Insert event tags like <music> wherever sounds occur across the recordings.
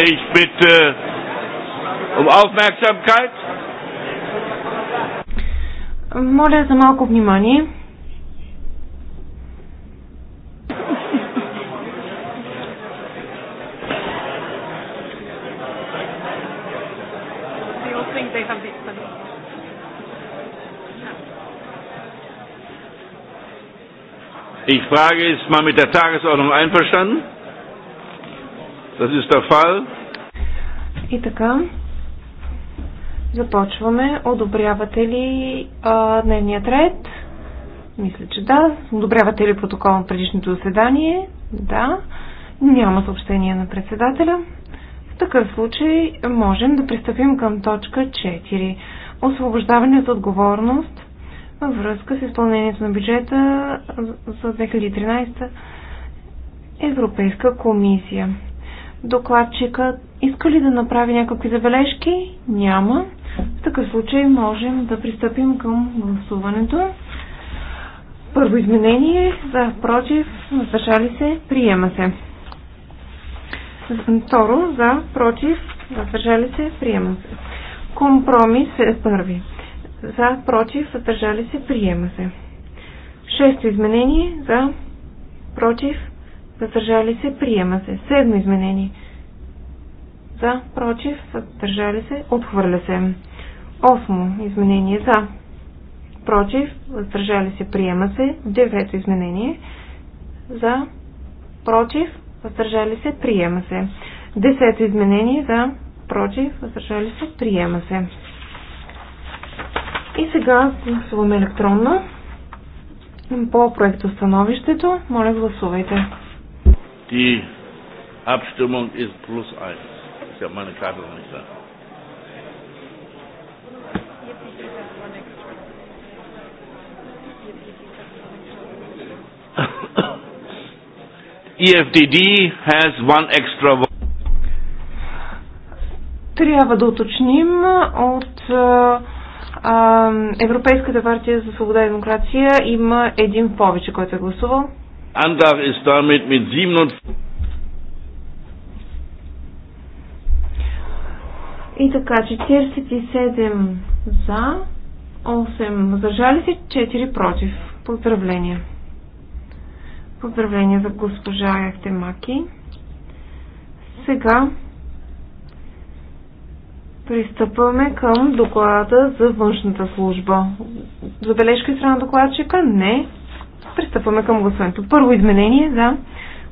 Ich bitte um Aufmerksamkeit. Моля за малко внимание. Ich frage, ist man mit der Tagesordnung einverstanden? Das ist der Fall. И така, започваме. Одобрявате ли а, дневният ред? Мисля, че да. Одобрявате ли протокол на предишното заседание? Да. Няма съобщение на председателя. В такъв случай можем да пристъпим към точка 4. Освобождаване от отговорност във връзка с изпълнението на бюджета за 2013 Европейска комисия. Докладчика иска ли да направи някакви забележки? Няма. В такъв случай можем да пристъпим към гласуването. Първо изменение за против, въздържали се, приема се. Второ за против, въздържали се, приема се. Компромис е първи. За против, въздържали се, приема се. Шесто изменение за против, Задържали се, приема се. Седмо изменение. За, против, въздържали се, отхвърля се. Осмо изменение. За, против, въздържали се, приема се. Девето изменение. За, против, въздържали се, приема се. Десето изменение. За, против, въздържали се, приема се. И сега гласуваме електронно по проекто становището. Моля, гласувайте. Die Abstimmung ist plus eins. Ich habe meine Karte noch nicht da. <coughs> EFDD has one extra vote. Трябва да уточним от а, Европейската партия за свобода и демокрация има един повече, който е гласувал. Antrag ist damit mit 47. И така, 47 за, 8 въздържали се, 4 против. Поздравления! Поздравления за госпожа Ефтемаки. Сега пристъпваме към доклада за външната служба. Забележка и страна докладчика? Не. Пристъпваме към гласуването. Първо изменение за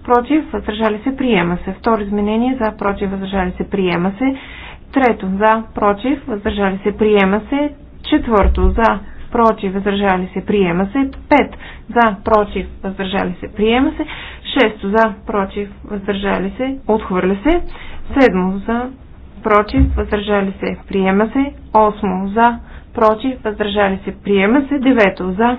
против, въздържали се, приема се. Второ изменение за против, въздържали се, приема се. Трето за против, въздържали се, приема се. Четвърто за против, въздържали се, приема се. Пет за против, въздържали се, приема се. Шесто за против, въздържали се, отхвърля се. Седмо за против, въздържали се, приема се. Осмо за против, въздържали се, приема се. Девето за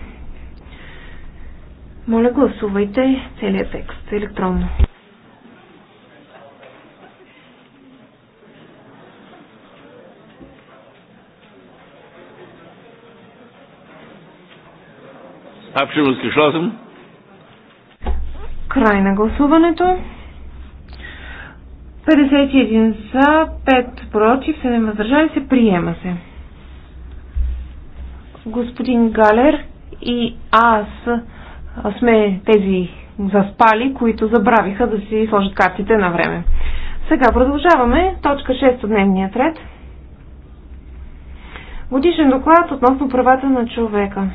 Моля, гласувайте целият текст електронно. Край на гласуването. 51 за, 5 против, 7 въздържали се. Приема се. Господин Галер и аз сме тези заспали, които забравиха да си сложат картите на време. Сега продължаваме. Точка 6 от дневния ред. Годишен доклад относно правата на човека.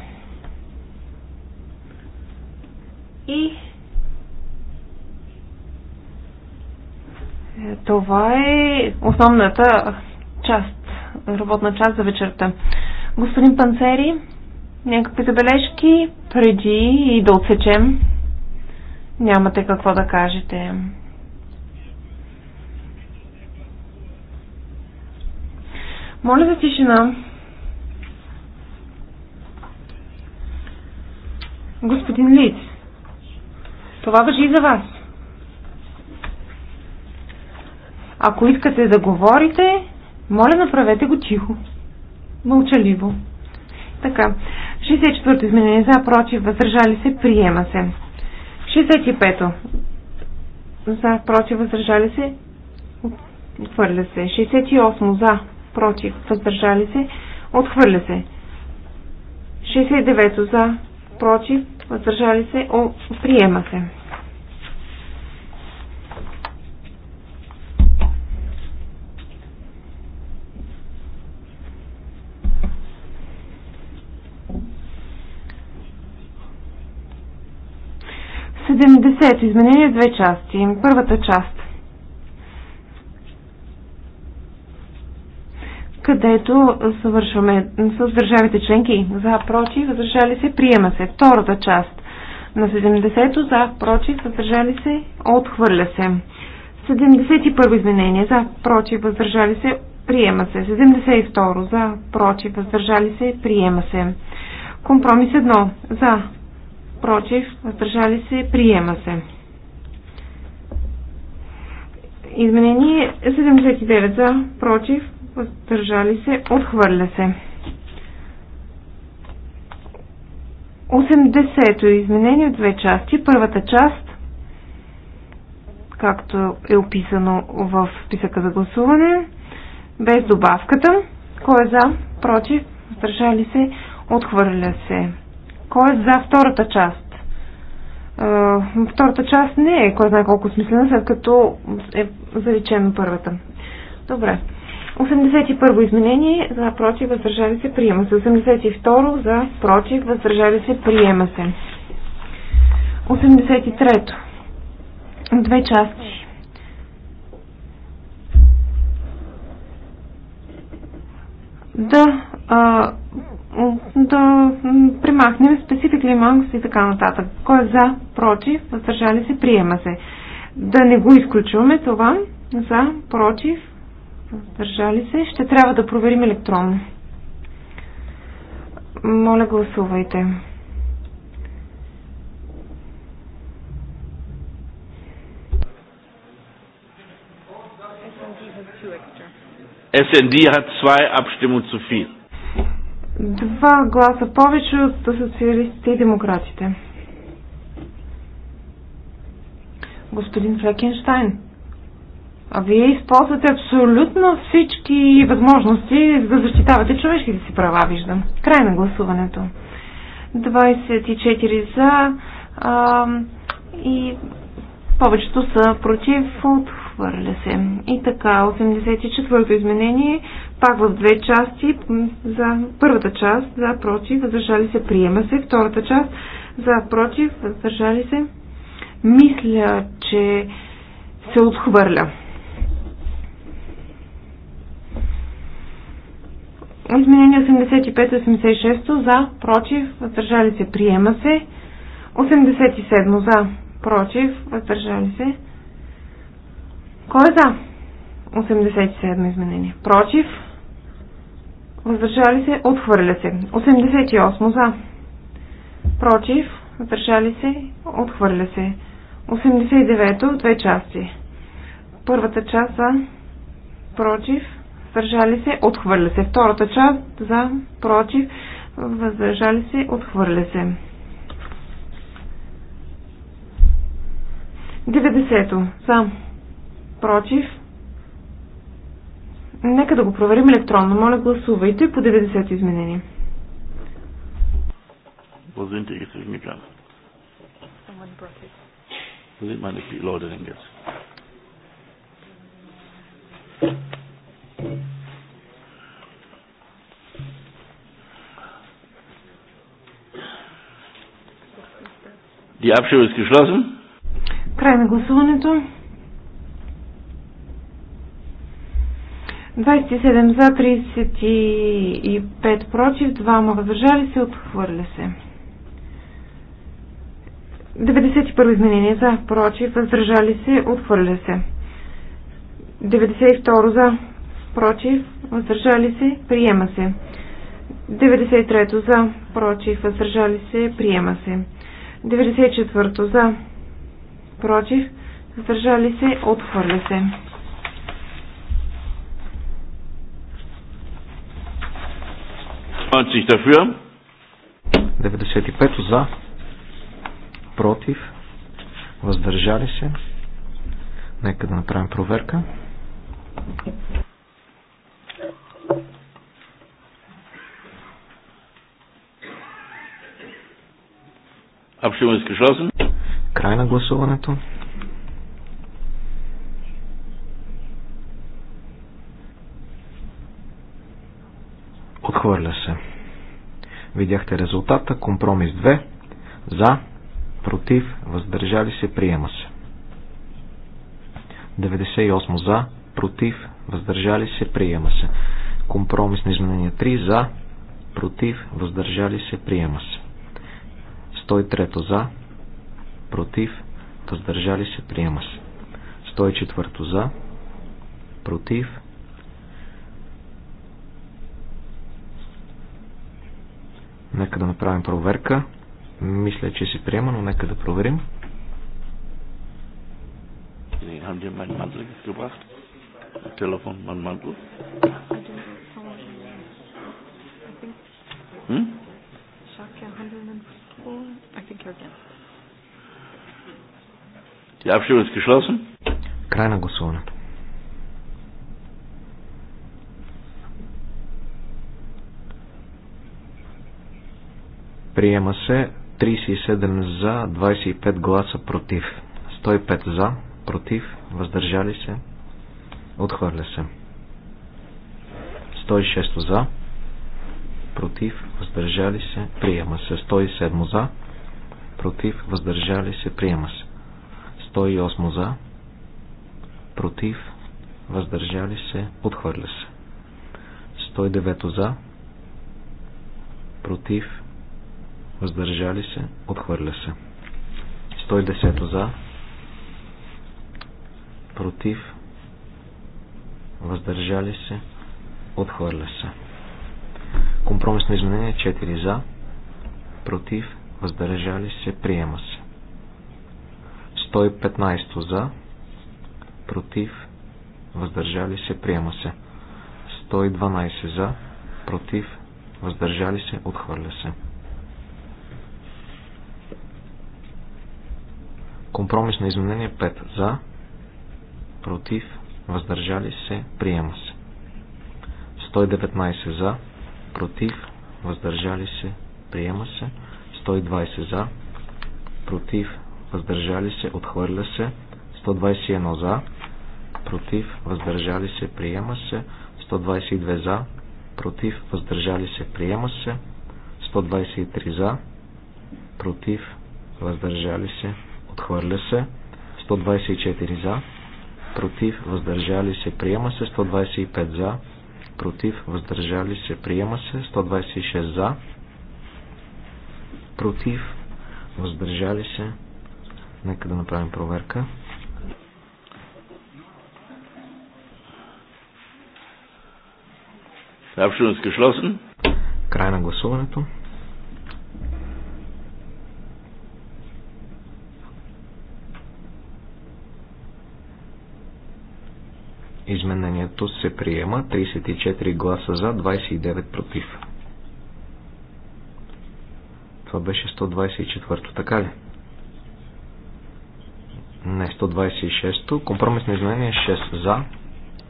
И това е основната част, работна част за вечерта. Господин Панцери, някакви забележки? преди и да отсечем. Нямате какво да кажете. Моля за тишина. Господин Лиц, това въжи и за вас. Ако искате да говорите, моля направете го тихо. Мълчаливо. Така. 64-то изменение за, против, въздържали се, приема се. 65-то за, против, въздържали се, отхвърля се. 68-то за, против, въздържали се, отхвърля се. 69-то за, против, въздържали се, приема се. Девето изменение две части. Първата част. където съвършваме с държавите членки. За, против, въздържали се, приема се. Втората част на 70-то, за, против, въздържали се, отхвърля се. 71 во изменение, за, против, въздържали се, приема се. 72 за, против, въздържали се, приема се. Компромис 1, за, против, въздържали се, приема се. Изменение 79 за, против, въздържали се, отхвърля се. 80-то изменение в две части. Първата част, както е описано в списъка за гласуване, без добавката. Кой е за, против, въздържали се, отхвърля се. Кой е за втората част? Втората част не е кой знае колко смислена, след като е заличена първата. Добре. 81-во изменение за против, въздържали се, приема се. 82-ро за против, въздържали се, приема се. 83-то. Две части. Да, а, да примахнем специфик лиманс и така нататък. Кой е за, против, въздържали се, приема се. Да не го изключваме това, за, против, въздържали се, ще трябва да проверим електронно. Моля, гласувайте. SND hat zwei Abstimmungen zu viel. Два гласа повече от социалистите и демократите. Господин Флекенштайн, а вие използвате абсолютно всички възможности за да защитавате човешките си права, виждам. Край на гласуването. 24 за а, и повечето са против от Отхвърля се. И така, 84-то изменение, пак в две части. За първата част, за, против, въздържали се, приема се. Втората част, за, против, въздържали се. Мисля, че се отхвърля. Изменение 85-86 за, против, въздържали се, приема се. 87 за, против, въздържали се. Кой е за? 87 изменение. Против? Въздържали се? Отхвърля се. 88 за. Против? Въздържали се? Отхвърля се. 89 две части. Първата част за. Против? Въздържали се? Отхвърля се. Втората част за. Против? Въздържали се? Отхвърля се. 90 за Против. Нека да го проверим електронно. Моля, гласувайте по 90 изменения. Господин Тегес, ми Лоденгес. Die Abstimmung ist geschlossen. Keine Gussuhne, 27 за, 35 против, 2 въздържали се, отхвърля се. 91 изменение за, против, въздържали се, отхвърля се. 92 за, против, въздържали се, приема се. 93 за, против, въздържали се, приема се. 94 за, против, въздържали се, отхвърля се. 95 dafür. 95 за. Против. Въздържали се. Нека да направим проверка. Абшимът изкашласен. Край на гласуването. Отхвърля се. Видяхте резултата. Компромис 2. За. Против. Въздържали се. Приема се. 98 за. Против. Въздържали се. Приема се. Компромис на изменение 3. За. Против. Въздържали се. Приема се. 103 за. Против. Въздържали се. Приема се. 104 за. Против Нека да направим проверка. Мисля, че се приема, но нека да проверим. Телефон, ман мантл. Hm? Die Abstimmung ist geschlossen. Keiner gesonnen. Приема се 37 за, 25 гласа против. 105 за, против, въздържали се, отхвърля се. 106 за, против, въздържали се, приема се. 107 за, против, въздържали се, приема се. 108 за, против, въздържали се, отхвърля се. 109 за, против, въздържали се, отхвърля се. 110 за, против, въздържали се, отхвърля се. Компромисно изменение 4 за, против, въздържали се, приема се. 115 за, против, въздържали се, приема се. 112 за, против, въздържали се, отхвърля се. на изменение 5. За, против, въздържали се, приема се. 119 за, против, въздържали се, приема се. 120 за, против, въздържали се, отхвърля се. 121 за, против, въздържали се, приема се. 122 за, против, въздържали се, приема се. 123 за, против, въздържали се, Отхвърля се. 124 за. Против. Въздържали се. Приема се. 125 за. Против. Въздържали се. Приема се. 126 за. Против. Въздържали се. Нека да направим проверка. Абсолютно е скъшлосен. Край на гласуването. Изменението се приема 34 гласа за, 29 против. Това беше 124-то, така ли? Не, 126-то. Компромисно изменение 6 е за,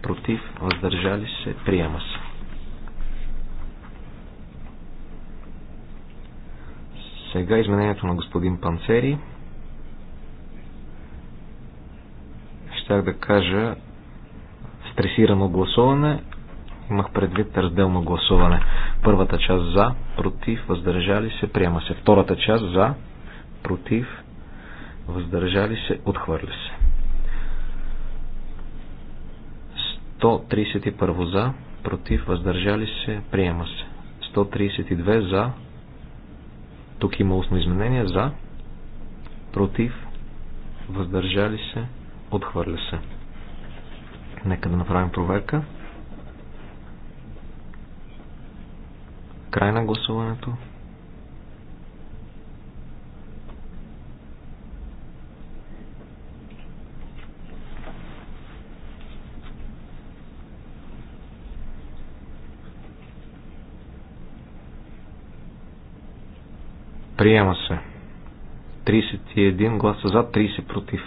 против, въздържали се, приема се. Сега изменението на господин Панцери. Щях да кажа Стресирано гласуване. Имах предвид разделно гласуване. Първата част за, против, въздържали се, приема се. Втората част за, против, въздържали се, отхвърля се. 131 за, против, въздържали се, приема се. 132 за, тук има устно изменение, за, против, въздържали се, отхвърля се. Нека да направим проверка. Край на гласуването. Приема се. 31 гласа за, 30 против.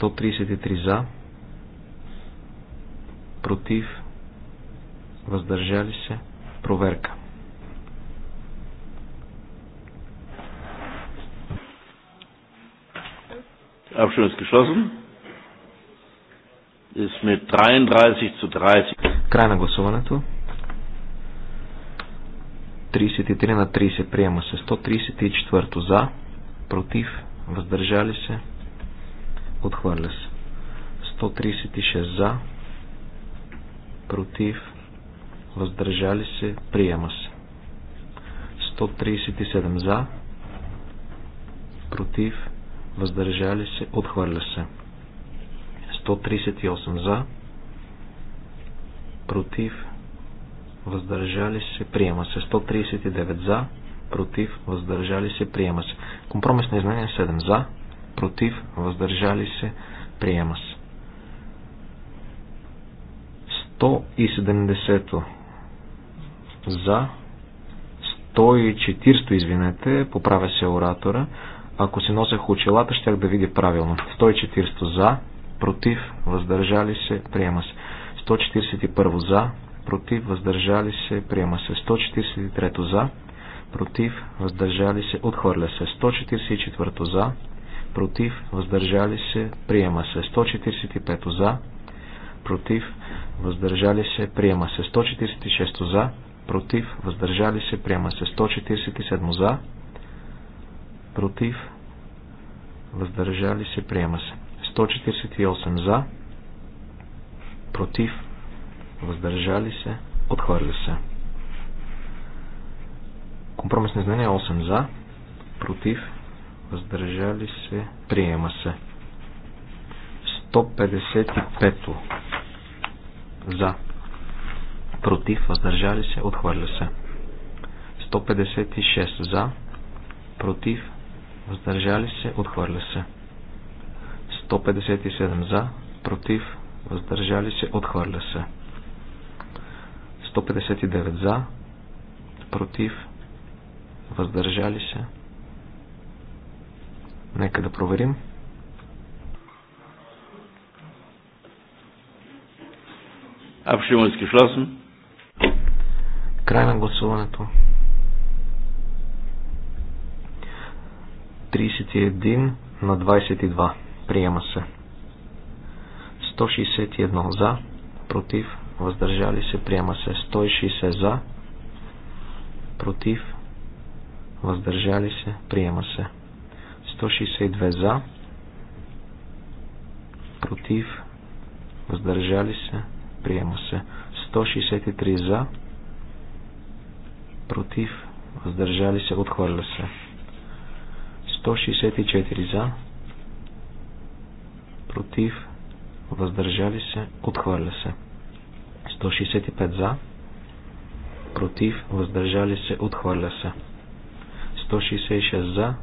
133 за, против, въздържали се, проверка. 33 Край на гласуването. 33 на 30 приема се. 134 за, против, въздържали се, Отхвърля се. 136 за. Против. Въздържали се. Приема се. 137 за. Против. Въздържали се. Отхвърля се. 138 за. Против. Въздържали се. Приема се. 139 за. Против. Въздържали се. Приема се. Компромисни знания 7 за против, въздържали се, приема се. 170 за 140, извинете, поправя се оратора. Ако си носех очилата, щях да видя правилно. 140 за, против, въздържали се, приема се. 141 за, против, въздържали се, приема се. 143 за, против, въздържали се, отхвърля се. 144 за, против, въздържали се, приема се. 145 за, против, въздържали се, приема се. 146 за, против, въздържали се, приема се. 147 за, против, въздържали се, приема се. 148 за, против, въздържали се, отхвърля се. Компромисни знания 8 за, против, въздържали се, приема се. 155 за, против, въздържали се, отхвърля се. 156 за, против, въздържали се, отхвърля се. 157 за, против, въздържали се, отхвърля се. 159 за, против, въздържали се, Нека да проверим. Абшимонски шласен. Край на гласуването. 31 на 22. Приема се. 161 за, против, въздържали се, приема се. 160 за, против, въздържали се, приема се. 162 за, против, въздържали се, приема се. 163 за, против, въздържали се, отхвърля се. 164 за, против, въздържали се, отхвърля се. 165 за, против, въздържали се, отхвърля се. 166 за,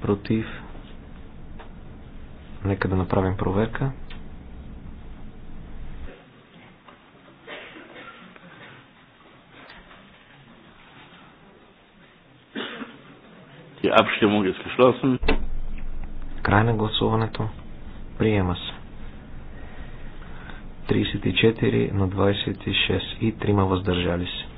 против. Нека да направим проверка. Край на гласуването. Приема се. 34 на 26 и 3 въздържали се.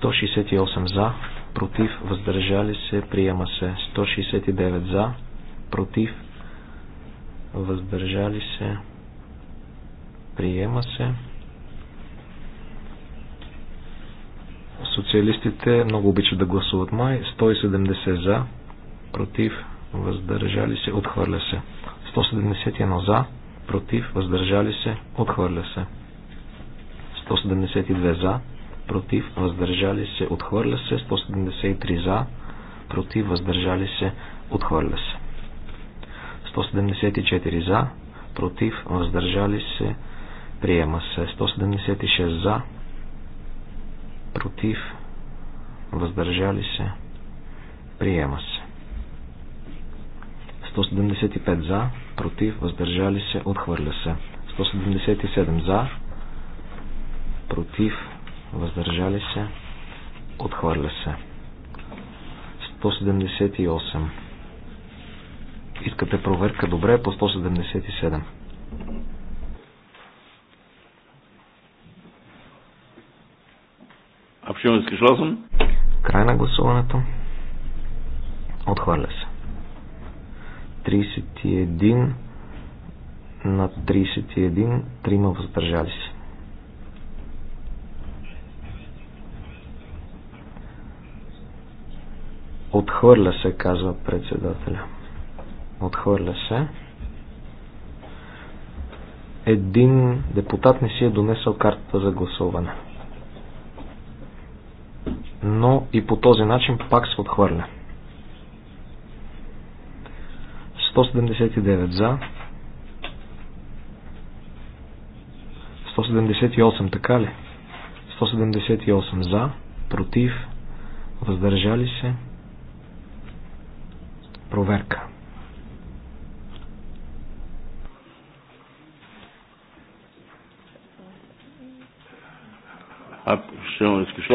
168 за, против, въздържали се, приема се. 169 за, против, въздържали се, приема се. Социалистите много обичат да гласуват май. 170 за, против, въздържали се, отхвърля се. 171 за, против, въздържали се, отхвърля се. 172 за, против, въздържали се, отхвърля се, 173 за, против, въздържали се, отхвърля се. 174 за, против, въздържали се, приема се. 176 за, против, въздържали се, приема се. 175 за, против, въздържали се, отхвърля се. 177 за, против, въздържали се, отхвърля се. 178. Искате проверка? Добре, по 177. Абшимът изкишлосен. Край на гласуването. Отхвърля се. 31 на 31, трима въздържали се. Отхвърля се, казва председателя. Отхвърля се. Един депутат не си е донесъл картата за гласуване. Но и по този начин пак се отхвърля. 179 за. 178, така ли? 178 за, против, въздържали се, проверка.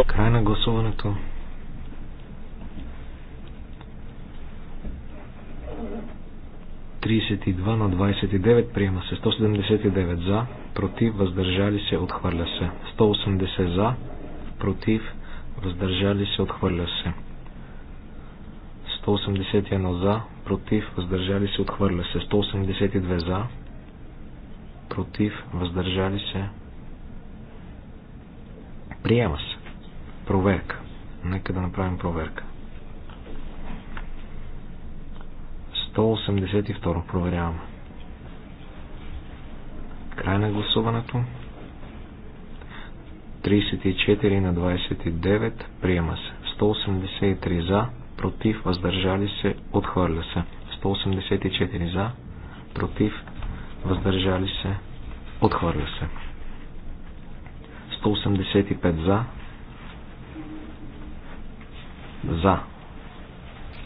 Край на гласуването. на 29 приема се. 179 за, против, въздържали се, отхвърля се. 180 за, против, въздържали се, отхвърля се. 181 за, против, въздържали се, отхвърля се. 182 за, против, въздържали се. Приема се. Проверка. Нека да направим проверка. 182 проверяваме. Край на гласуването. 34 на 29 приема се. 183 за, против, въздържали се, отхвърля се. 184 за, против, въздържали се, отхвърля се. 185 за, за,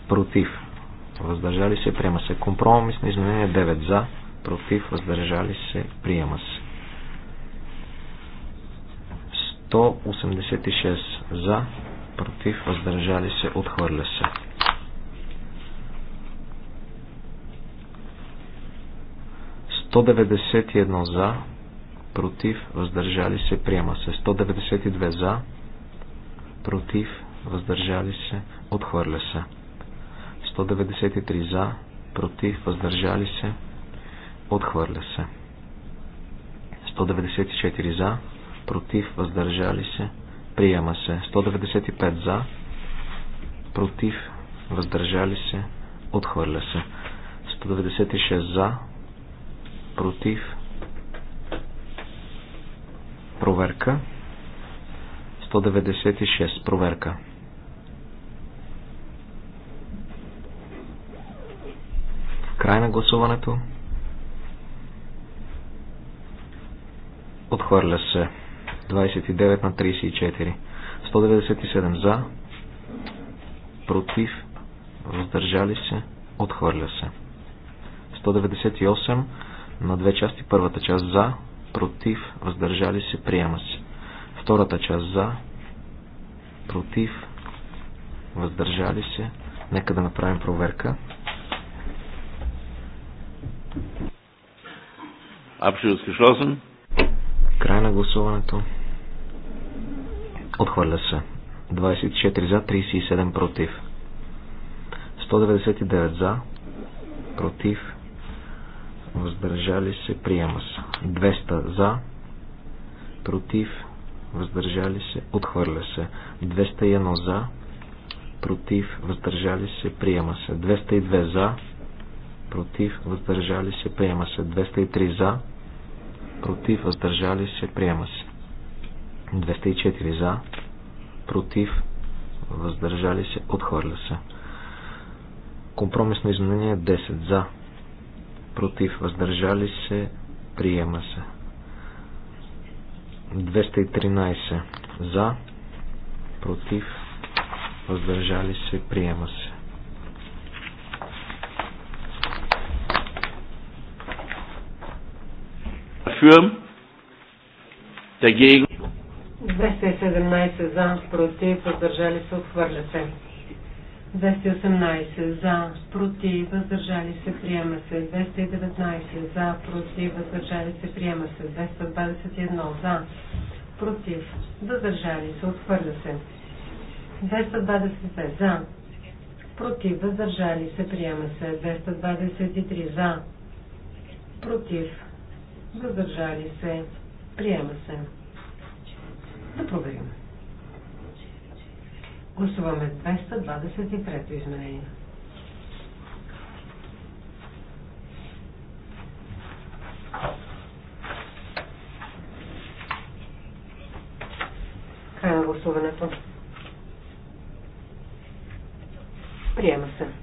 против, въздържали се, приема се. Компромис на изменение 9 за, против, въздържали се, приема се. 186 за, против, въздържали се, отхвърля се. Сто за, против, въздържали се, приема се. 192 за, против, въздържали се, отхвърля се. 193 за, против, въздържали се, отхвърля се. 194 за, против, въздържали се, Приема се. 195 за. Против. Въздържали се. Отхвърля се. 196 за. Против. Проверка. 196. Проверка. Край на гласуването. Отхвърля се. 29 на 34. 197 за, против, въздържали се, отхвърля се. 198 на две части. Първата част за, против, въздържали се, приема се. Втората част за, против, въздържали се. Нека да направим проверка. Абшилски Шлосен. Край на гласуването. Отхвърля се. 24 за, 37 против. 199 за, против, въздържали се, приема се. 200 за, против, въздържали се, отхвърля се. 201 за, против, въздържали се, приема се. 202 за, против, въздържали се, приема се. 203 за, против, въздържали се, приема се. 204 за, против, въздържали се, отхвърля се. Компромисно изменение 10 за, против, въздържали се, приема се. 213 за, против, въздържали се, приема се. dafür, dagegen. 217 за, против, въздържали се, отхвърля се. 218 за, против, въздържали се, приема се. 219 за, против, въздържали се, приема се. 221 за, против, въздържали се, отхвърля се. 222 за, против, въздържали се, приема се. 223 за, против, въздържали се, приема се. Да проверим. Гласуваме 223 изменение. Край на гласуването. Приема се.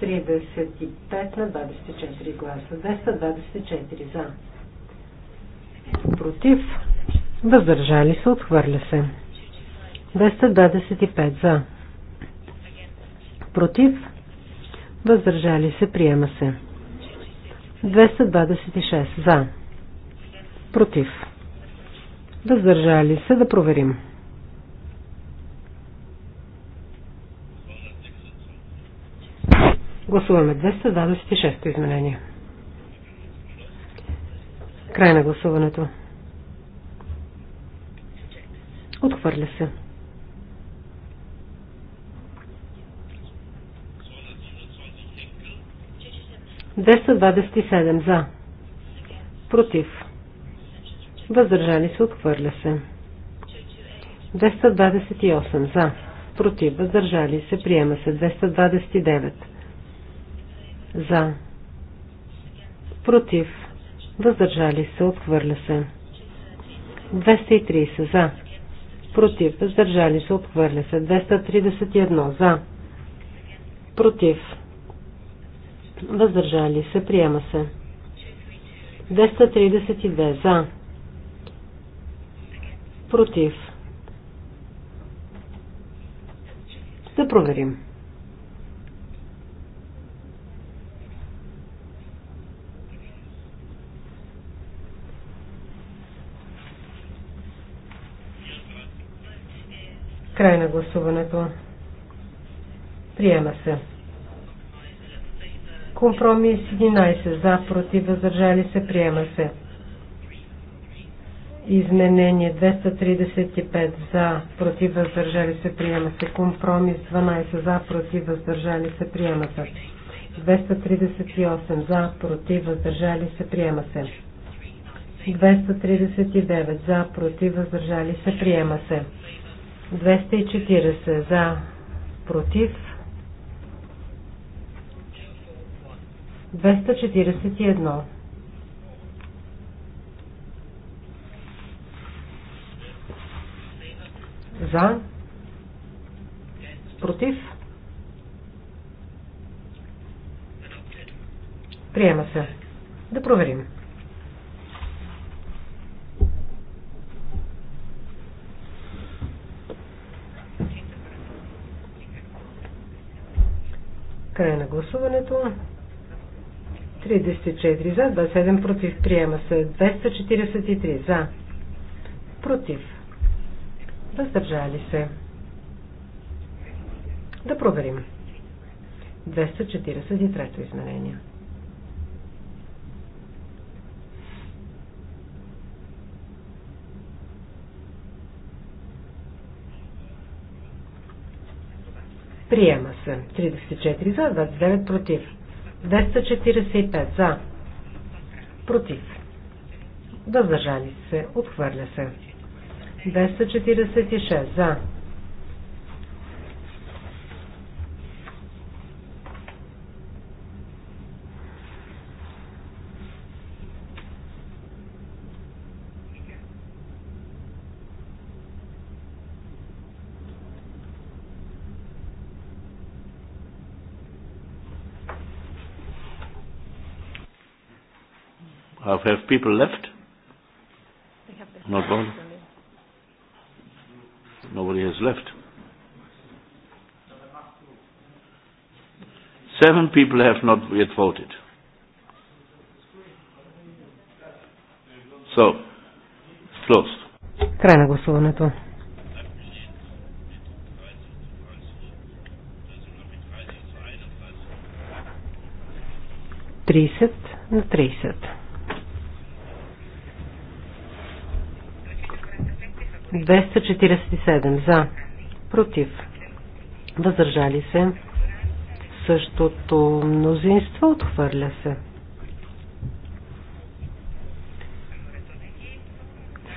35 на 24 гласа. 224 за. Против. Въздържали се. Отхвърля се. 225 за. Против. Въздържали се. Приема се. 226 за. Против. Въздържали се. Да проверим. Гласуваме 226 изменение. Край на гласуването. Отхвърля се. Двеста седем за. Против. Въздържали се. Отхвърля се. 228 за. Против. Въздържали се. Приема се. 229 за. Против. Въздържали се. Отхвърля се. 230. За. Против. Въздържали се. Отхвърля се. 231. За. Против. Въздържали се. Приема се. 232. За. Против. Да проверим. Край на гласуването. Приема се. Компромис 11. За, против, въздържали се. Приема се. Изменение 235 за, против въздържали се, приема се. Компромис 12 за, против въздържали се, приема се. 238 за, против въздържали се, приема се. 239 за, против въздържали се, приема се. 240 за, против. 241. За. Против. Приема се. Да проверим. Край на гласуването. 34 за, 27 против. Приема се 243 за. Против. Въздържали се. Да проверим. 243 изменение. Приема се. 34 за, 29 против. 245 за. Против. Въздържали се. Отхвърля се. 246 за have people left? Not one. Nobody has left. Seven people have not yet voted. So, it's closed. Край на гласуването. Тридесет на тридесет. 247 за. Против. Въздържали се. Същото мнозинство отхвърля се.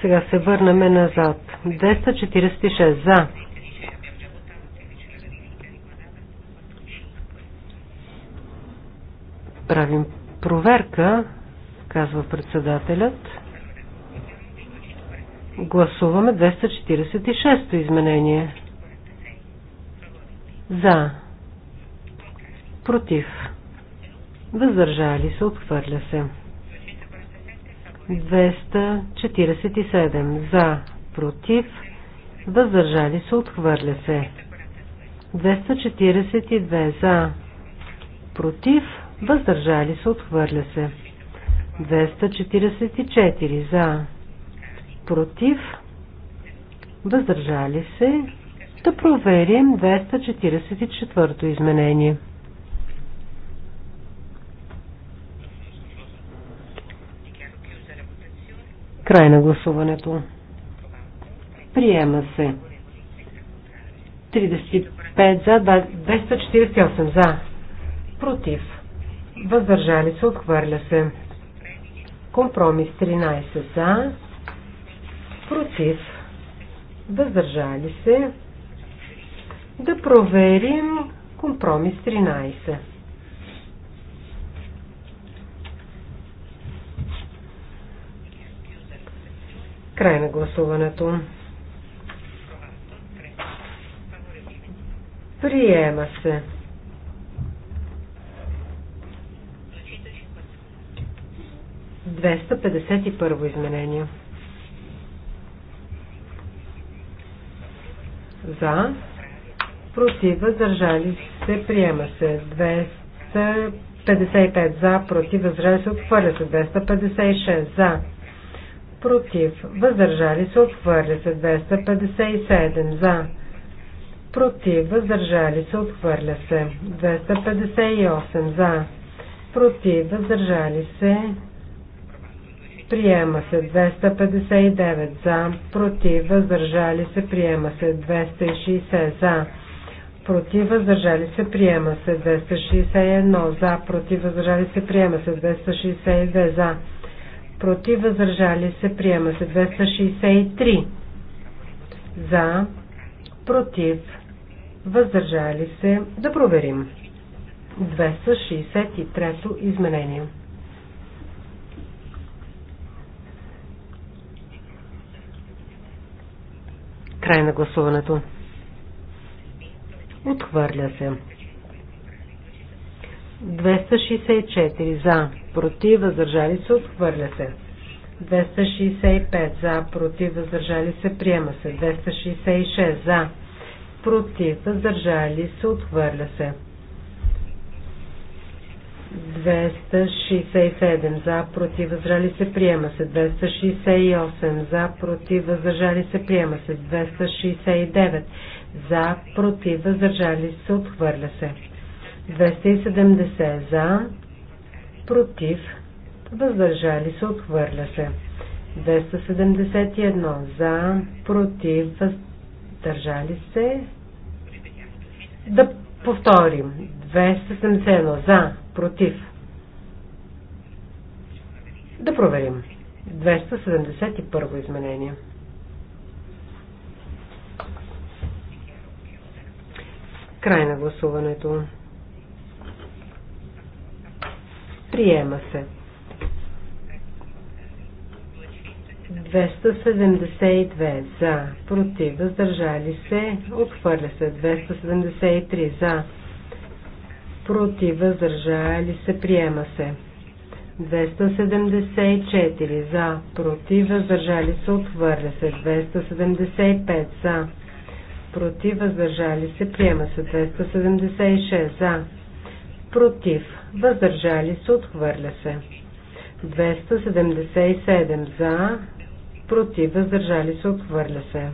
Сега се върнаме назад. 246 за. Правим проверка, казва председателят. Гласуваме 246-то изменение. За. Против. Въздържали се, отхвърля се. 247. За. Против. Въздържали се, отхвърля се. 242. За. Против. Въздържали се, отхвърля се. 244. За против, въздържали се, да проверим 244-то изменение. Край на гласуването. Приема се. 35 за, 248 за. Против. Въздържали се, отхвърля се. Компромис 13 за против, въздържали се. Да проверим компромис 13. Край на гласуването. Приема се. Двеста петдесет и първо изменение. за, против, въздържали се, приема се 255 за, против, въздържали се, отхвърля се 256 за, против, въздържали се, отхвърля се 257 за, против, въздържали се, отхвърля се 258 за, против, въздържали се, Приема се 259 за, против, въздържали се, приема се 260 за, против, въздържали се, приема се 261 за, против, въздържали се, приема се 262 за, против, въздържали се, приема се 263 за, против, въздържали се, да проверим. 263 изменение. Край на гласуването. Отхвърля се. 264 за, против, въздържали се, отхвърля се. 265 за, против, въздържали се, приема се. 266 за, против, въздържали се, отхвърля се. 267 за, против, въздържали се, приема се. 268 за, против, въздържали се, приема се. 269 за, против, въздържали се, отхвърля се. 270 за, против, въздържали се, отхвърля се. 271 за, против, въздържали се. Да повторим. 271 за, Против. Да проверим. 271 изменение. Край на гласуването. Приема се. 272 за, против, въздържали се, отхвърля се. 273 за, против, въздържали се, приема се. 274 за, против, въздържали се, отхвърля се. 275 за, против, въздържали се, приема се. 276 за, против, въздържали се, отхвърля се. 277 за, против, въздържали се, отхвърля се.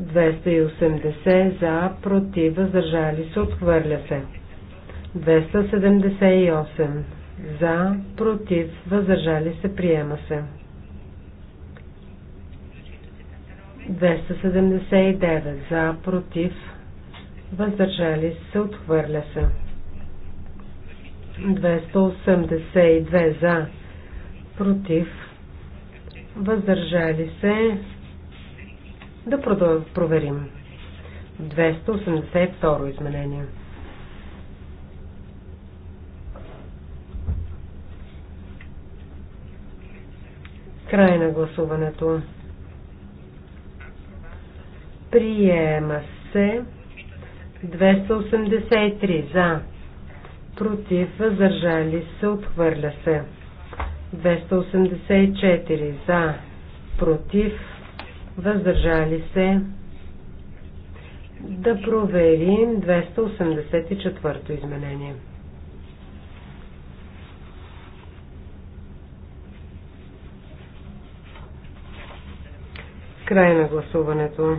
280 за, против, въздържали се, отхвърля се. 278. За, против, въздържали се, приема се. 279. За, против, въздържали се, отхвърля се. 282. За, против, въздържали се. Да проверим. 282 изменение. Край на гласуването. Приема се 283 за. Против, въздържали се, отхвърля се. 284 за. Против, въздържали се. Да проверим 284 изменение. Край на гласуването.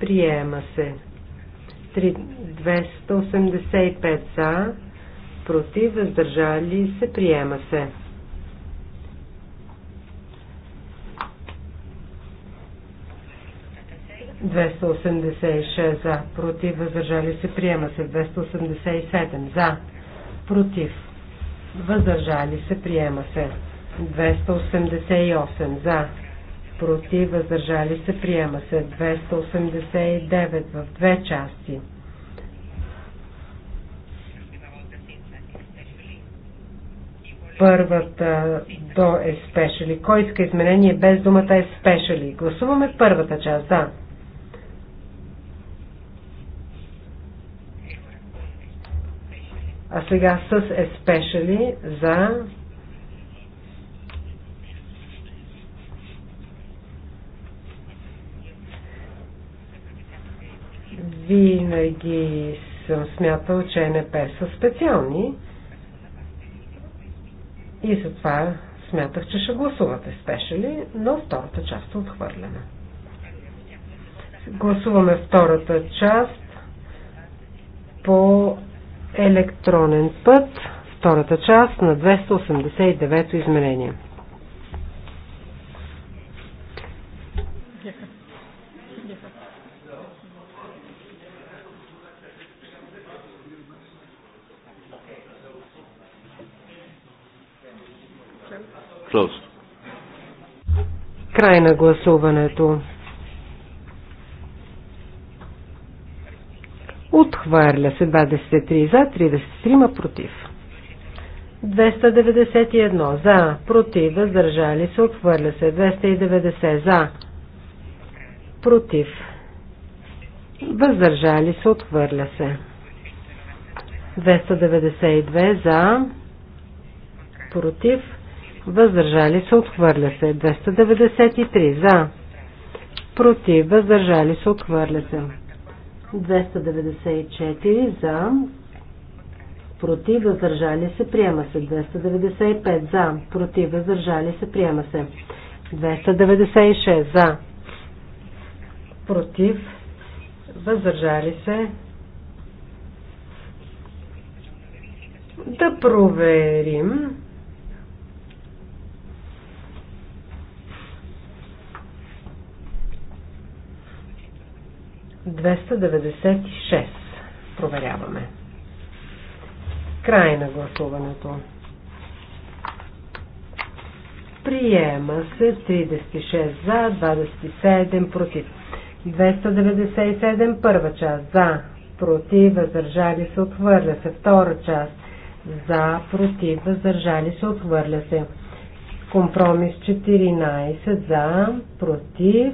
Приема се. 285 за, против, въздържали се, приема се. ...286 за, против, въздържали се, приема се. 287 за, против, въздържали се, приема се. 288 за, против, въздържали се, приема се. 289 в две части. Първата до е спешали. Кой иска изменение без думата е спешали? Гласуваме първата част, да. А сега с е спешали за Винаги съм смятал, че НП са специални и затова смятах, че ще гласувате Спешали, но втората част е отхвърлена. Гласуваме втората част по електронен път, втората част на 289 изменение. Closed. Край на гласуването. Отхвърля се 23 за, 33 против. 291 за, против, въздържали се, отхвърля се 290 за, против, въздържали се, отхвърля се. 292 за, против, въздържали се, отхвърля се. 293 за, против, въздържали се, отхвърля се. 294 за, против, въздържали се, приема се. 295 за, против, въздържали се, приема се. 296 за, против, въздържали се. Да проверим. 296. Проверяваме. Край на гласуването. Приема се 36 за, 27 против. 297 първа част за, против, въздържали се, отхвърля се. Втора част за, против, въздържали се, отвърля се. Компромис 14 за, против,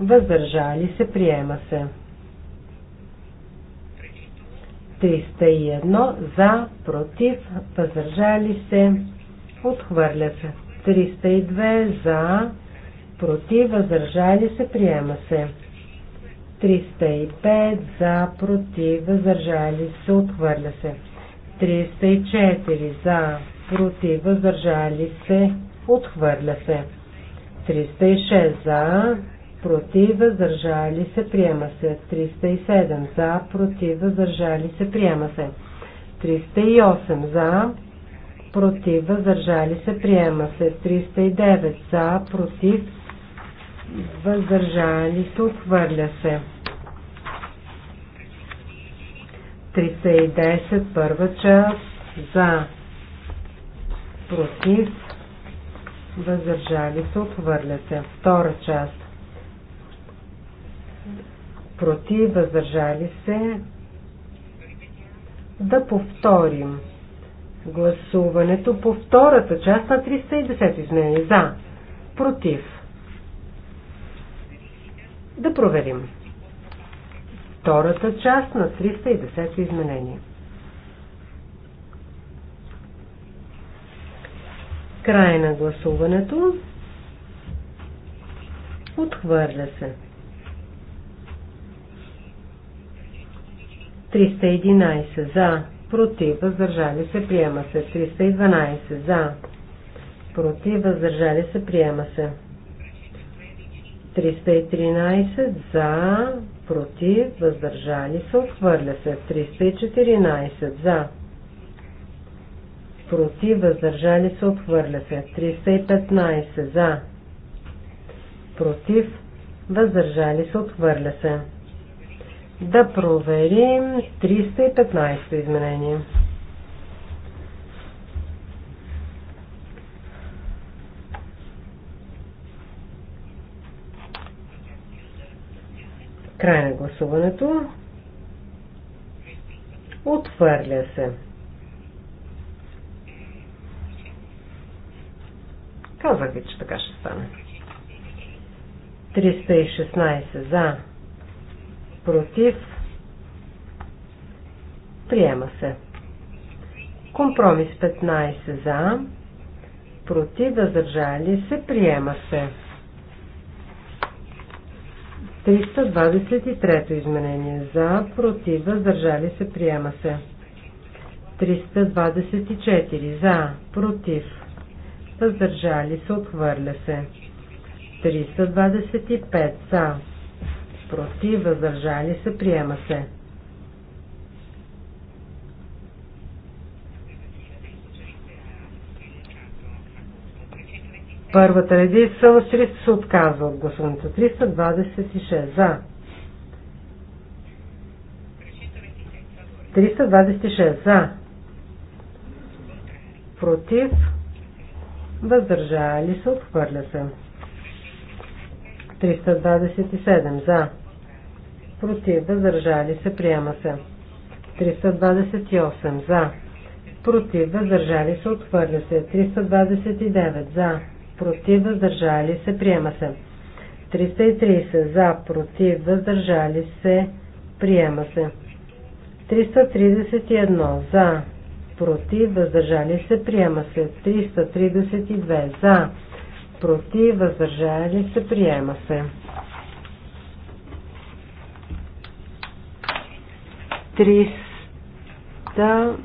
въздържали се, приема се. 301 за, против, въздържали се, отхвърля се. 302 за, против, въздържали се, приема се. 305 за, против, въздържали се, отхвърля се. 304 за, против, въздържали се, отхвърля се. 306 за, против, въздържали се, приема се. 307 за, против, въздържали се, приема се. 308 за, против, въздържали се, приема се. 309 за, против, въздържали се, отхвърля се. 310 първа част за, против, въздържали се, отхвърля се. Втора част против, въздържали се. Да повторим гласуването по втората част на 310 изменени. За, против. Да проверим. Втората част на 310 изменение. Край на гласуването. Отхвърля се. 311 за, против, въздържали се, приема се. 312 за, против, въздържали се, приема се. 313 за, против, въздържали се, отхвърля се. 314 за, против, въздържали се, отхвърля се. 315 за, против, въздържали се, отхвърля се. Да проверим 315 изменение. Край на гласуването. Отвърля се. Казах ви, че така ще стане. 316 за, против, приема се. Компромис 15 за, против, въздържали се, приема се. 323 изменение за, против, въздържали се, приема се. 324 за, против, въздържали се, отхвърля се. 325 за, против, въздържали се, приема се. Първата редица от 300 се отказва от гласуването. 326 за. 326 за. Против. Въздържали се. Отхвърля се. 327 за против, въздържали се, приема се. 328 за, против, въздържали се, отхвърля се. 329 за, против, въздържали се, приема се. 330 за, против, въздържали се, приема се. 331 за, против, въздържали се, приема се. 332 за, против, въздържали се, приема се. 300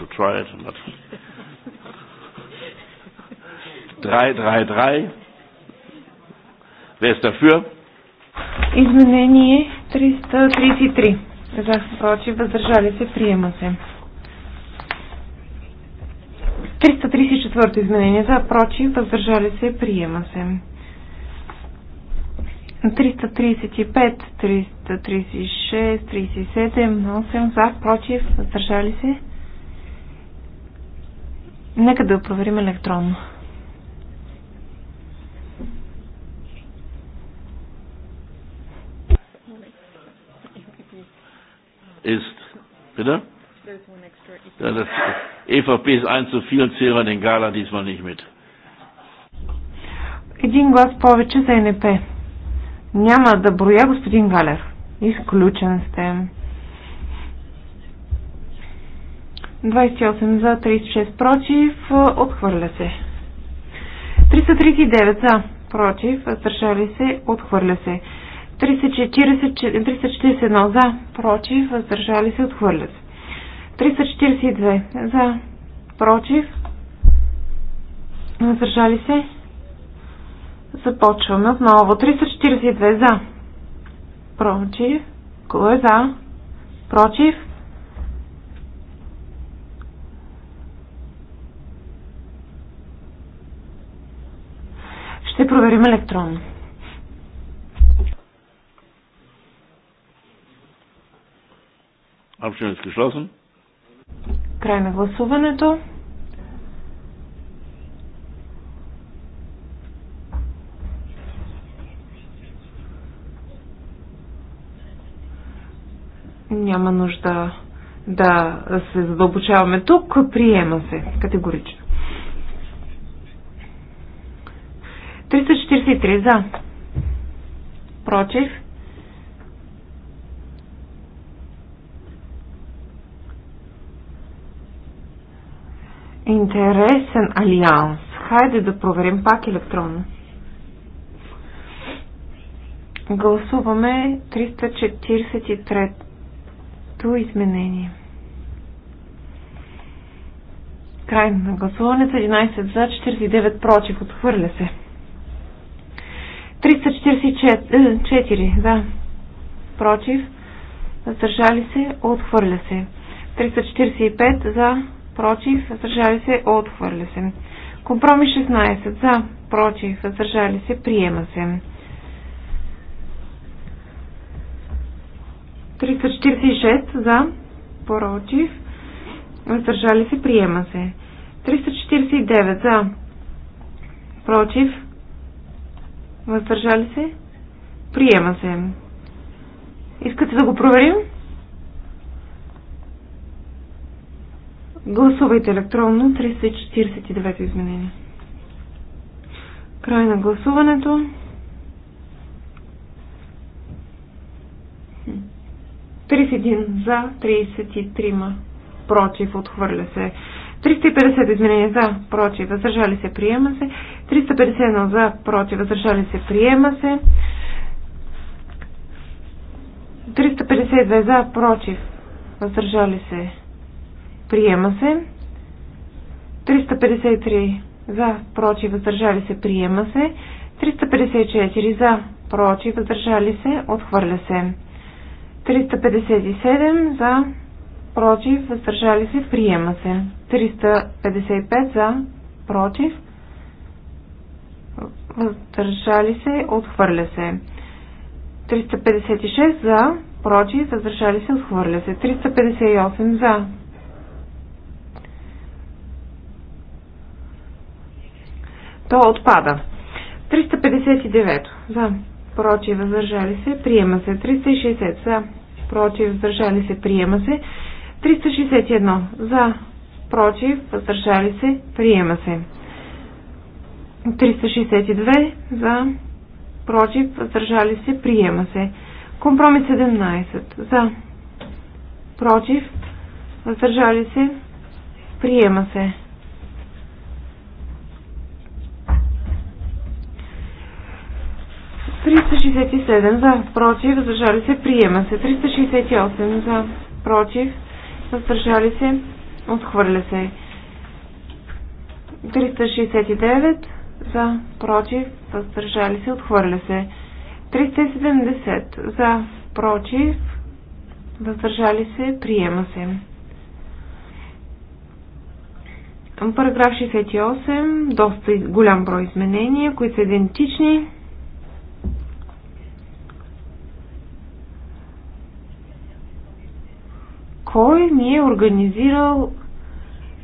to try it, but 333. Wer ist dafür? Изменение 333. Сега се прочи, въздържали се, приема се. Четвърто изменение за, против, въздържали се, приема се. 335, 336, 37, 8 за, против, въздържали се. Нека да проверим електронно. Ist, bitte? Да, да. EVP ist eins zu zählen wir den Gala diesmal nicht mit. Един глас повече за НП. Няма да броя господин Галер. Изключен сте. 28 за, 36 против. Отхвърля се. 339 за, против. Въздържали се. Отхвърля се. 341 за, против. Въздържали се. Отхвърля се. 342 за, против, въздържали се. Започваме отново. 342 за, против, кой е за, против, Ще проверим електронно. Абсолютно ist geschlossen. Край на гласуването. Няма нужда да се задълбочаваме тук. Приема се категорично. 343 за. Против. Интересен алианс. Хайде да проверим пак електронно. Гласуваме 343-то изменение. Край на гласуването. 11 за, 49 против. Отхвърля се. 344 за, е, против. Задържали се. Отхвърля се. 345 за, против, въздържали се, отхвърля се. Компромис 16 за, против, въздържали се, приема се. 346 за, против, въздържали се, приема се. 349 за, против, въздържали се, приема се. Искате да го проверим? Гласувайте електронно 349 изменение. Край на гласуването. 31 за, 33 против, отхвърля се. 350 изменения за, против, въздържали се, приема се. 351 за, против, въздържали се, приема се. 352 за, против, въздържали се, Приема се. 353 за, прочи, въздържали се, приема се. 354 за, Прочи, въздържали се, отхвърля се. 357 за, против, въздържали се, приема се. 355 за, против, въздържали се, отхвърля се. 356 за, против, въздържали се, отхвърля се. 358 за, То отпада. 359 за, против, въздържали се, приема се. 360 за, против, въздържали се, приема се. 361 за, против, въздържали се, приема се. 362 за, против, въздържали се, приема се. Компромис 17 за, против, въздържали се, приема се. 367 за, против, въздържали се, приема се. 368 за, против, въздържали се, отхвърля се. 369 за, против, въздържали се, отхвърля се. 370 за, против, въздържали се, приема се. Параграф 68, доста голям брой изменения, които са идентични. кой ми е организирал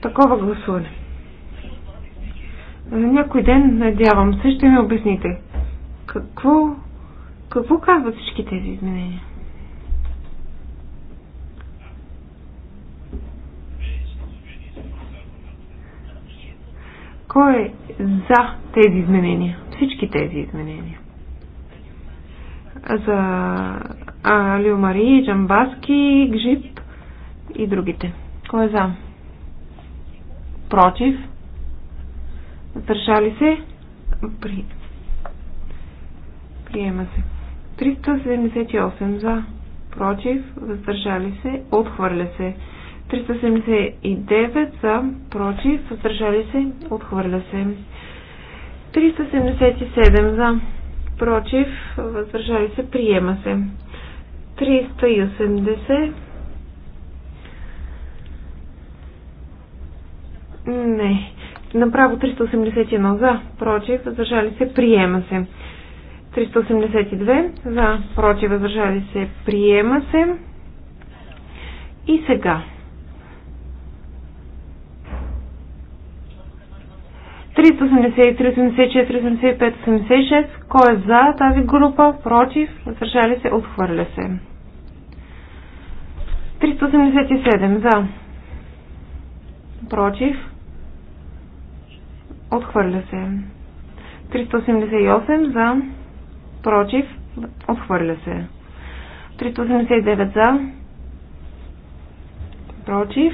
такова гласуване. За някой ден, надявам се, ще ми обясните. Какво, какво казват всички тези изменения? Кой е за тези изменения? Всички тези изменения. За Алио Мари, Джамбаски, Гжип, и другите. Кой е за? Против? Задържали се? При... Приема се. 378 за. Против? Въздържали се? Отхвърля се. 379 за. Против? Въздържали се? Отхвърля се. 377 за. Против? Въздържали се? Приема се. 380 Не. Направо 381 за, против, въздържали се, приема се. 382 за, против, въздържали се, приема се. И сега. 383, 84, 85, 86. Кой е за тази група? Против? Въздържали се? Отхвърля се. 387 за. Против? Отхвърля се. 388 за. Против. Отхвърля се. 389 за. Против.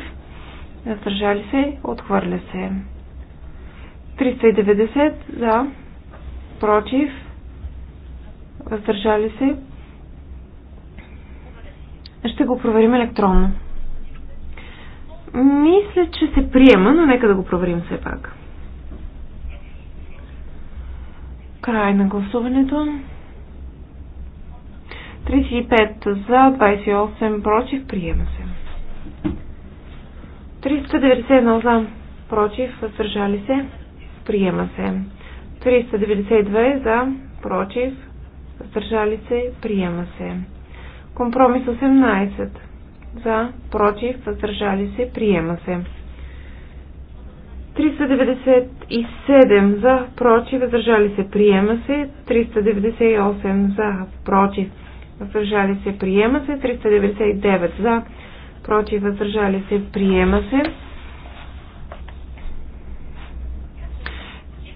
Въздържали се. Отхвърля се. 390 за. Против. Въздържали се. Ще го проверим електронно. Мисля, че се приема, но нека да го проверим все пак. Край на гласуването. 35 за, 28 против. Приема се. 391 за, против. Въздържали се. Приема се. 392 за, против. Въздържали се. Приема се. Компромис 18 за, против. Въздържали се. Приема се. 397 за, против, въздържали се, приема се. 398 за, против, въздържали се, приема се. 399 за, против, въздържали се, приема се.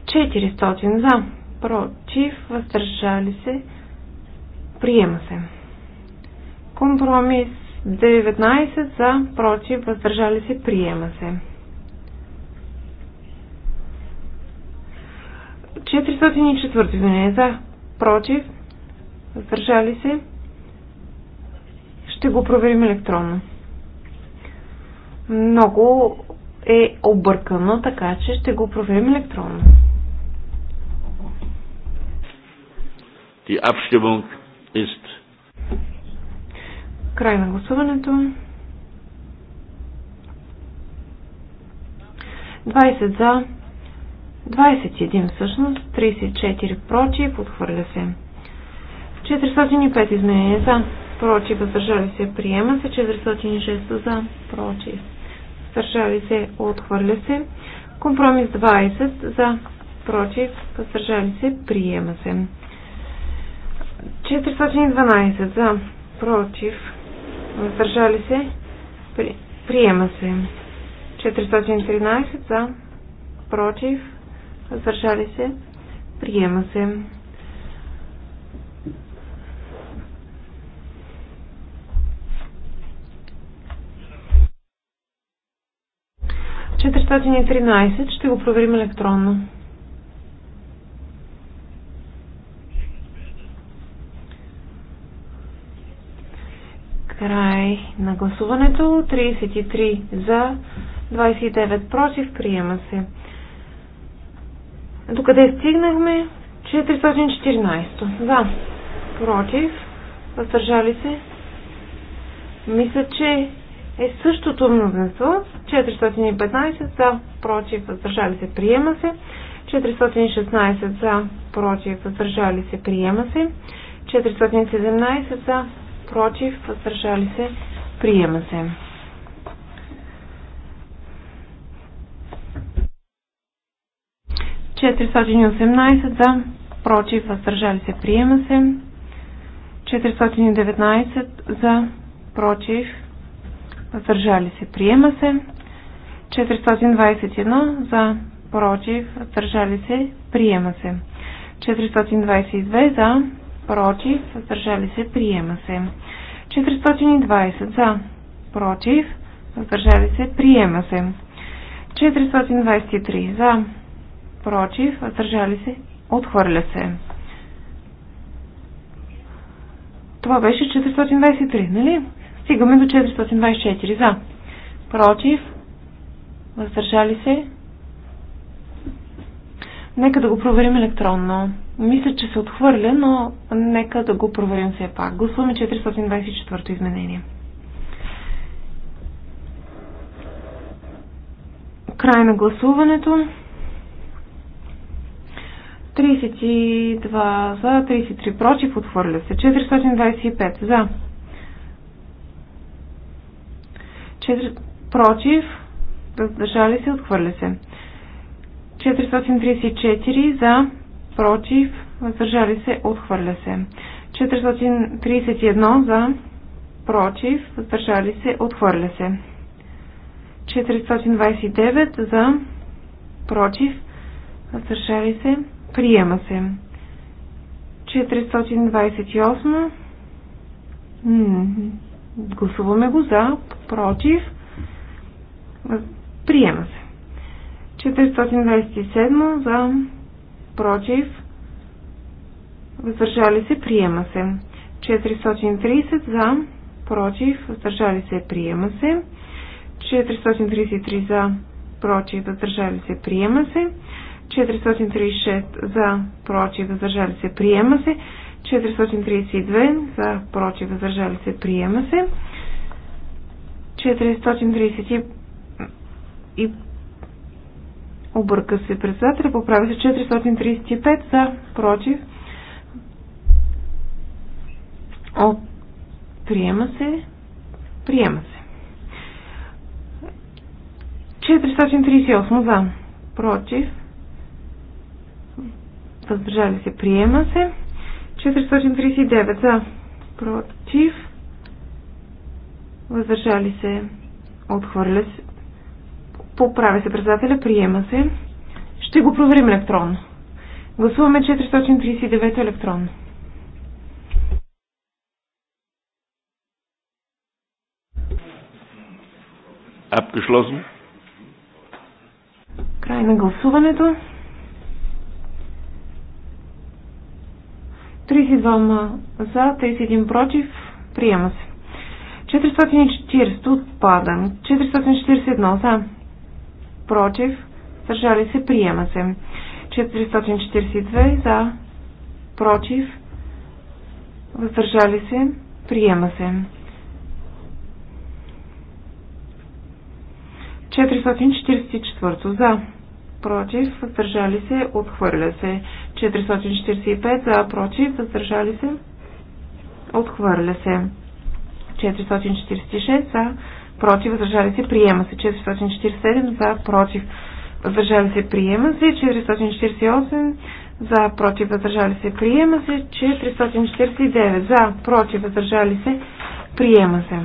400 за, против, въздържали се, приема се. Компромис 19 за, против, въздържали се, приема се. 404 изменение за, против, въздържали се. Ще го проверим електронно. Много е объркано, така че ще го проверим електронно. Die ist. Край на гласуването. 20 за, 21 всъщност, 34 против, отхвърля се. 405 изменения за, против, въздържали се, приема се. 406 за, против, въздържали се, отхвърля се. Компромис 20 за, против, въздържали се, приема се. 412 за, против, въздържали се, при, приема се. 413 за, против, Въздържали се. Приема се. Четиристотин ще го проверим електронно. край на гласуването. 33 за, 29 против. Приема се. Докъде стигнахме? 414. За. Против. Въздържали се. Мисля, че е същото мнозинство. 415 за. Против. Въздържали се. Приема се. 416 за. Против. Въздържали се. Приема се. 417 за. Против. Въздържали се. Приема се. 418 за, против, въздържали се, приема се. 419 за, против, въздържали се, приема се. 421 за, против, въздържали се, приема се. 422 за, против, въздържали се, приема се. 420 за, против, въздържали се, приема се. 423 за, против, въздържали се, отхвърля се. Това беше 423, нали? Стигаме до 424 за. Против, въздържали се. Нека да го проверим електронно. Мисля, че се отхвърля, но нека да го проверим все пак. Гласуваме 424 изменение. Край на гласуването. 32 за, 33 против, отхвърля се. 425 за. 4 против, раздържали се, отхвърля се. 434 за, против, въздържали се, отхвърля се. 431 за, против, въздържали се, отхвърля се. 429 за, против, въздържали се, Приема се. 428. Гласуваме го за, против. Приема се. 427 за, против. Въздържали се, приема се. 430 за, против. Въздържали се, приема се. 433 за, против. Въздържали се, приема се. 436 за, прочие въздържали се, приема се. 432 за, прочие въздържали се, приема се. 430 и обърка се председателя, поправя се 435 за, против, О, приема се, приема се. 438 за, против, въздържали се, приема се. 439 за, против, въздържали се, отхвърля се, поправя се председателя, приема се. Ще го проверим електронно. Гласуваме 439 електронно. Abgeschlossen. Край на гласуването. 32 за, 31 против. Приема се. 440 отпада. 441 за. Против. Съжали се. Приема се. 442 за. Против. Въздържали се. Приема се. 444 за. Против. Въздържали се. Отхвърля се. 445 за против, въздържали се, отхвърля се. 446 за против, въздържали се, приема се. 447 за против, въздържали се, приема се. 448 за против, въздържали се, приема се. 449 за против, въздържали се, приема се.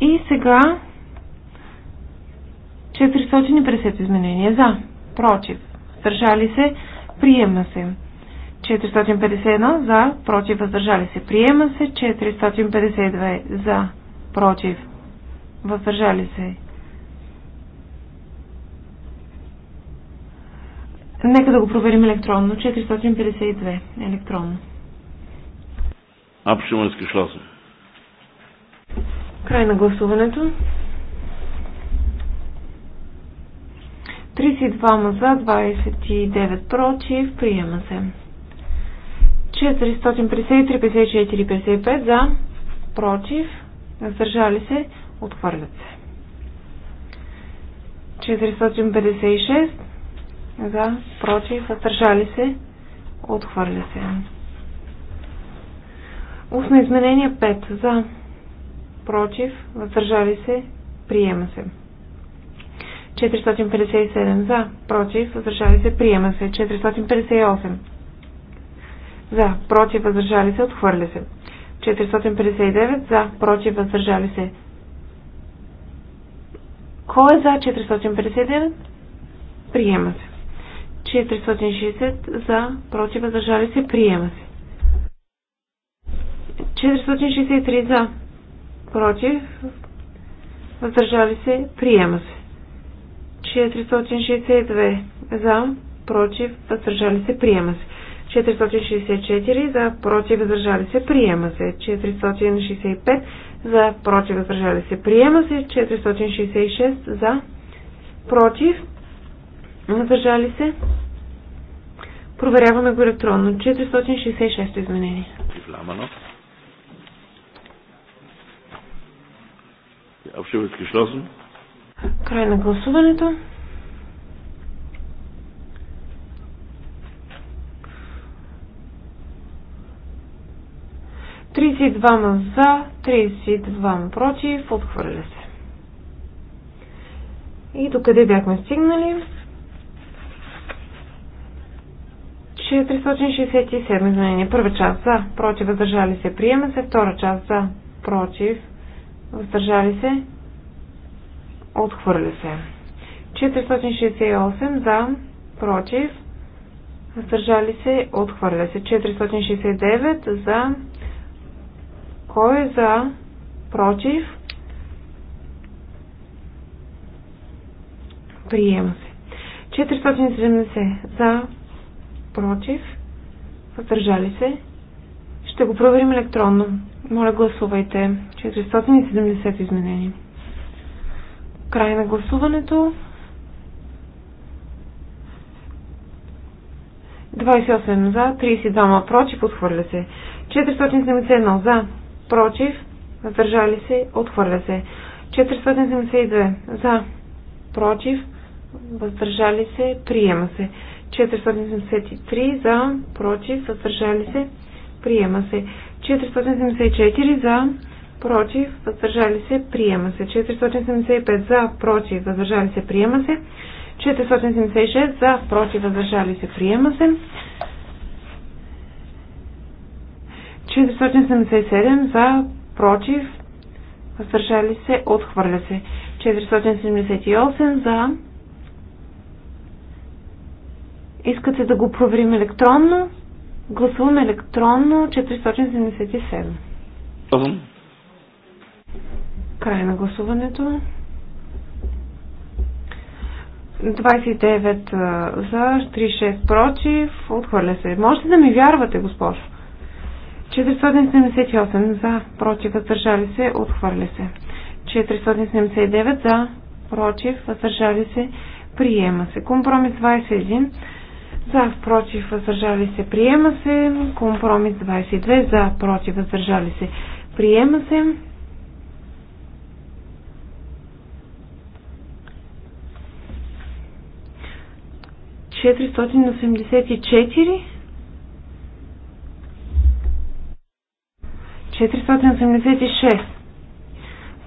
И сега 450 е изменения за, против, въздържали се, приема се. 451 за, против, въздържали се, приема се. 452 за, против, въздържали се. Нека да го проверим електронно. 452 електронно. Абшимански се. Край на гласуването. 32 за, 29 против. Приема се. 453, 54, 55 за, против. Въздържали се. Отхвърлят се. 456 за, против. Въздържали се. Отхвърля се. Устно изменение 5 за, против. Въздържали се. Приема се. 457 за, против, въздържали се, приема се. 458 за, против, въздържали се, отхвърля се. 459 за, против, въздържали се. Кой е за 459? Приема се. 460 за, против, въздържали се, приема се. 463 за, против, въздържали се, приема се. 462 за, против, въздържали се, приема се. 464 за, против, въздържали се, приема се. 465 за, против, въздържали се, приема се. 466 за, против, въздържали се. Проверяваме го електронно. 466 изменение. Die Абсолютно ist Край на гласуването. Тридесет двама за, 32 против, отхвърля се. И докъде бяхме стигнали? 467 изменения. Първа част за, против, въздържали се, приема се. Втора част за, против, въздържали се, Отхвърля се. 468 за, против, въздържали се, отхвърля се. 469 за, кой е за, против, приема се. 470 за, против, въздържали се. Ще го проверим електронно. Моля гласувайте. 470 изменения. Край на гласуването. 28 за, 32 против, отхвърля се. 471 за, против, въздържали се, отхвърля се. 472 за, против, въздържали се, приема се. 473 за, против, въздържали се, приема се. 474 за, против, въздържали се, приема се. 475 за, против, въздържали се, приема се. 476 за, против, въздържали се, приема се. 477 за, против, въздържали се, отхвърля се. 478 за. Искате да го проверим електронно? Гласуваме електронно 477. Край на гласуването. 29 за, 36 против, отхвърля се. Можете да ми вярвате, госпожо. 478 за, против, въздържали се, отхвърля се. 479 за, против, въздържали се, приема се. Компромис 21 за, против, въздържали се, приема се. Компромис 22 за, против, въздържали се, приема се. 484.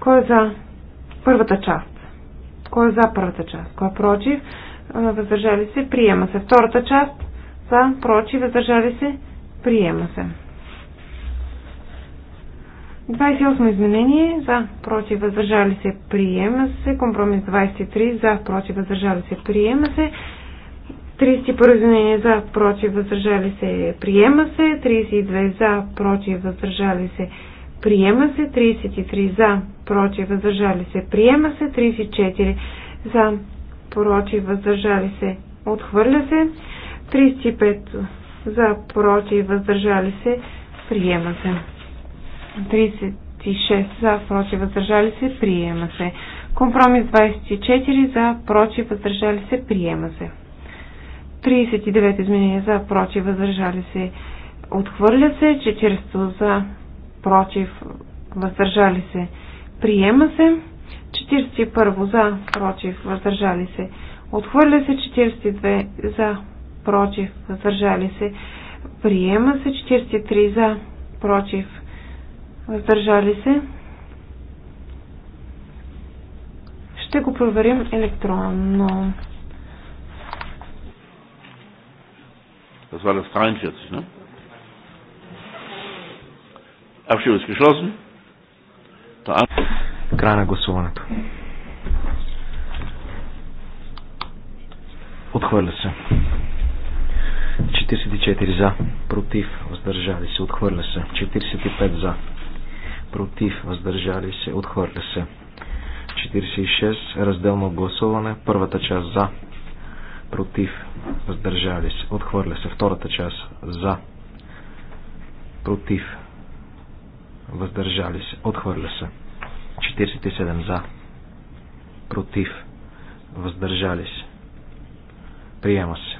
486. Кой е за първата част? Кой е за първата част? Кой е против? Въздържали се? Приема се. Втората част? За, против, въздържали се? Приема се. 28 изменение. За, против, въздържали се? Приема се. Компромис 23. За, против, въздържали се? Приема се. 31 е за, против, въздържали се, приема се. 32 за, против, въздържали се, приема се. 33 за, против, въздържали се, приема се. 34 за, против, въздържали се, отхвърля се. 35 за, против, въздържали се, приема се. 36 за, против, въздържали се, приема се. Компромис 24 за, против, въздържали се, приема се. 39 изменения за, против, въздържали се, отхвърля се. 400 за, прочив, въздържали се, приема се. 41 за, против, въздържали се, отхвърля се. 42 за, против, въздържали се, приема се. 43 за, против, въздържали се. Ще го проверим електронно. Das war das 43, ne? Abstimmung ist geschlossen. Край на гласуването. Отхвърля се. 44 за, против, въздържали се, отхвърля се. 45 за, против, въздържали се, отхвърля се. 46 разделно гласуване, първата част за, против, въздържали се, отхвърля се. Втората част за, против, въздържали се, отхвърля се. 47 за, против, въздържали се, приема се.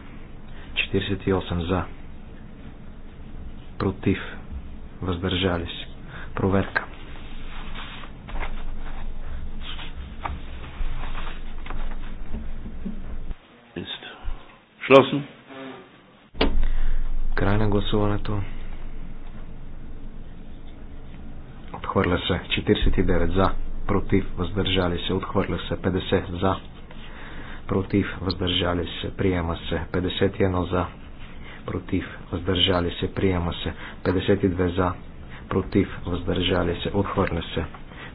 48 за, против, въздържали се, проверка. Geschlossen. Край на гласуването. Отхвърля се. 49 за. Против. Въздържали се. Отхвърля се. 50 за. Против. Въздържали се. Приема се. 51 за. Против. Въздържали се. Приема се. 52 за. Против. Въздържали се. Отхвърля се.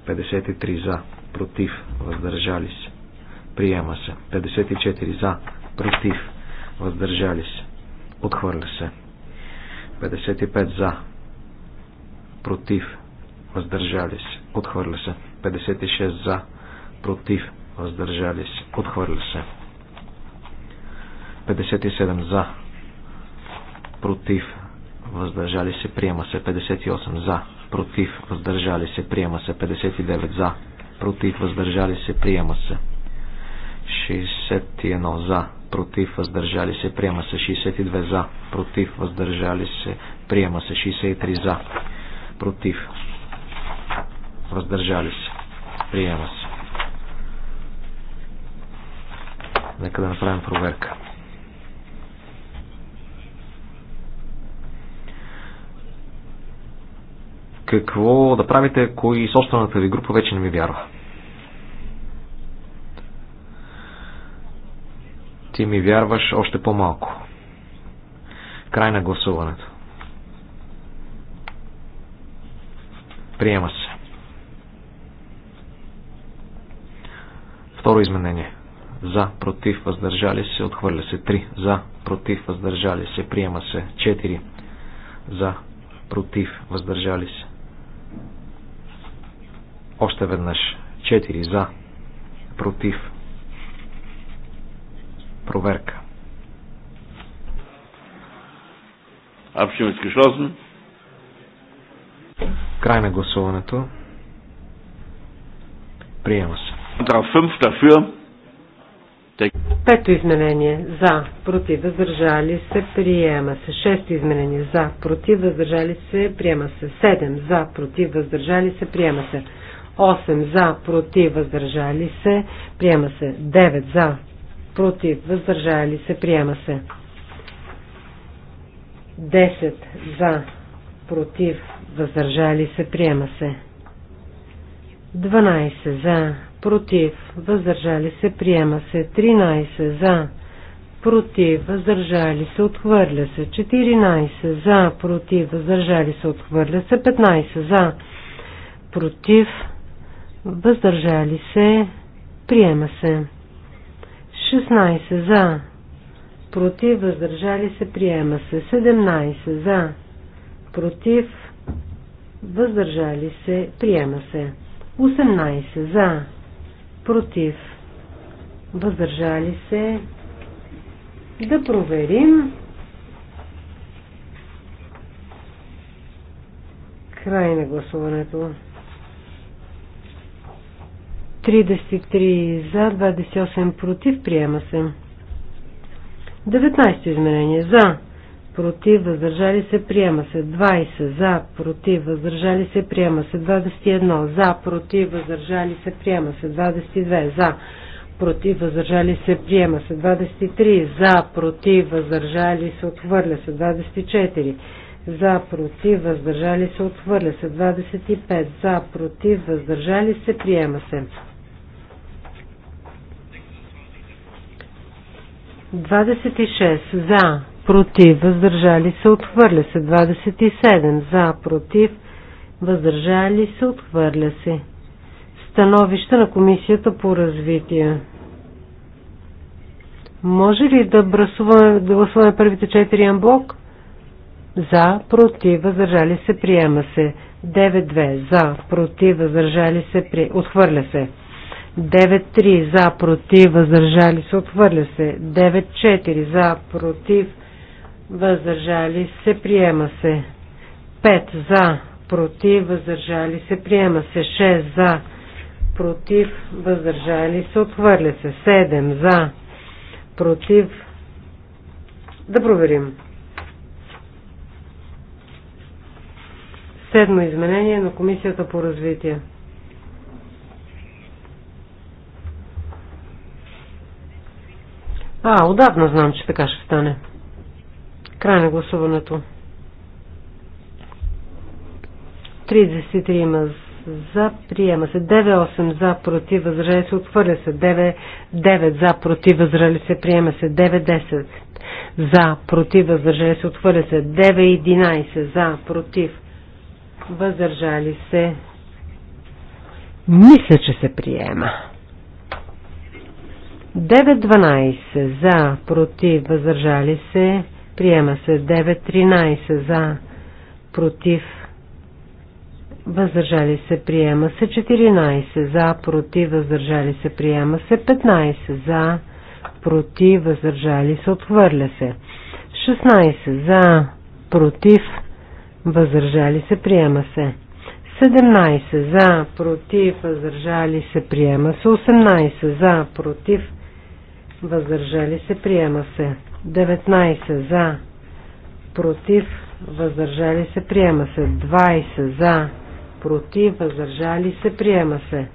53 за. Против. Въздържали се. Приема се. 54 за. Против въздържали се, отхвърля се. 55 за, против, въздържали се, отхвърля се. 56 за, против, въздържали се, отхвърля се. 57 за, против, въздържали се, приема се. 58 за, против, въздържали се, приема се. 59 за, против, въздържали се, приема се. 61 за, против, въздържали се, приема се 62 за, против, въздържали се, приема се 63 за, против, въздържали се, приема се. Нека да направим проверка. Какво да правите, ако и собствената ви група вече не ми вярва? ти ми вярваш още по-малко. Край на гласуването. Приема се. Второ изменение. За, против, въздържали се, отхвърля се. 3. За, против, въздържали се, приема се. 4. За, против, въздържали се. Още веднъж. 4. За, против, Проверка. Край на гласуването. Приема се. Пето изменение за, против, въздържали се, приема се. Шесто изменение за, против, въздържали се, приема се. Седем за, против, въздържали се, приема се. 8 за, против, въздържали се, приема се. 9 за, против, въздържали се, приема се. 10 за, против, въздържали се, приема се. 12 за, против, въздържали се, приема се. 13 за, против, въздържали се, отхвърля се. 14 за, против, въздържали се, отхвърля се. 15 за, против, въздържали се, приема се. 16 за, против, въздържали се, приема се. 17 за, против, въздържали се, приема се. 18 за, против, въздържали се. Да проверим. Край на гласуването. 33 за, 28 против, приема се. 19 изменение за, против, въздържали се, приема се. 20 за, против, въздържали се, приема се. 21 за, против, въздържали се, приема се. 22 за, против, въздържали се, приема се. 23 за, против, въздържали се, отхвърля се. 24 за, против, въздържали се, отхвърля се. 25 за, против, въздържали се, приема се. 26 за, против, въздържали се, отхвърля се. 27 за, против, въздържали се, отхвърля се. Становище на Комисията по развитие. Може ли да гласуваме, да гласуваме първите 4 амблок? За, против, въздържали се, приема се. 9-2. За, против, въздържали се, при... отхвърля се. 9-3 за, против, въздържали се, отхвърля се. 9-4 за, против, въздържали се, приема се. 5 за, против, въздържали се, приема се. 6 за, против, въздържали се, отхвърля се. 7 за, против. Да проверим. Седмо изменение на Комисията по развитие. А, отдавна знам, че така ще стане. Край на гласуването. 33 има за, приема се. 9-8 за, против, възражали се, отхвърля се. 9, 9 за, против, възражали се, приема се. 9-10 за, против, въздържали се, отхвърля се. 9-11 за, против, въздържали се. Мисля, че се приема. 9.12 за, против, въздържали се, приема се. 9.13 за, против, въздържали се, приема се. 14 за, против, въздържали се, приема се. 15 за, против, въздържали се, отхвърля се. 16 за, против, въздържали се, приема се. 17 за, против, въздържали се, приема се. 18 за, против, въздържали се, приема се. 19 за, против, въздържали се, приема се. 20 за, против, въздържали се, приема се.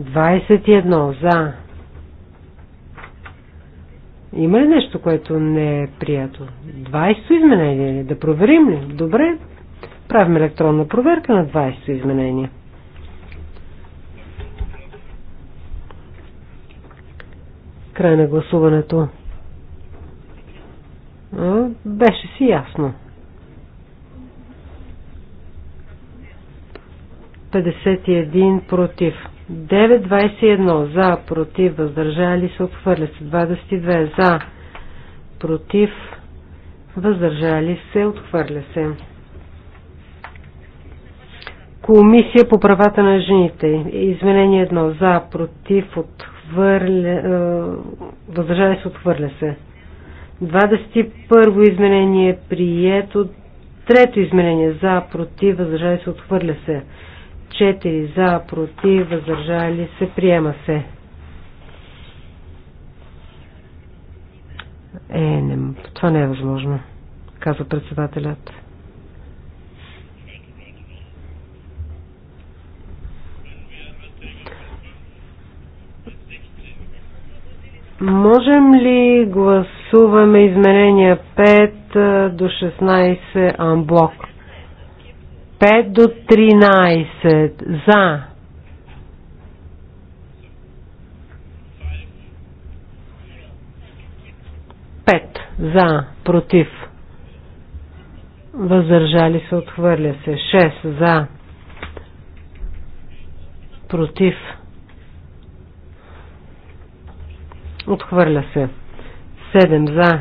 21 за. Има ли нещо, което не е прието? 20 изменения? ли? Да проверим ли? Добре. Правим електронна проверка на 20 изменения. Край на гласуването. Беше си ясно. 51 против. 9.21 за, против, въздържали се, отхвърля се. 22 за, против, въздържали се, отхвърля се. Комисия по правата на жените. Изменение 1 за, против, отхвърля отхвърля, е, въздържали се, отхвърля се. 21 изменение е прието, трето изменение за, против, въздържали се, отхвърля се. 4 за, против, въздържали се, приема се. Е, не, това не е възможно, казва председателят. Можем ли гласуваме измерения 5 до 16 амблок? 5 до 13 за. Пет за, против. Въздържали се, отхвърля се. 6 за, против Отхвърля се. 7 за.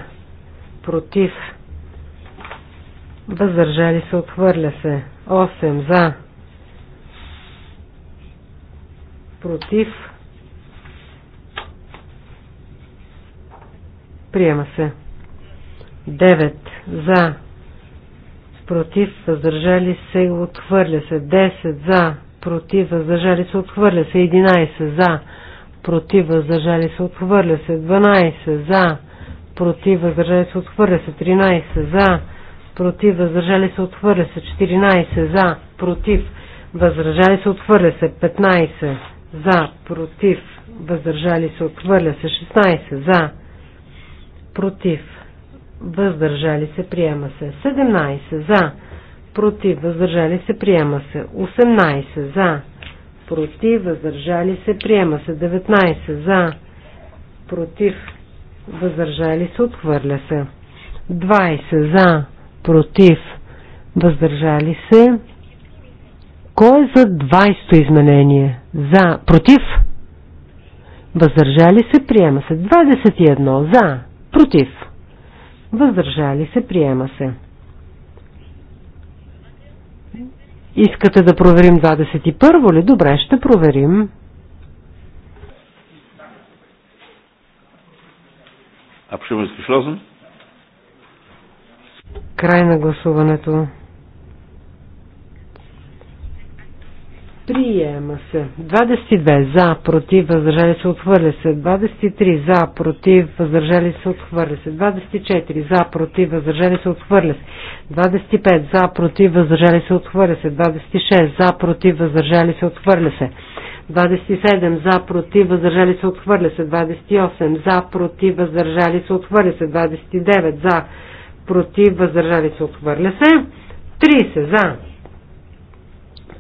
Против. Въздържали се. Отхвърля се. 8 за. Против. Приема се. 9 за. Против. Въздържали се. Отхвърля се. 10 за. Против. Въздържали се. Отхвърля се. 11 за против, въздържали се, отхвърля се, 12 за, против, въздържали се, отхвърля се, 13 за, против, въздържали се, отхвърля се, 14 за, против, въздържали се, отхвърля се, 15 за, против, въздържали се, отхвърля се, 16 за, против, въздържали се, приема се, 17 за, против, въздържали се, приема се, 18 за, против, въздържали се, приема се. 19 за, против, въздържали се, отхвърля се. 20 за, против, въздържали се. Кой е за 20-то изменение? За, против, въздържали се, приема се. 21 за, против, въздържали се, приема се. Искате да проверим 21 во ли? Добре, ще проверим. Абшимът Край на гласуването. Приема се. 22 за, против, въздържали се, отхвърля се. 23 за, против, въздържали се, отхвърля се. 24 за, против, въздържали се, отхвърля се. 25 за, против, въздържали се, отхвърля се. 26 за, против, въздържали се, отхвърля се. 27 за, против, въздържали се, отхвърля се. 28 за, против, въздържали се, отхвърля се. 29 за, против, въздържали се, отхвърля се. 30 за,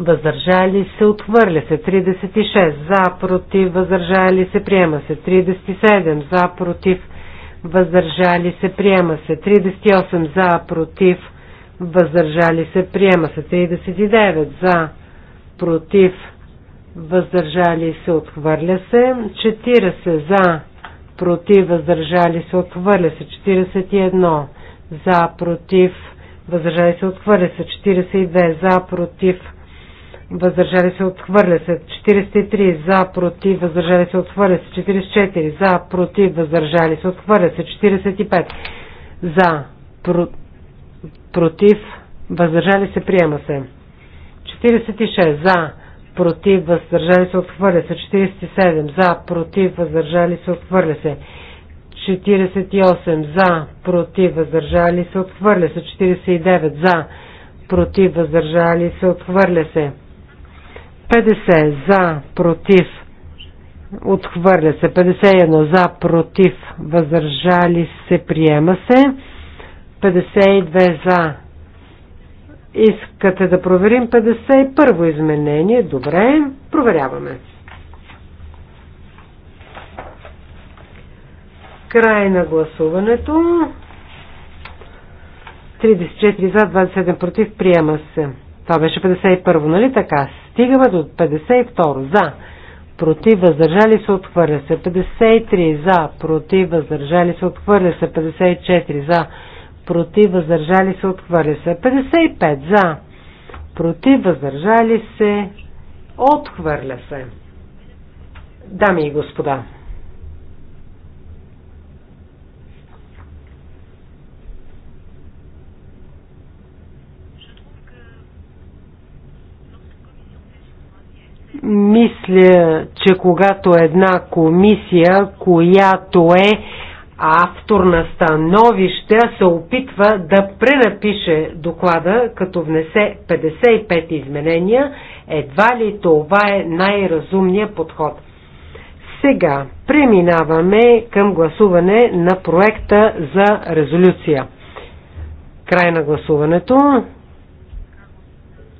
въздържали се, отхвърля се 36, за, против, въздържали се, приема се 37, за, против, въздържали се, приема се 38, за, против, въздържали се, приема се 39, за, против, въздържали се, отхвърля се 40, за, против, въздържали се, отхвърля се 41, за, против, въздържали се, отхвърля се 42, за, против, въздържали се, отхвърля се. 43 за, против, въздържали се, отхвърля се. 44 за, против, въздържали се, отхвърля се. 45 за, про, против, въздържали се, приема се. 46 за, против, въздържали се, отхвърля се. 47 за, против, въздържали се, отхвърля се. 48 за, против, въздържали се, отхвърля се. 49 за, против, въздържали се, отхвърля се. 50 за, против, отхвърля се. 51 за, против, въздържали се, приема се. 52 за. Искате да проверим 51 изменение. Добре, проверяваме. Край на гласуването. 34 за, 27 против, приема се. Това беше 51, нали така? Стигаме до 52 за, против, въздържали се, отхвърля се. 53 за, против, въздържали се, отхвърля се. 54 за, против, въздържали се, отхвърля се. 55 за, против, въздържали се, отхвърля се. Дами и господа, Мисля, че когато една комисия, която е автор на становище, се опитва да пренапише доклада, като внесе 55 изменения, едва ли това е най-разумният подход. Сега преминаваме към гласуване на проекта за резолюция. Край на гласуването.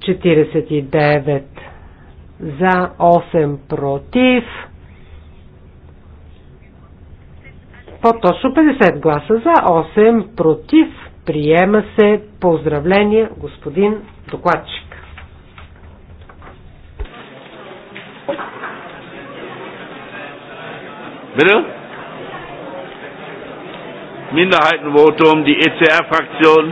49 за 8 против. По-точно 50 гласа за 8 против. Приема се поздравление господин докладчик. Bitte? Minderheitenvotum, die ECR-Fraktion,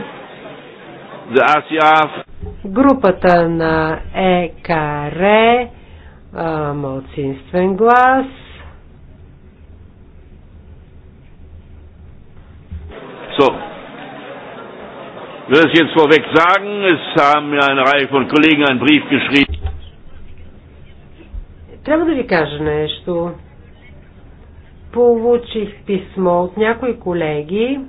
the ACR групата на ЕКАРЕ малцинствен глас So, will es jetzt vorweg sagen, es haben eine Reihe von Kollegen einen Brief geschrieben. Трябва да ви кажа нещо. Получих писмо от някои колеги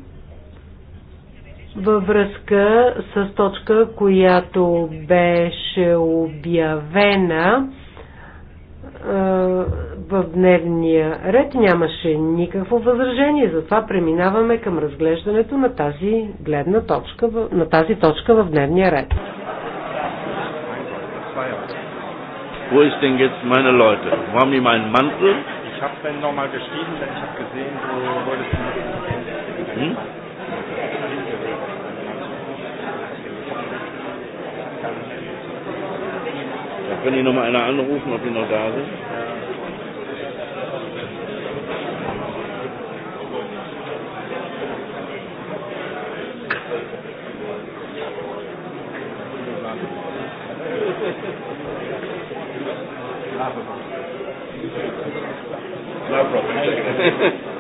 във връзка с точка, която беше обявена в дневния ред нямаше никакво възражение, затова преминаваме към разглеждането на тази гледна точка, на тази точка в дневния ред. Wo ist denn jetzt meine Leute? Wo haben die meinen Mantel? Ich habe nochmal geschrieben, denn ich habe gesehen, wo Hm? Kann die nochmal einer anrufen, ob die noch da sind? No problem.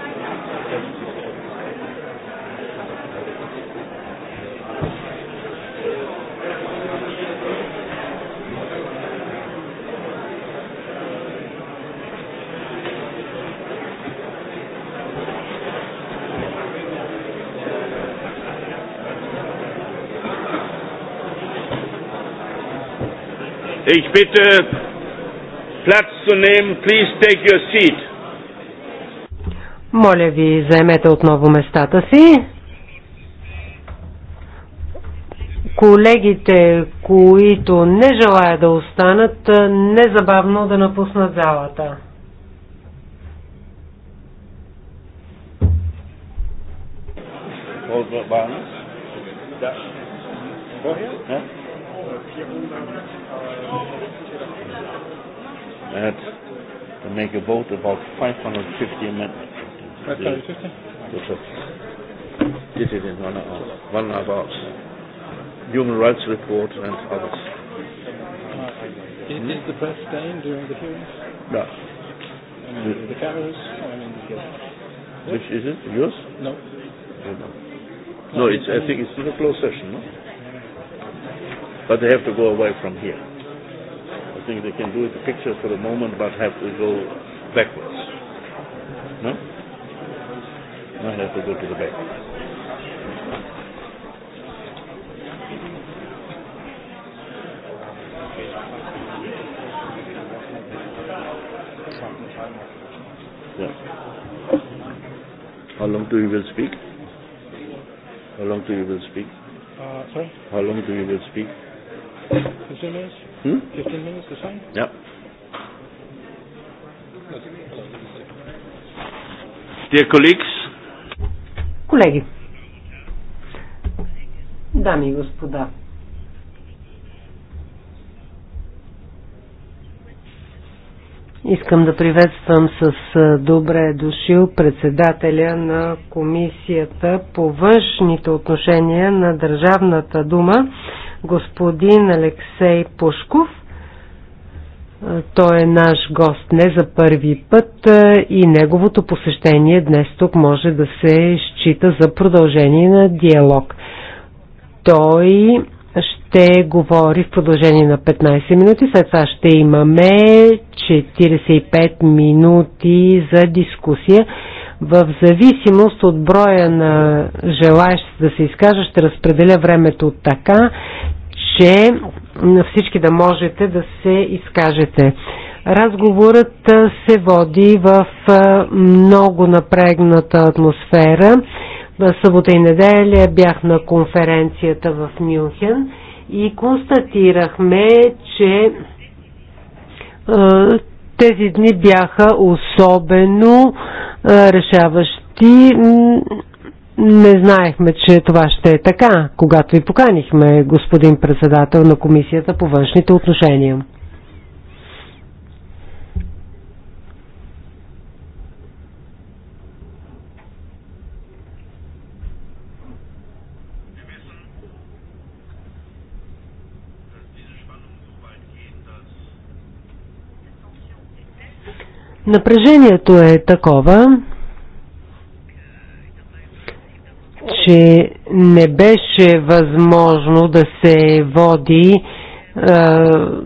Ich bitte, Platz zu nehmen. Please take your seat. Моля ви, заемете отново местата си. Колегите, които не желаят да останат, незабавно да напуснат залата. Vorher? that to make a vote about 550 amendments. 550? This is in one hour. One hour human rights report and others. Is the press staying during the hearings? No. I mean, the cameras? I mean, the Which is it? Yours? No. No, it's, I think it's in a closed session, no? But they have to go away from here think they can do it, the pictures for the moment, but have to go backwards. No? No, have to go to the back. Yeah. How long do you will speak? How long do you will speak? Uh, sorry? How long do you will speak? Fifteen minutes. Hmm? 15 minutes to sign? Yeah. Dear colleagues. Колеги. Дами и господа. Искам да приветствам с добре дошил председателя на Комисията по външните отношения на Държавната дума господин Алексей Пушков. Е, той е наш гост не за първи път е, и неговото посещение днес тук може да се счита за продължение на диалог. Той ще говори в продължение на 15 минути, след това ще имаме 45 минути за дискусия в зависимост от броя на желаящите да се изкажа, ще разпределя времето така, че на всички да можете да се изкажете. Разговорът се води в много напрегната атмосфера. В събота и неделя бях на конференцията в Мюнхен и констатирахме, че тези дни бяха особено решаващи. Не знаехме, че това ще е така, когато ви поканихме, господин председател на Комисията по външните отношения. Напрежението е такова, че не беше възможно да се води е,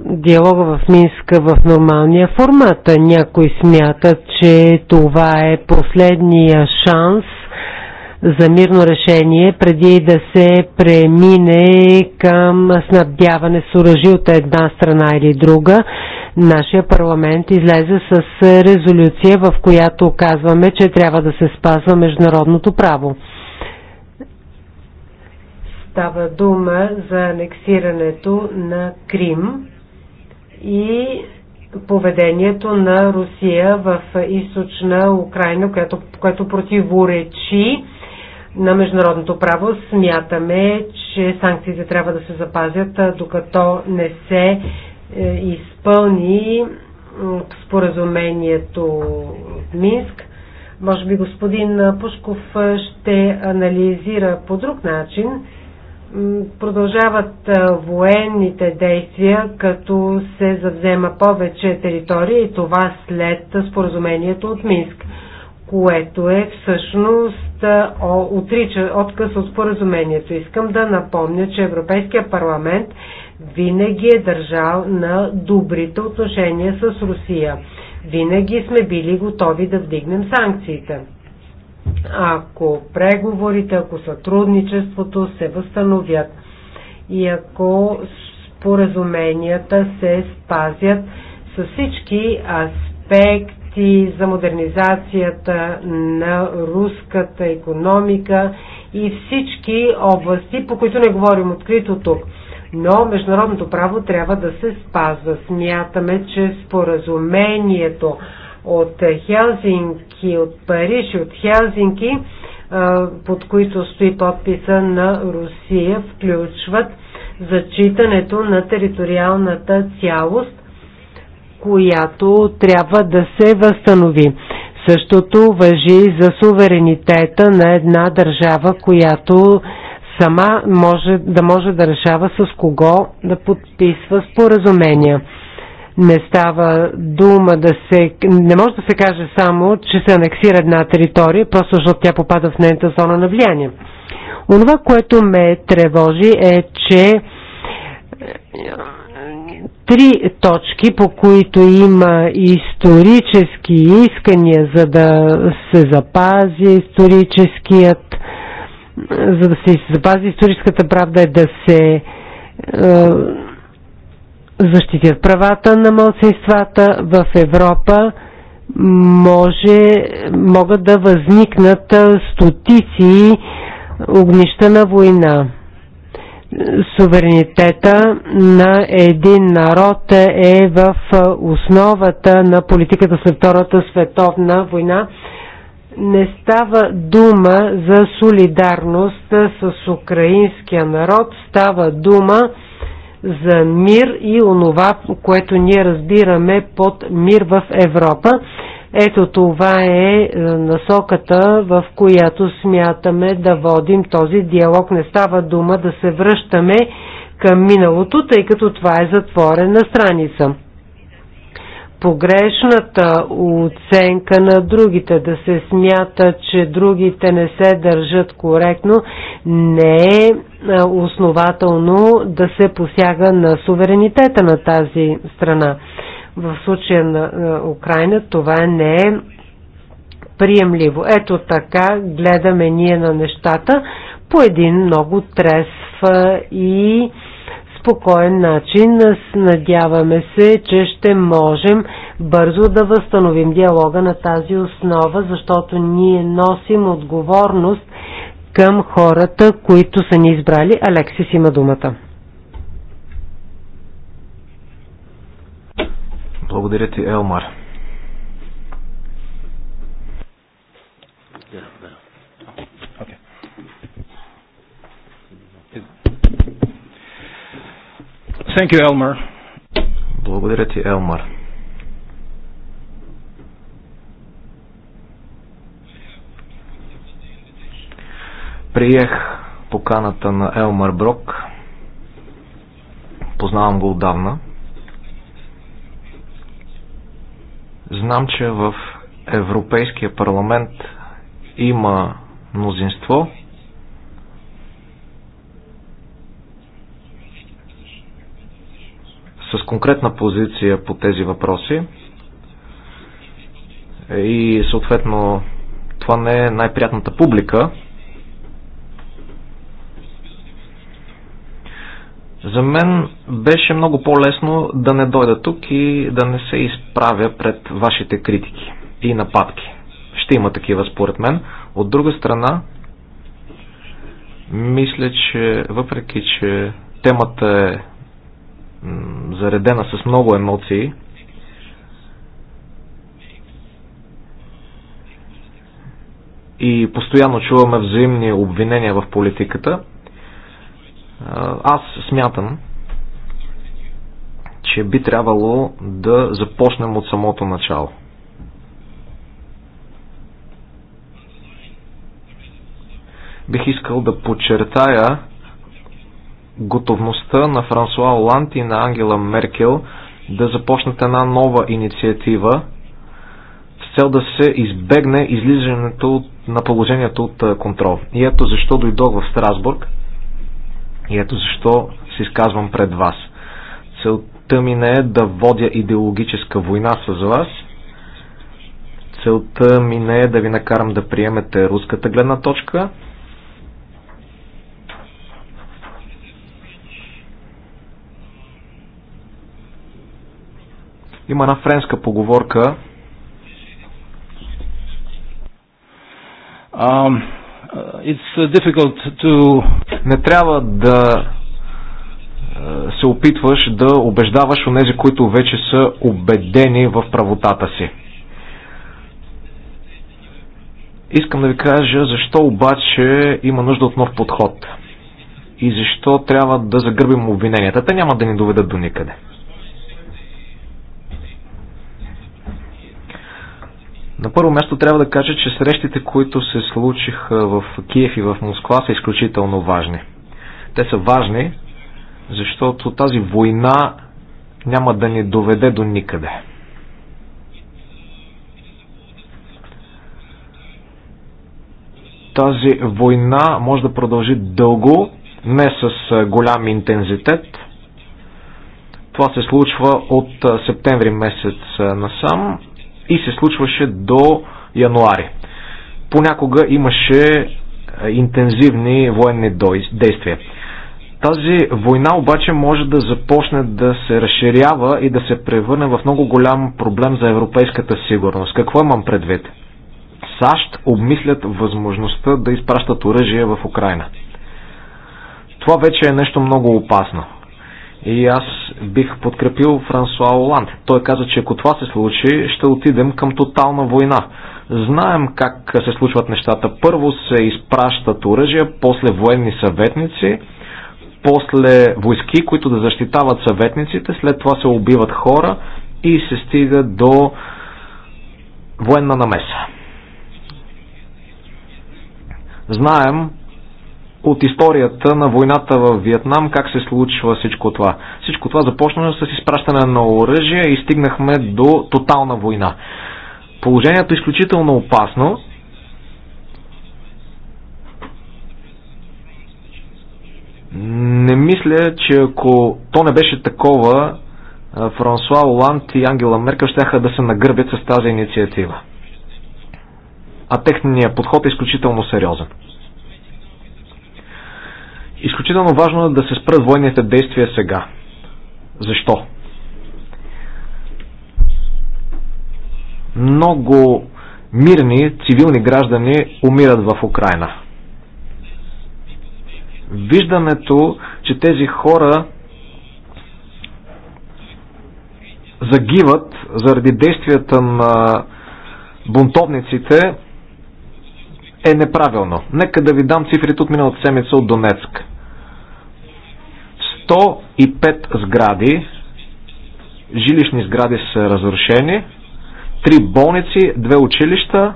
диалога в Минска в нормалния формат. Някои смятат, че това е последния шанс за мирно решение преди да се премине към снабдяване с оръжие от една страна или друга. Нашия парламент излезе с резолюция, в която казваме, че трябва да се спазва международното право. Става дума за анексирането на Крим и поведението на Русия в източна Украина, което, което противоречи на международното право. Смятаме, че санкциите трябва да се запазят, докато не се е, изпълни споразумението от Минск. Може би господин Пушков е, ще анализира по друг начин. Продължават е, военните действия, като се завзема повече територия и това след споразумението от Минск, което е всъщност отрича отказ от споразумението. Искам да напомня, че Европейския парламент винаги е държал на добрите отношения с Русия. Винаги сме били готови да вдигнем санкциите. Ако преговорите, ако сътрудничеството се възстановят и ако споразуменията се спазят с всички аспекти за модернизацията на руската економика и всички области, по които не говорим открито тук – но международното право трябва да се спазва. Смятаме, че споразумението от Хелзинки, от Париж и от Хелзинки, под които стои подписа на Русия, включват зачитането на териториалната цялост, която трябва да се възстанови. Същото въжи за суверенитета на една държава, която сама може, да може да решава с кого да подписва споразумения. Не става дума да се... Не може да се каже само, че се анексира една територия, просто защото тя попада в нейната зона на влияние. Онова, което ме тревожи е, че е, три точки, по които има исторически искания, за да се запази историческият за да се запази историческата правда е да се е, защитят правата на младсинствата в Европа може, могат да възникнат е, стотици огнища на война. Суверенитета на един народ е в е, основата на политиката след Втората световна война не става дума за солидарност с украинския народ, става дума за мир и онова, което ние разбираме под мир в Европа. Ето това е, е насоката, в която смятаме да водим този диалог. Не става дума да се връщаме към миналото, тъй като това е затворена страница погрешната оценка на другите, да се смята, че другите не се държат коректно, не е, е основателно да се посяга на суверенитета на тази страна. В случая на е, Украина това не е приемливо. Ето така гледаме ние на нещата по един много тресв е, и спокоен начин. Надяваме се, че ще можем бързо да възстановим диалога на тази основа, защото ние носим отговорност към хората, които са ни избрали. Алексис има думата. Благодаря ти, Елмар. Thank you, Elmer. Благодаря ти, Елмар. Приех поканата на Елмар Брок. Познавам го отдавна. Знам, че в Европейския парламент има мнозинство, с конкретна позиция по тези въпроси и съответно това не е най-приятната публика. За мен беше много по-лесно да не дойда тук и да не се изправя пред вашите критики и нападки. Ще има такива според мен. От друга страна, мисля, че въпреки, че темата е заредена с много емоции. И постоянно чуваме взаимни обвинения в политиката. Аз смятам, че би трябвало да започнем от самото начало. Бих искал да подчертая, готовността на Франсуа Оланд и на Ангела Меркел да започнат една нова инициатива с цел да се избегне излизането на положението от контрол. И ето защо дойдох в Страсбург и ето защо се изказвам пред вас. Целта ми не е да водя идеологическа война с вас. Целта ми не е да ви накарам да приемете руската гледна точка – Има една френска поговорка. Um, uh, it's uh, difficult to... Не трябва да uh, се опитваш да убеждаваш онези, които вече са убедени в правотата си. Искам да ви кажа защо обаче има нужда от нов подход и защо трябва да загърбим обвиненията. Те няма да ни доведат до никъде. На първо място трябва да кажа, че срещите, които се случиха в Киев и в Москва са изключително важни. Те са важни, защото тази война няма да ни доведе до никъде. Тази война може да продължи дълго, не с голям интензитет. Това се случва от септември месец насам и се случваше до януари. Понякога имаше е, интензивни военни действия. Тази война обаче може да започне да се разширява и да се превърне в много голям проблем за европейската сигурност. Какво имам предвид? САЩ обмислят възможността да изпращат оръжие в Украина. Това вече е нещо много опасно. И аз бих подкрепил Франсуа Оланд. Той каза, че ако това се случи, ще отидем към тотална война. Знаем как се случват нещата. Първо се изпращат оръжия, после военни съветници, после войски, които да защитават съветниците, след това се убиват хора и се стига до военна намеса. Знаем от историята на войната в Виетнам, как се случва всичко това. Всичко това започна с изпращане на оръжие и стигнахме до тотална война. Положението е изключително опасно. Не мисля, че ако то не беше такова, Франсуа Оланд и Ангела Меркел ще да се нагърбят с тази инициатива. А техният подход е изключително сериозен. Изключително важно е да се спрат военните действия сега. Защо? Много мирни цивилни граждани умират в Украина. Виждането, че тези хора загиват заради действията на бунтовниците е неправилно. Нека да ви дам цифрите от миналата седмица от Донецк. 105 сгради, жилищни сгради са разрушени, 3 болници, 2 училища,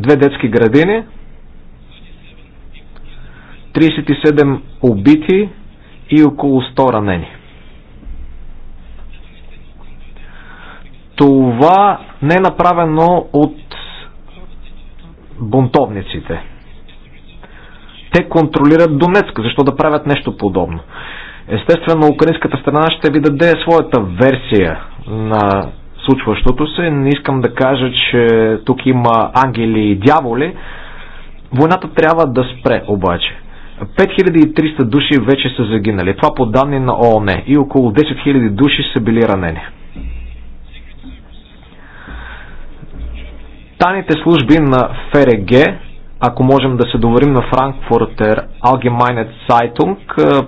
2 детски градини, 37 убити и около 100 ранени. Това не е направено от бунтовниците. Те контролират Донецк. Защо да правят нещо подобно? Естествено, украинската страна ще ви даде своята версия на случващото се. Не искам да кажа, че тук има ангели и дяволи. Войната трябва да спре обаче. 5300 души вече са загинали. Това по данни на ООН и около 10 000 души са били ранени. Тайните служби на ФРГ, ако можем да се доверим на Франкфуртер Allgemeine Zeitung, е,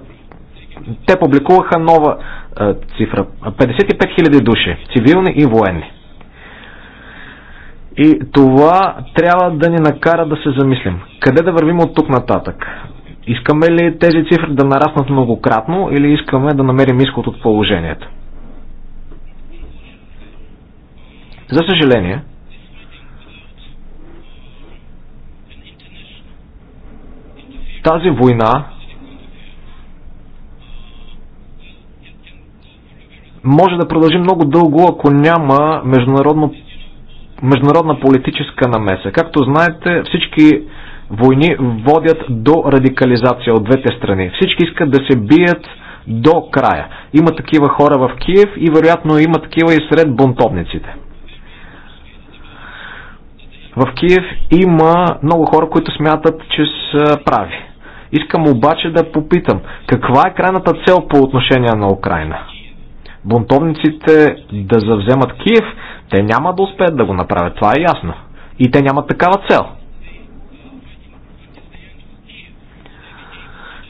те публикуваха нова е, цифра. 55 000 души, цивилни и военни. И това трябва да ни накара да се замислим. Къде да вървим от тук нататък? Искаме ли тези цифри да нараснат многократно или искаме да намерим изход от положението? За съжаление, Тази война може да продължи много дълго, ако няма международно, международна политическа намеса. Както знаете, всички войни водят до радикализация от двете страни. Всички искат да се бият до края. Има такива хора в Киев и вероятно има такива и сред бунтовниците. В Киев има много хора, които смятат, че са прави. Искам обаче да попитам, каква е крайната цел по отношение на Украина? Бунтовниците да завземат Киев, те няма да успеят да го направят, това е ясно. И те нямат такава цел.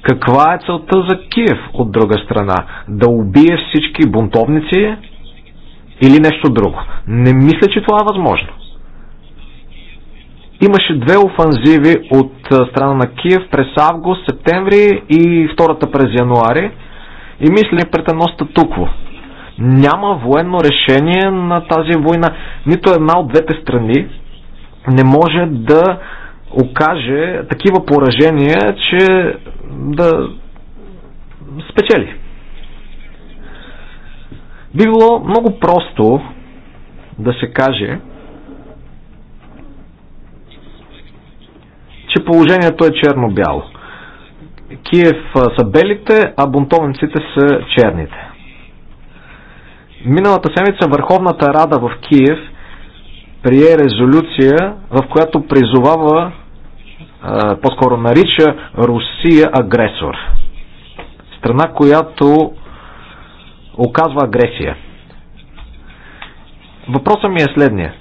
Каква е целта за Киев от друга страна? Да убие всички бунтовници или нещо друго? Не мисля, че това е възможно. Имаше две офанзиви от страна на Киев през август, септември и втората през януари. И мисля пред едно статукво. Няма военно решение на тази война. Нито една от двете страни не може да окаже такива поражения, че да спечели. Би било много просто да се каже, че положението е черно-бяло. Киев са белите, а бунтовниците са черните. Миналата седмица Върховната рада в Киев прие резолюция, в която призовава, по-скоро нарича Русия агресор. Страна, която оказва агресия. Въпросът ми е следния.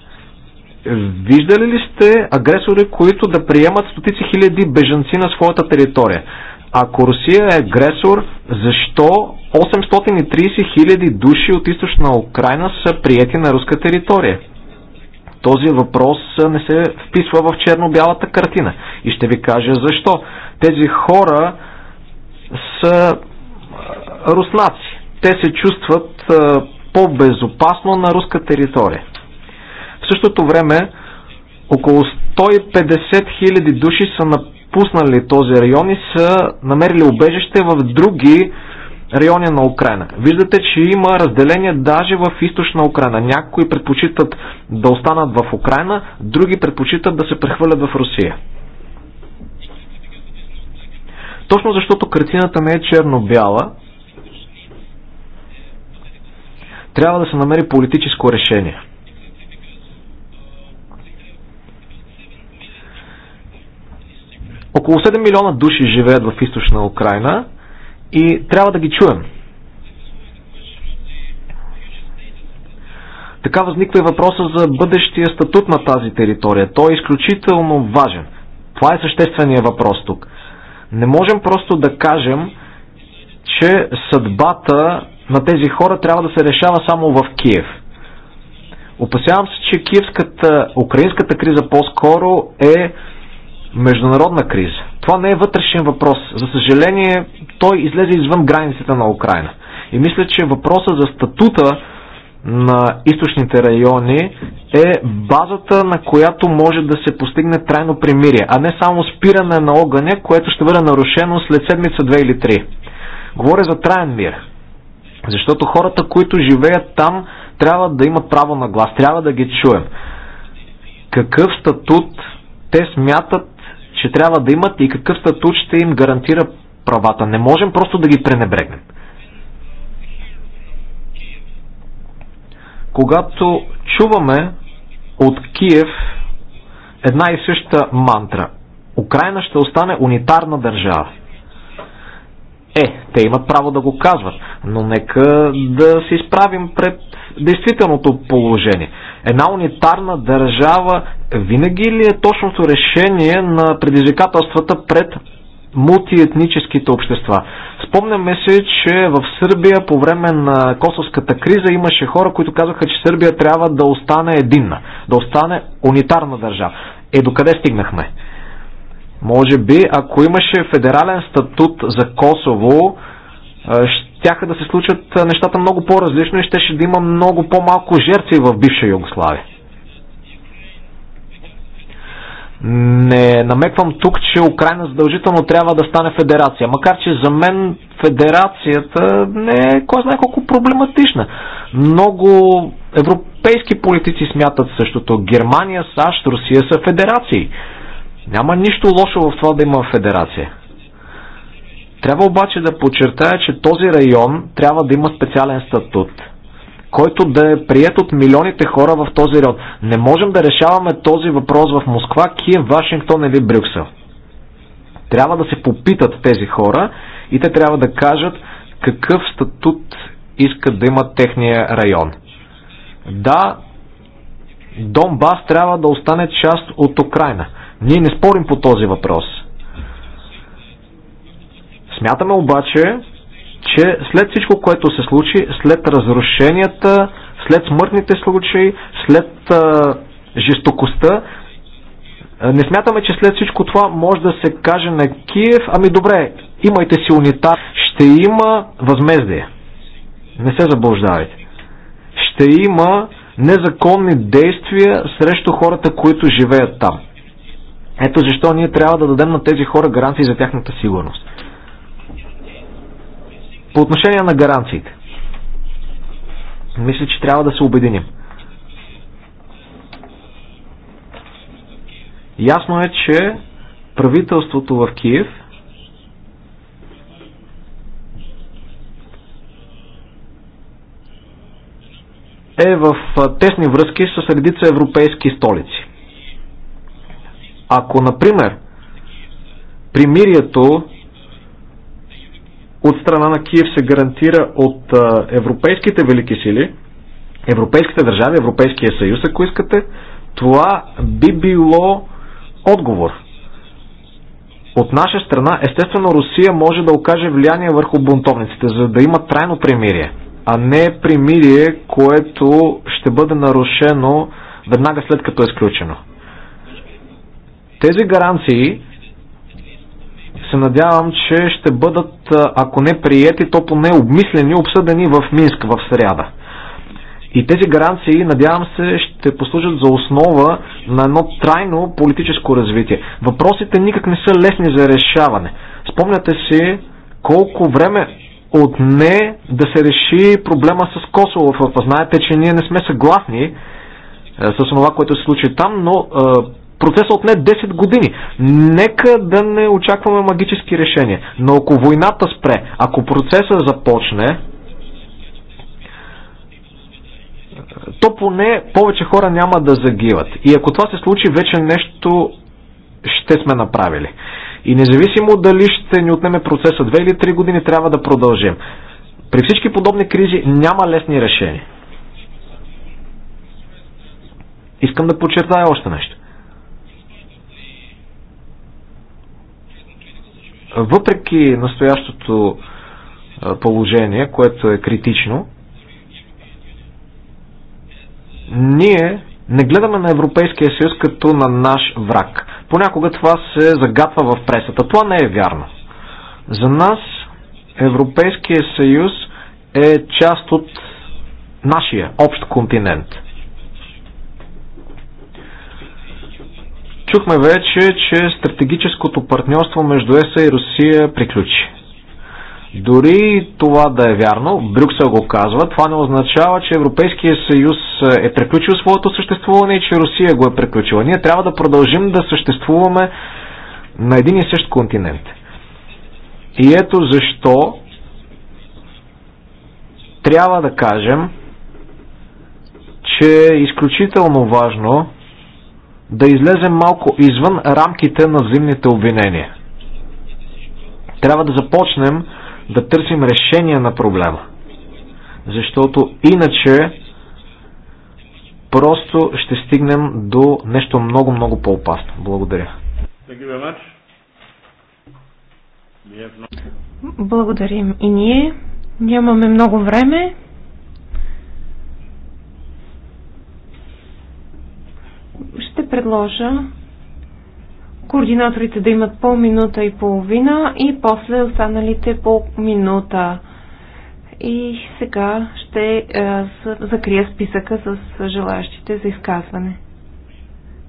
Виждали ли сте агресори, които да приемат стотици хиляди бежанци на своята територия? Ако Русия е агресор, защо 830 хиляди души от източна Украина са приети на руска територия? Този въпрос не се вписва в черно-бялата картина. И ще ви кажа защо. Тези хора са руснаци. Те се чувстват по-безопасно на руска територия. В същото време около 150 хиляди души са напуснали този район и са намерили убежище в други райони на Украина. Виждате, че има разделение даже в източна Украина. Някои предпочитат да останат в Украина, други предпочитат да се прехвърлят в Русия. Точно защото картината не е черно-бяла, трябва да се намери политическо решение. Около 7 милиона души живеят в източна Украина и трябва да ги чуем. Така възниква и въпроса за бъдещия статут на тази територия. Той е изключително важен. Това е съществения въпрос тук. Не можем просто да кажем, че съдбата на тези хора трябва да се решава само в Киев. Опасявам се, че киевската, украинската криза по-скоро е международна криза. Това не е вътрешен въпрос. За съжаление, той излезе извън границите на Украина. И мисля, че въпросът за статута на източните райони е базата, на която може да се постигне трайно примирие, а не само спиране на огъня, което ще бъде нарушено след седмица, две или три. Говоря за траен мир. Защото хората, които живеят там, трябва да имат право на глас, трябва да ги чуем. Какъв статут те смятат, ще трябва да имат и какъв статут ще им гарантира правата. Не можем просто да ги пренебрегнем. Когато чуваме от Киев една и съща мантра. Украина ще остане унитарна държава. Е, те имат право да го казват, но нека да се изправим пред действителното положение. Една унитарна държава винаги ли е точното решение на предизвикателствата пред мултиетническите общества? Спомняме се, че в Сърбия по време на косовската криза имаше хора, които казаха, че Сърбия трябва да остане единна, да остане унитарна държава. Е, докъде стигнахме? Може би, ако имаше федерален статут за Косово, щяха да се случат нещата много по-различно и щеше да има много по-малко жертви в бивша Югославия. Не намеквам тук, че Украина задължително трябва да стане федерация, макар че за мен федерацията не е кой знае колко проблематична. Много европейски политици смятат същото. Германия, САЩ, Русия са федерации. Няма нищо лошо в това да има федерация. Трябва обаче да подчертая, че този район трябва да има специален статут, който да е прият от милионите хора в този район. Не можем да решаваме този въпрос в Москва, Киев, Вашингтон или Брюксел. Трябва да се попитат тези хора и те трябва да кажат какъв статут искат да има техния район. Да, Донбас трябва да остане част от Украина. Ние не спорим по този въпрос – Смятаме обаче, че след всичко, което се случи, след разрушенията, след смъртните случаи, след а, жестокостта, не смятаме, че след всичко това може да се каже на Киев, ами добре, имайте си унитар, ще има възмездие. Не се заблуждавайте. Ще има незаконни действия срещу хората, които живеят там. Ето защо ние трябва да дадем на тези хора гаранции за тяхната сигурност. По отношение на гаранциите. Мисля, че трябва да се обединим. Ясно е, че правителството в Киев е в тесни връзки с редица европейски столици. Ако, например, примирието от страна на Киев се гарантира от европейските велики сили, европейските държави, Европейския съюз, ако искате, това би било отговор. От наша страна, естествено, Русия може да окаже влияние върху бунтовниците, за да има трайно примирие, а не примирие, което ще бъде нарушено веднага след като е сключено. Тези гаранции се надявам, че ще бъдат, ако не приети, то поне обмислени, обсъдени в Минск в среда. И тези гаранции, надявам се, ще послужат за основа на едно трайно политическо развитие. Въпросите никак не са лесни за решаване. Спомняте си колко време отне да се реши проблема с Косово. Знаете, че ние не сме съгласни е, с това, което се случи там, но е, процесът отне 10 години. Нека да не очакваме магически решения. Но ако войната спре, ако процесът започне, то поне повече хора няма да загиват. И ако това се случи, вече нещо ще сме направили. И независимо дали ще ни отнеме процеса 2 или 3 години, трябва да продължим. При всички подобни кризи няма лесни решения. Искам да подчертая още нещо. въпреки настоящото положение, което е критично, ние не гледаме на Европейския съюз като на наш враг. Понякога това се загатва в пресата. Това не е вярно. За нас Европейския съюз е част от нашия общ континент – Чухме вече, че стратегическото партньорство между ЕСА и Русия приключи. Дори това да е вярно, Брюксел го казва, това не означава, че Европейския съюз е приключил своето съществуване и че Русия го е приключила. Ние трябва да продължим да съществуваме на един и същ континент. И ето защо трябва да кажем, че е изключително важно да излезем малко извън рамките на взаимните обвинения. Трябва да започнем да търсим решение на проблема. Защото иначе просто ще стигнем до нещо много, много по-опасно. Благодаря. Благодарим и ние. Нямаме много време. ще предложа координаторите да имат по минута и половина и после останалите по минута. И сега ще е, закрия списъка с желаящите за изказване.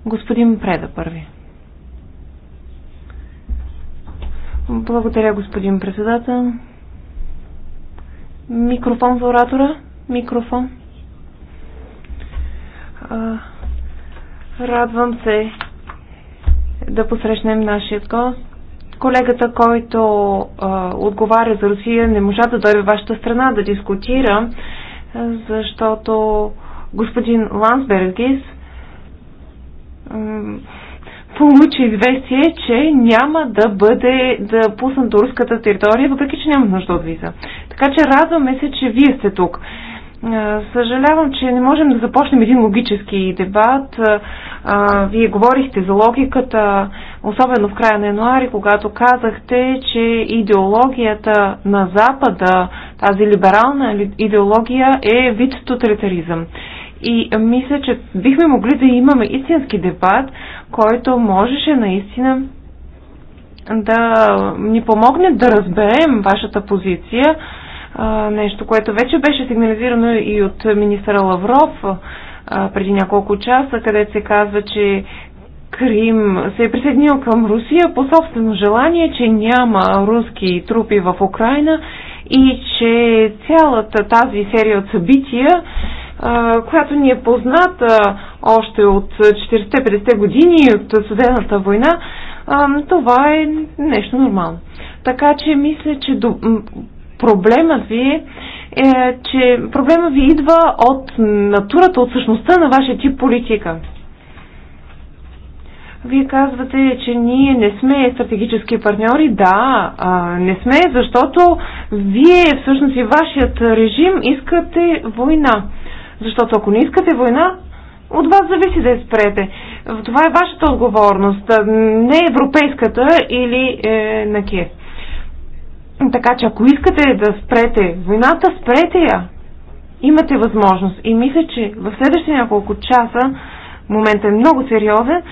Господин Преда първи. Благодаря, господин председател. Микрофон за оратора. Микрофон. Радвам се да посрещнем нашия гост. Колегата, който а, отговаря за Русия, не можа да дойде в вашата страна да дискутира, защото господин Лансбергис получи известие, че няма да бъде да пуснат до руската територия, въпреки че няма нужда от виза. Така че радваме се, че вие сте тук. Е, съжалявам, че не можем да започнем един логически дебат. Е, вие говорихте за логиката, особено в края на януари, когато казахте, че идеологията на Запада, тази либерална идеология е вид тоталитаризъм. И мисля, че бихме могли да имаме истински дебат, който можеше наистина да ни помогне да разберем вашата позиция нещо, което вече беше сигнализирано и от министра Лавров преди няколко часа, където се казва, че Крим се е присъединил към Русия по собствено желание, че няма руски трупи в Украина и че цялата тази серия от събития, която ни е позната още от 40-50 години от Судената война, това е нещо нормално. Така че мисля, че проблема ви е, че проблема ви идва от натурата, от същността на вашия тип политика. Вие казвате, че ние не сме стратегически партньори. Да, а, не сме, защото вие всъщност и вашият режим искате война. Защото ако не искате война, от вас зависи да я спрете. Това е вашата отговорност, не европейската или е, на Киев. Така че ако искате да спрете войната, спрете я. Имате възможност. И мисля, че в следващите няколко часа, моментът е много сериозен,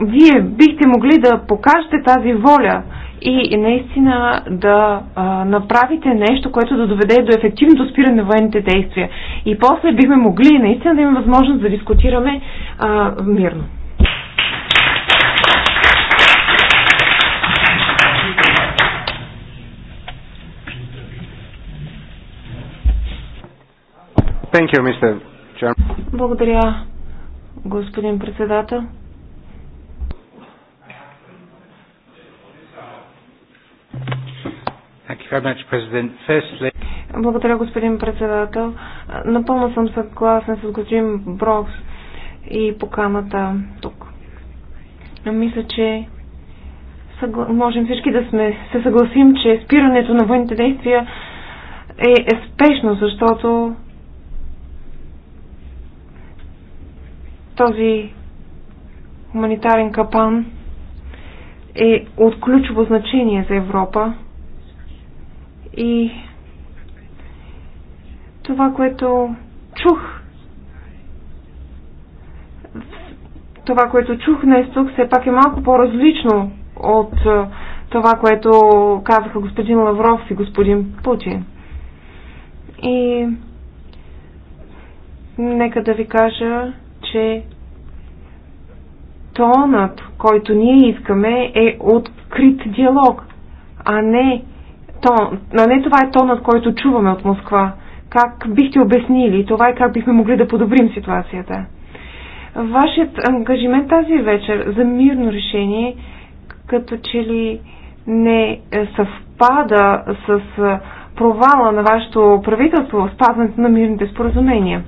вие бихте могли да покажете тази воля и наистина да а, направите нещо, което да доведе до ефективното спиране на военните действия. И после бихме могли наистина да имаме възможност да дискутираме а, мирно. Thank you, Mr. Chairman. Благодаря, господин председател. Благодаря, господин председател. Напълно съм съгласен с господин Брокс и поканата тук. Мисля, че можем всички да сме се съгласим, че спирането на военните действия е, е спешно, защото Този хуманитарен капан е от ключово значение за Европа и това, което чух това, което чух днес тук, все пак е малко по-различно от е, това, което казаха господин Лавров и господин Путин. И нека да ви кажа, че тонът, който ние искаме, е открит диалог, а не, тон, а не това е тонът, който чуваме от Москва. Как бихте обяснили това и как бихме могли да подобрим ситуацията? Вашият ангажимент тази вечер за мирно решение като че ли не съвпада с провала на вашето правителство в спазването на мирните споразумения.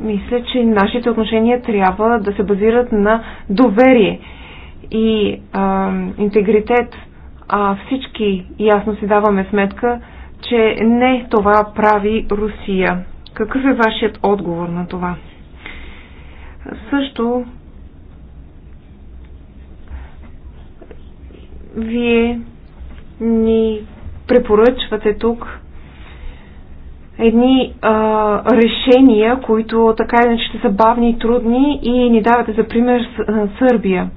Мисля, че нашите отношения трябва да се базират на доверие и а, интегритет. А всички ясно си даваме сметка, че не това прави Русия. Какъв е вашият отговор на това? Също вие ни препоръчвате тук едни а, решения, които така иначе са бавни и трудни и ни давате за пример Сърбия.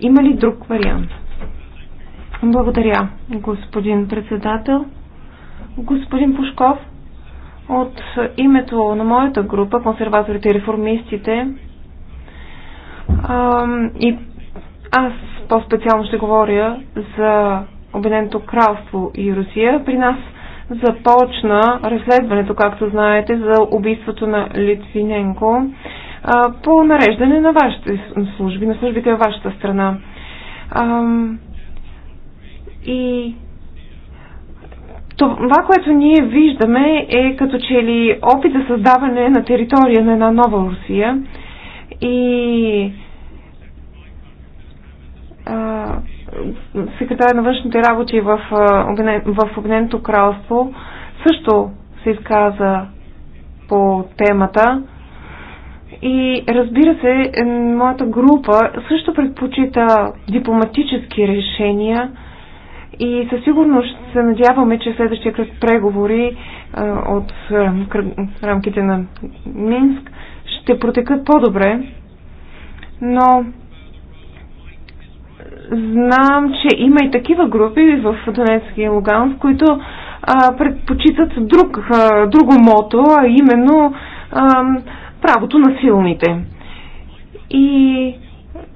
Има ли друг вариант? Благодаря, господин председател. Господин Пушков, от името на моята група, консерваторите и реформистите, а, и аз по-специално ще говоря за Обединеното кралство и Русия. При нас започна разследването, както знаете, за убийството на Литвиненко по нареждане на вашите служби, на службите във вашата страна. И това, което ние виждаме е като че ли опит за създаване на територия на една нова Русия и а, секретаря на външните работи в, в Обединеното кралство също се изказа по темата. И разбира се, моята група също предпочита дипломатически решения и със сигурност се надяваме, че следващия кръг преговори от рамките на Минск ще протекат по-добре. Но знам, че има и такива групи в Донецки и Луганск, които а, предпочитат друг, а, друго мото, а именно а, правото на силните. И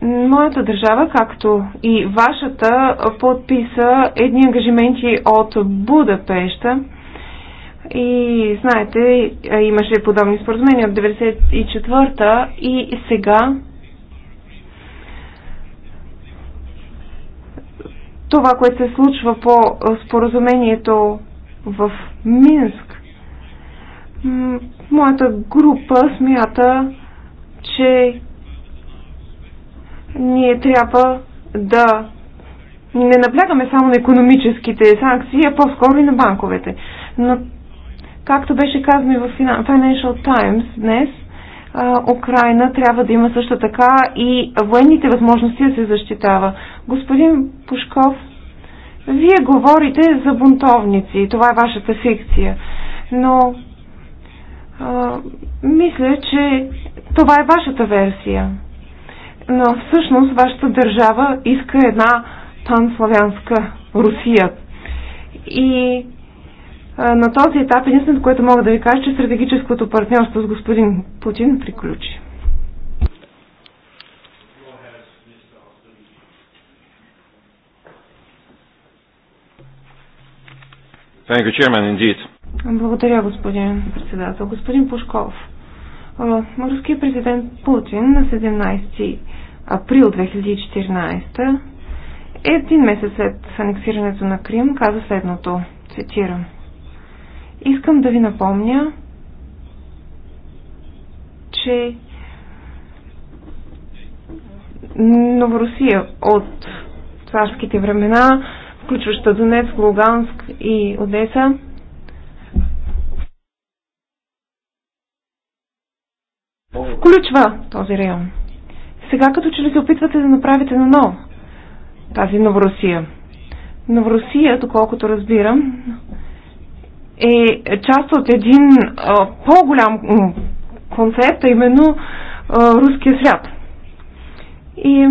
моята държава, както и вашата, подписа едни ангажименти от Будапешта. И знаете, имаше подобни споразумения от 94-та и сега това, което се случва по споразумението в Минск. Моята група смята, че ние трябва да не наблягаме само на економическите санкции, а по-скоро и на банковете. Но, както беше казано и в Financial Times днес, Украина трябва да има също така и военните възможности да се защитава. Господин Пушков, вие говорите за бунтовници, това е вашата фикция, но а, мисля, че това е вашата версия. Но всъщност вашата държава иска една панславянска Русия. И на този етап единственото, което мога да ви кажа, е, че стратегическото партньорство с господин Путин приключи. Thank you, Chairman, indeed. Благодаря, господин председател. Господин Пушков, руският президент Путин на 17 април 2014, един месец след анексирането на Крим, каза следното, цитирам. Искам да ви напомня, че Новорусия от царските времена, включваща Донецк, Луганск и Одеса, включва този район. Сега като че ли се опитвате да направите на ново тази Новорусия. Новорусия, доколкото разбирам, е част от един по-голям концепт, а именно руския свят. И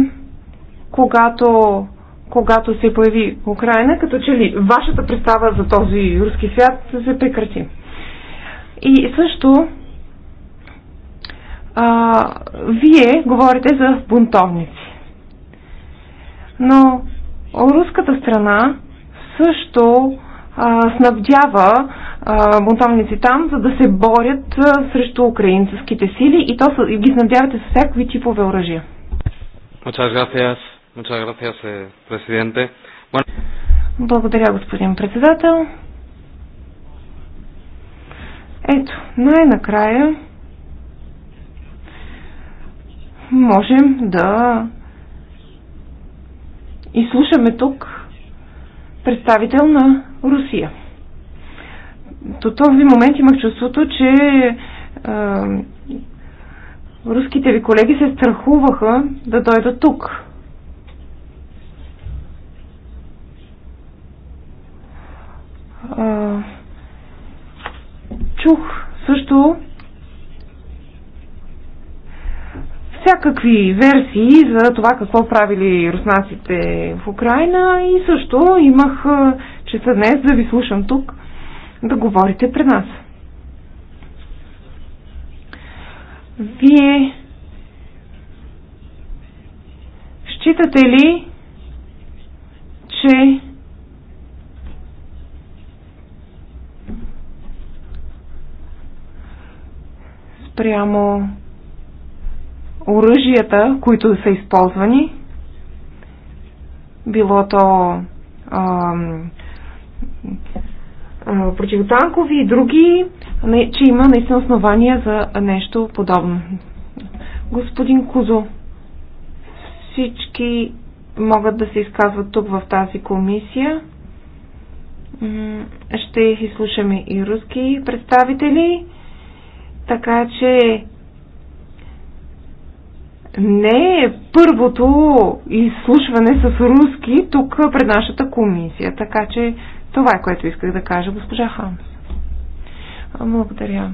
когато, когато се появи Украина, като че ли вашата представа за този руски свят се прекрати. И също а, вие говорите за бунтовници. Но руската страна също а, снабдява бунтовници там, за да се борят а, срещу украинските сили и то са, и ги снабдявате с всякакви типове оръжия. Eh, Благодаря, господин председател. Ето, най-накрая можем да изслушаме тук представител на Русия. До този момент имах чувството, че а, руските ви колеги се страхуваха да дойдат тук. А, чух също всякакви версии за това какво правили руснаците в Украина и също имах честа днес да ви слушам тук да говорите пред нас. Вие считате ли, че спрямо оръжията, които са използвани, било то противотанкови и други, че има наистина основания за нещо подобно. Господин Кузо, всички могат да се изказват тук в тази комисия. Ще изслушаме и руски представители, така че не е първото изслушване с руски тук пред нашата комисия. Така че това е което исках да кажа, госпожа Хамс. Благодаря.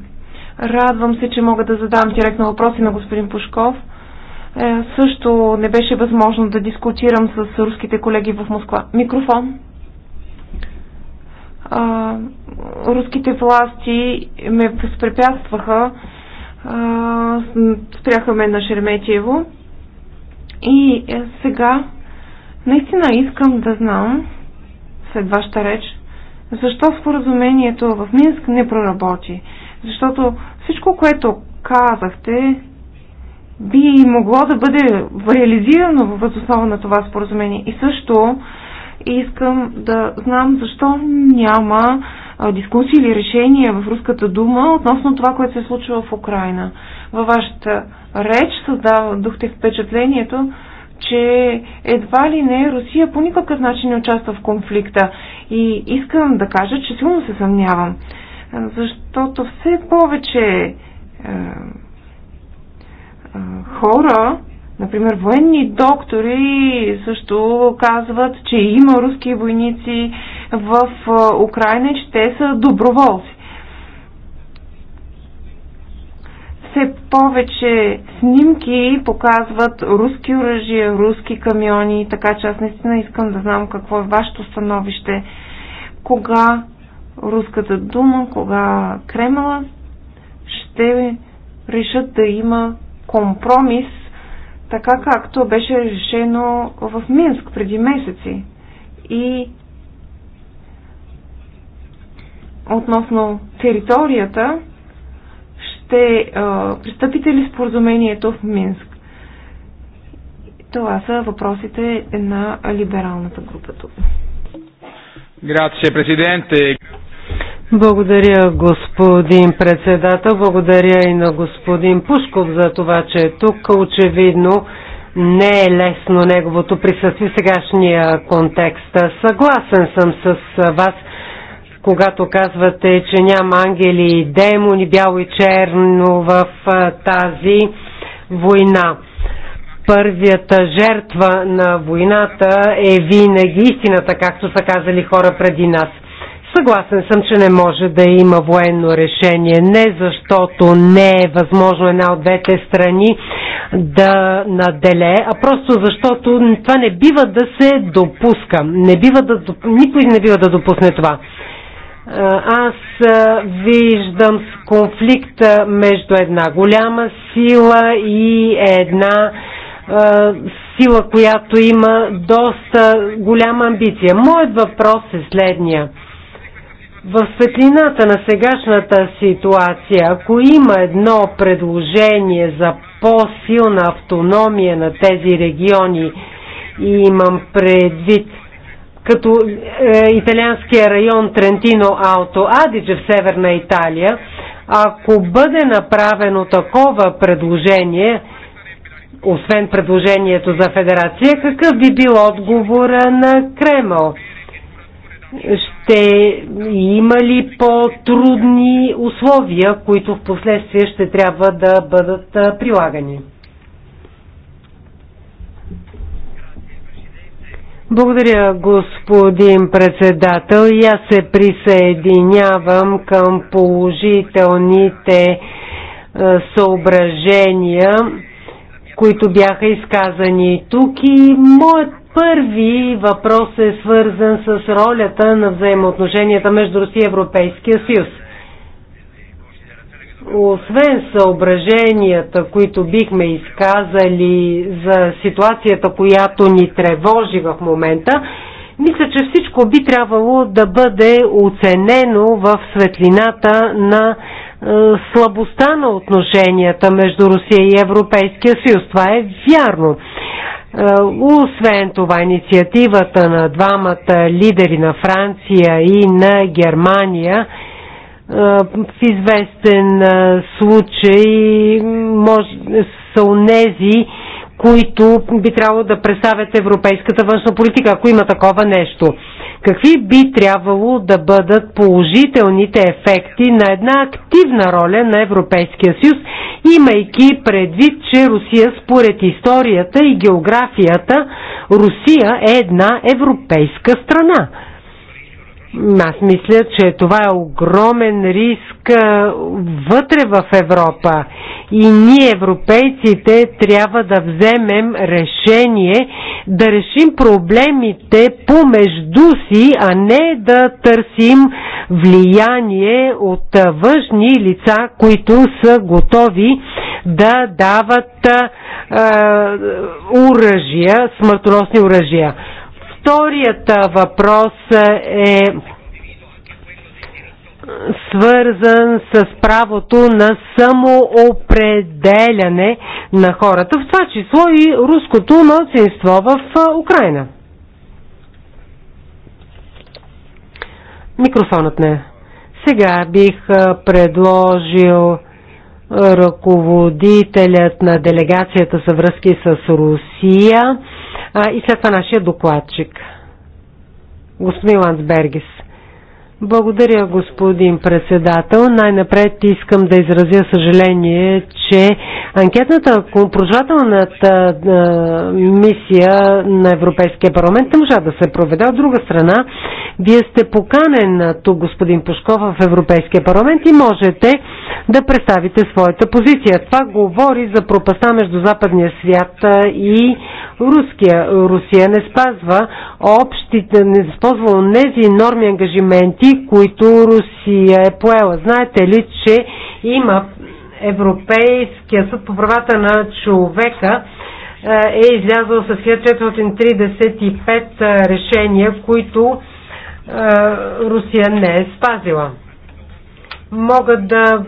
Радвам се, че мога да задам директно въпроси на господин Пушков. Е, също не беше възможно да дискутирам с руските колеги в Москва. Микрофон. А, руските власти ме възпрепятстваха спряхме на Шерметиево, И е, сега наистина искам да знам след вашата реч, защо споразумението в Минск не проработи. Защото всичко, което казахте, би могло да бъде реализирано въз основа на това споразумение. И също искам да знам защо няма дискусии или решения в Руската дума относно това, което се случва в Украина. Във вашата реч духте впечатлението, че едва ли не Русия по никакъв начин не участва в конфликта. И искам да кажа, че силно се съмнявам, защото все повече е, е, хора, например военни доктори, също казват, че има руски войници в Украина и че те са доброволци. все повече снимки показват руски оръжия, руски камиони, така че аз наистина искам да знам какво е вашето становище. Кога руската дума, кога Кремъла ще решат да има компромис, така както беше решено в Минск преди месеци. И относно територията, ще а, пристъпите ли споразумението в Минск? Това са въпросите на либералната група тук. Грация, президенте. Благодаря, господин председател. Благодаря и на господин Пушков за това, че е тук. Очевидно не е лесно неговото присъствие в сегашния контекст. Съгласен съм с вас когато казвате, че няма ангели и демони, бяло и черно в тази война. Първията жертва на войната е винаги истината, както са казали хора преди нас. Съгласен съм, че не може да има военно решение. Не защото не е възможно една от двете страни да наделе, а просто защото това не бива да се допуска. Не бива да, никой не бива да допусне това аз виждам конфликта между една голяма сила и една сила, която има доста голяма амбиция. Моят въпрос е следния. В светлината на сегашната ситуация, ако има едно предложение за по-силна автономия на тези региони, и имам предвид като е, италианския район Трентино Алто Адидже в Северна Италия, ако бъде направено такова предложение, освен предложението за федерация, какъв би бил отговора на Кремъл? Ще има ли по-трудни условия, които в последствие ще трябва да бъдат прилагани? Благодаря, господин председател. И аз се присъединявам към положителните е, съображения, които бяха изказани тук. И моят първи въпрос е свързан с ролята на взаимоотношенията между Русия и Европейския съюз освен съображенията, които бихме изказали за ситуацията, която ни тревожи в момента, мисля, че всичко би трябвало да бъде оценено в светлината на е, слабостта на отношенията между Русия и Европейския съюз. Това е вярно. Е, освен това, инициативата на двамата лидери на Франция и на Германия – в известен случай може, са унези, които би трябвало да представят европейската външна политика, ако има такова нещо. Какви би трябвало да бъдат положителните ефекти на една активна роля на Европейския съюз, имайки предвид, че Русия според историята и географията, Русия е една европейска страна? Аз мисля, че това е огромен риск вътре в Европа и ние, европейците, трябва да вземем решение да решим проблемите помежду си, а не да търсим влияние от външни лица, които са готови да дават е, оръжия, смъртоносни оръжия. Вторият въпрос е свързан с правото на самоопределяне на хората, в това число и руското младсинство в Украина. Микрофонът не. Е. Сега бих предложил ръководителят на делегацията за връзки с Русия а, и след това нашия докладчик. Господин Ландсбергис. Благодаря, господин председател. Най-напред искам да изразя съжаление, че анкетната, прожелателната мисия на Европейския парламент не можа да се проведе. От друга страна, вие сте поканен тук, господин Пушков, в Европейския парламент и можете да представите своята позиция. Това говори за пропаста между западния свят и Руския. Русия не спазва общите, не спазва тези норми ангажименти, ангажименти, които Русия е поела. Знаете ли, че има Европейския съд по правата на човека е излязъл с 1435 решения, които е, Русия не е спазила. Мога да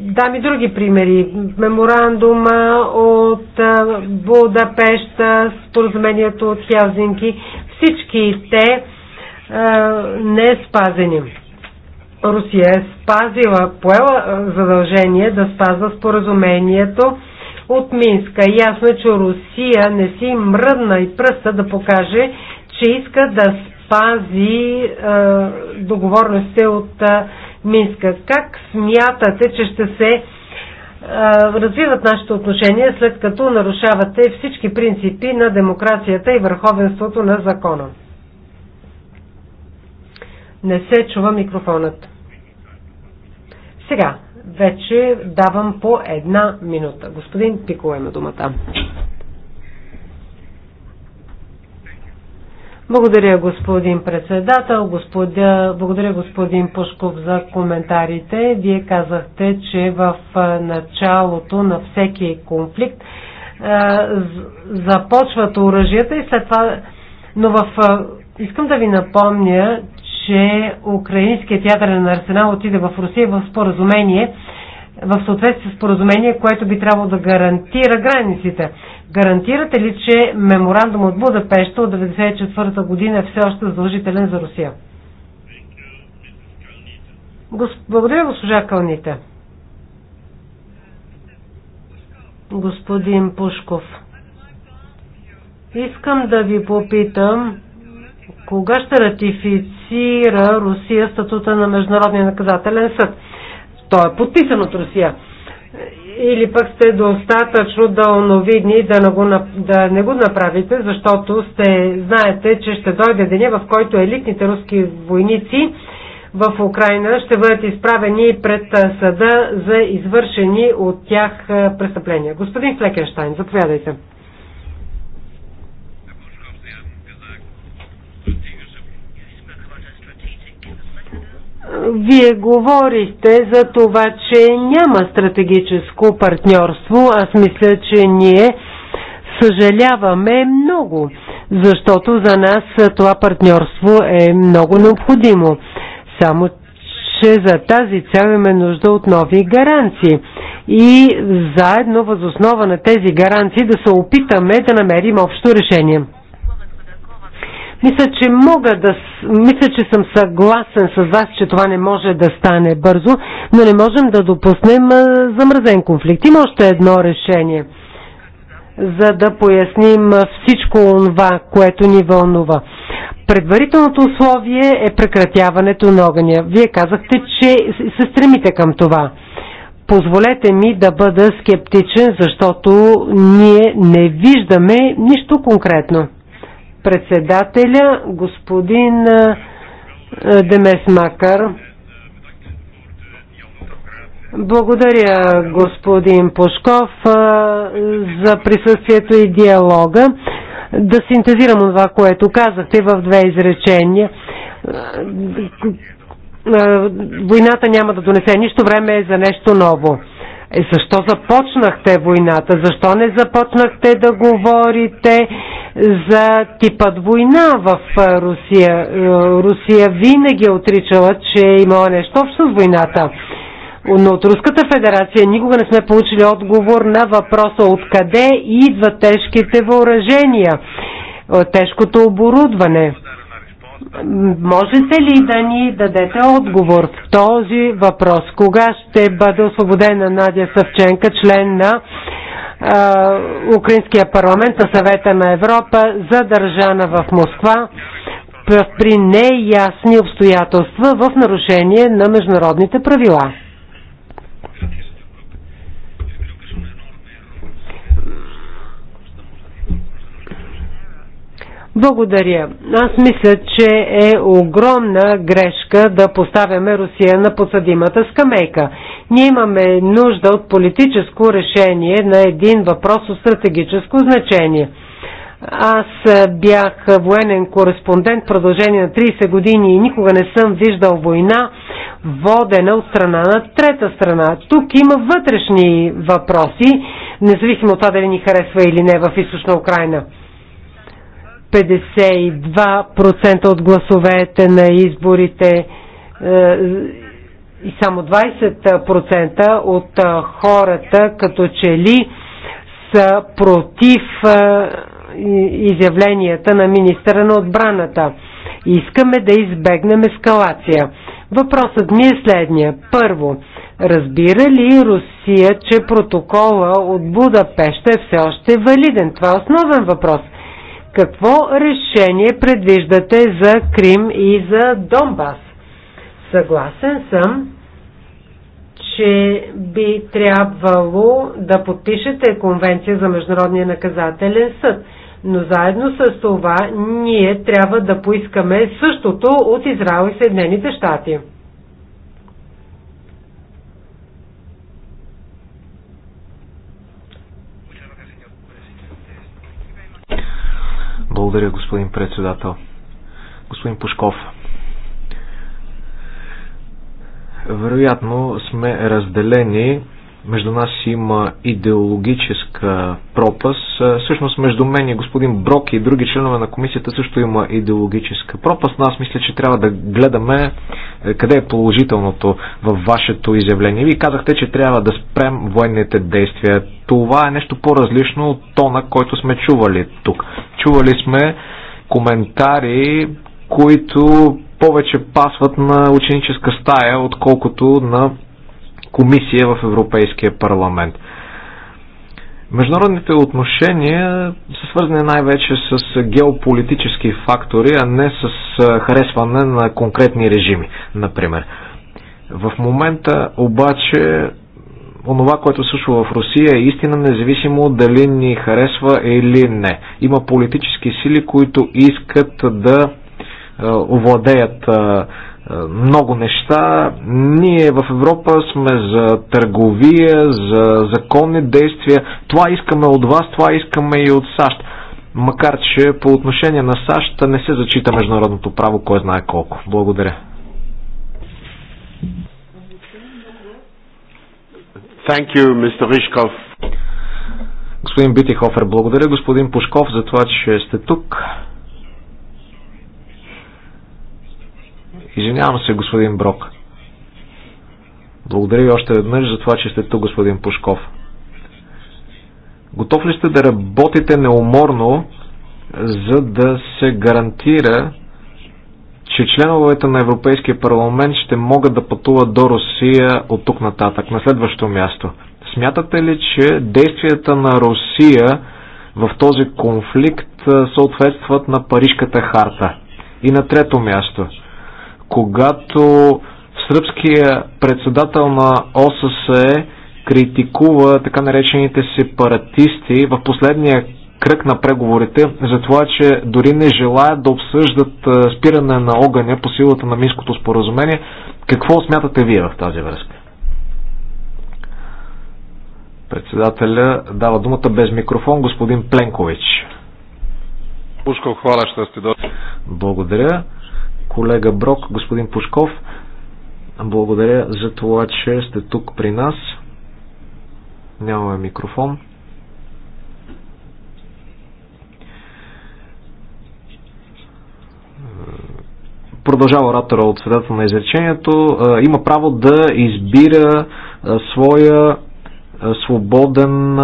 дам и други примери. Меморандума от е, Будапешта, споразумението от Хелзинки. Всички те е, не е спазени. Русия е спазила, поела е, задължение да спазва споразумението от Минска. Ясно е, че Русия не си мръдна и пръста да покаже, че иска да спази а, е, договорностите от а, Минска. Как смятате, че ще се развиват нашите отношения, след като нарушавате всички принципи на демокрацията и върховенството на закона? Не се чува микрофонът. Сега, вече давам по една минута. Господин е има думата. Благодаря, господин председател. Господя, благодаря, господин Пушков, за коментарите. Вие казахте, че в началото на всеки конфликт започват оръжията и след това... Но в... Искам да ви напомня, че Украинският на арсенал отиде в Русия в споразумение, в съответствие с споразумение, което би трябвало да гарантира границите. Гарантирате ли, че меморандум от Будапешта от 1994 година е все още задължителен за Русия? Благодаря, госпожа Кълните. Господин Пушков. Искам да ви попитам кога ще ратифицира Русия статута на Международния наказателен съд? То е подписан от Русия. Или пък сте достатъчно дълновидни да не, го, да не го направите, защото сте, знаете, че ще дойде деня, в който елитните руски войници в Украина ще бъдат изправени пред съда за извършени от тях престъпления. Господин Флекенштайн, заповядайте. Вие говорихте за това, че няма стратегическо партньорство. Аз мисля, че ние съжаляваме много, защото за нас това партньорство е много необходимо. Само, че за тази цел имаме нужда от нови гаранции. И заедно възоснова на тези гаранции да се опитаме да намерим общо решение. Мисля, че мога да... Мисля, че съм съгласен с вас, че това не може да стане бързо, но не можем да допуснем замразен конфликт. Има още едно решение, за да поясним всичко това, което ни вълнува. Предварителното условие е прекратяването на огъня. Вие казахте, че се стремите към това. Позволете ми да бъда скептичен, защото ние не виждаме нищо конкретно председателя, господин Демес Макар. Благодаря, господин Пушков, за присъствието и диалога. Да синтезирам това, което казахте в две изречения. Войната няма да донесе нищо, време е за нещо ново. Е, защо започнахте войната? Защо не започнахте да говорите за типът война в е, Русия? Е, Русия винаги е отричала, че е имала нещо общо с войната. Но от Руската федерация никога не сме получили отговор на въпроса откъде идват тежките въоръжения, е, тежкото оборудване можете ли да ни дадете отговор в този въпрос? Кога ще бъде освободена Надя Савченка, член на а, Украинския парламент на съвета на Европа, задържана в Москва при неясни обстоятелства в нарушение на международните правила? Благодаря. Аз мисля, че е огромна грешка да поставяме Русия на подсъдимата скамейка. Ние имаме нужда от политическо решение на един въпрос от стратегическо значение. Аз бях военен кореспондент в продължение на 30 години и никога не съм виждал война, водена от страна на трета страна. Тук има вътрешни въпроси, независимо от това дали ни харесва или не в източна Украина 52% от гласовете на изборите е, и само 20% от е, хората като че ли са против е, изявленията на министра на отбраната. Искаме да избегнем ескалация. Въпросът ми е следния. Първо, разбира ли Русия, че протокола от Будапеща е все още валиден? Това е основен въпрос. Какво решение предвиждате за Крим и за Донбас? Съгласен съм, че би трябвало да подпишете конвенция за Международния наказателен съд. Но заедно с това ние трябва да поискаме същото от Израел и Съединените щати. Благодаря, господин председател. Господин Пушков, вероятно сме разделени между нас има идеологическа пропаст. Всъщност между мен и господин Брок и други членове на комисията също има идеологическа пропаст, но аз мисля, че трябва да гледаме е, къде е положителното във вашето изявление. Вие казахте, че трябва да спрем военните действия. Това е нещо по-различно от тона, който сме чували тук. Чували сме коментари, които повече пасват на ученическа стая, отколкото на комисия в Европейския парламент. Международните отношения са свързани най-вече с геополитически фактори, а не с харесване на конкретни режими, например. В момента обаче онова, което се случва в Русия е истина, независимо дали ни харесва или не. Има политически сили, които искат да овладеят е, много неща. Ние в Европа сме за търговия, за законни действия. Това искаме от вас, това искаме и от САЩ. Макар, че по отношение на САЩ не се зачита международното право, кой знае колко. Благодаря. Thank you, Mr. Ришков. Господин Битихофер, благодаря господин Пушков за това, че сте тук. Извинявам се, господин Брок. Благодаря ви още веднъж за това, че сте тук, господин Пушков. Готов ли сте да работите неуморно, за да се гарантира, че членовете на Европейския парламент ще могат да пътуват до Русия от тук нататък? На следващо място. Смятате ли, че действията на Русия в този конфликт съответстват на Парижката харта? И на трето място – когато сръбския председател на ОССЕ критикува така наречените сепаратисти в последния кръг на преговорите за това, че дори не желаят да обсъждат спиране на огъня по силата на Минското споразумение. Какво смятате вие в тази връзка? Председателя дава думата без микрофон господин Пленкович. Пушко, хвала, ще сте дошли. Благодаря колега Брок, господин Пушков. Благодаря за това, че сте тук при нас. Нямаме микрофон. Продължава оратора от средата на изречението. Е, има право да избира е, своя е, свободен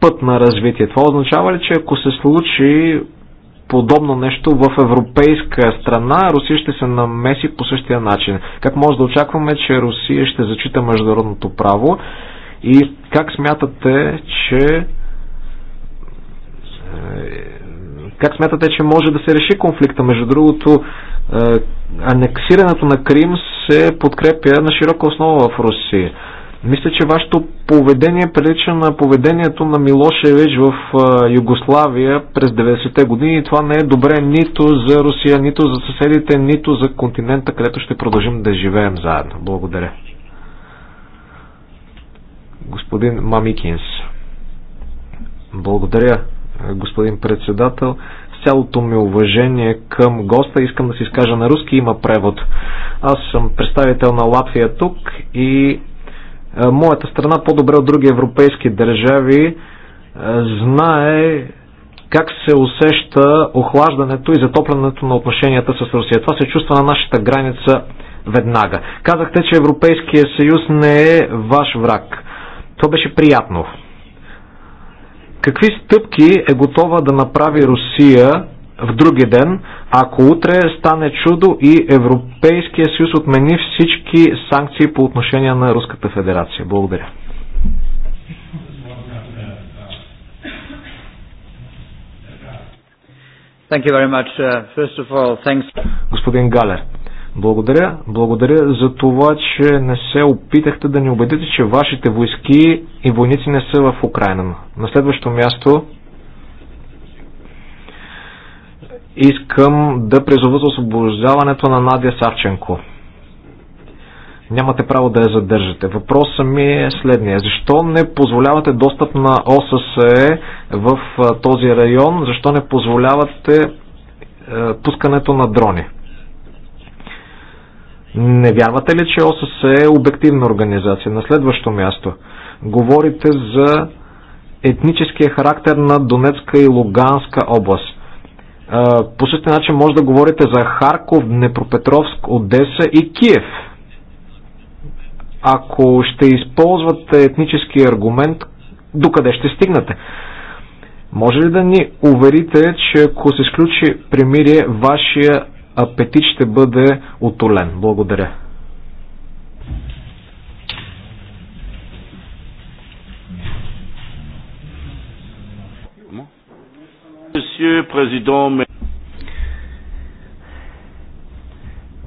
път на развитие. Това означава ли, че ако се случи подобно нещо в европейска страна, Русия ще се намеси по същия начин. Как може да очакваме, че Русия ще зачита международното право и как смятате, че е, как смятате, че може да се реши конфликта? Между другото, е, анексирането на Крим се подкрепя на широка основа в Русия. Мисля, че вашето поведение прилича на поведението на Милошевич в Югославия през 90-те години и това не е добре нито за Русия, нито за съседите, нито за континента, където ще продължим да живеем заедно. Благодаря. Господин Мамикинс. Благодаря, господин председател. С цялото ми уважение към госта искам да се изкажа на руски, има превод. Аз съм представител на Латвия тук и е, моята страна по-добре от други европейски държави е, знае как се усеща охлаждането и затоплянето на отношенията с Русия. Това се чувства на нашата граница веднага. Казахте, че Европейския съюз не е ваш враг. То беше приятно. Какви стъпки е готова да направи Русия, в други ден, ако утре стане чудо и Европейския съюз отмени всички санкции по отношение на Руската федерация. Благодаря. Thank you very much. Uh, first of all, thanks. Господин Галер, благодаря. Благодаря за това, че не се опитахте да ни убедите, че вашите войски и войници не са в Украина. На следващо място искам да призова за освобождаването на Надя Савченко. Нямате право да я задържате. Въпросът ми е следния. Защо не позволявате достъп на ОССЕ в този район? Защо не позволявате е, пускането на дрони? Не вярвате ли, че ОССЕ е обективна организация? На следващо място. Говорите за етническия характер на Донецка и Луганска област по същия начин може да говорите за Харков, Днепропетровск, Одеса и Киев. Ако ще използвате етнически аргумент, докъде ще стигнете? Може ли да ни уверите, че ако се изключи примирие, вашия апетит ще бъде отолен? Благодаря.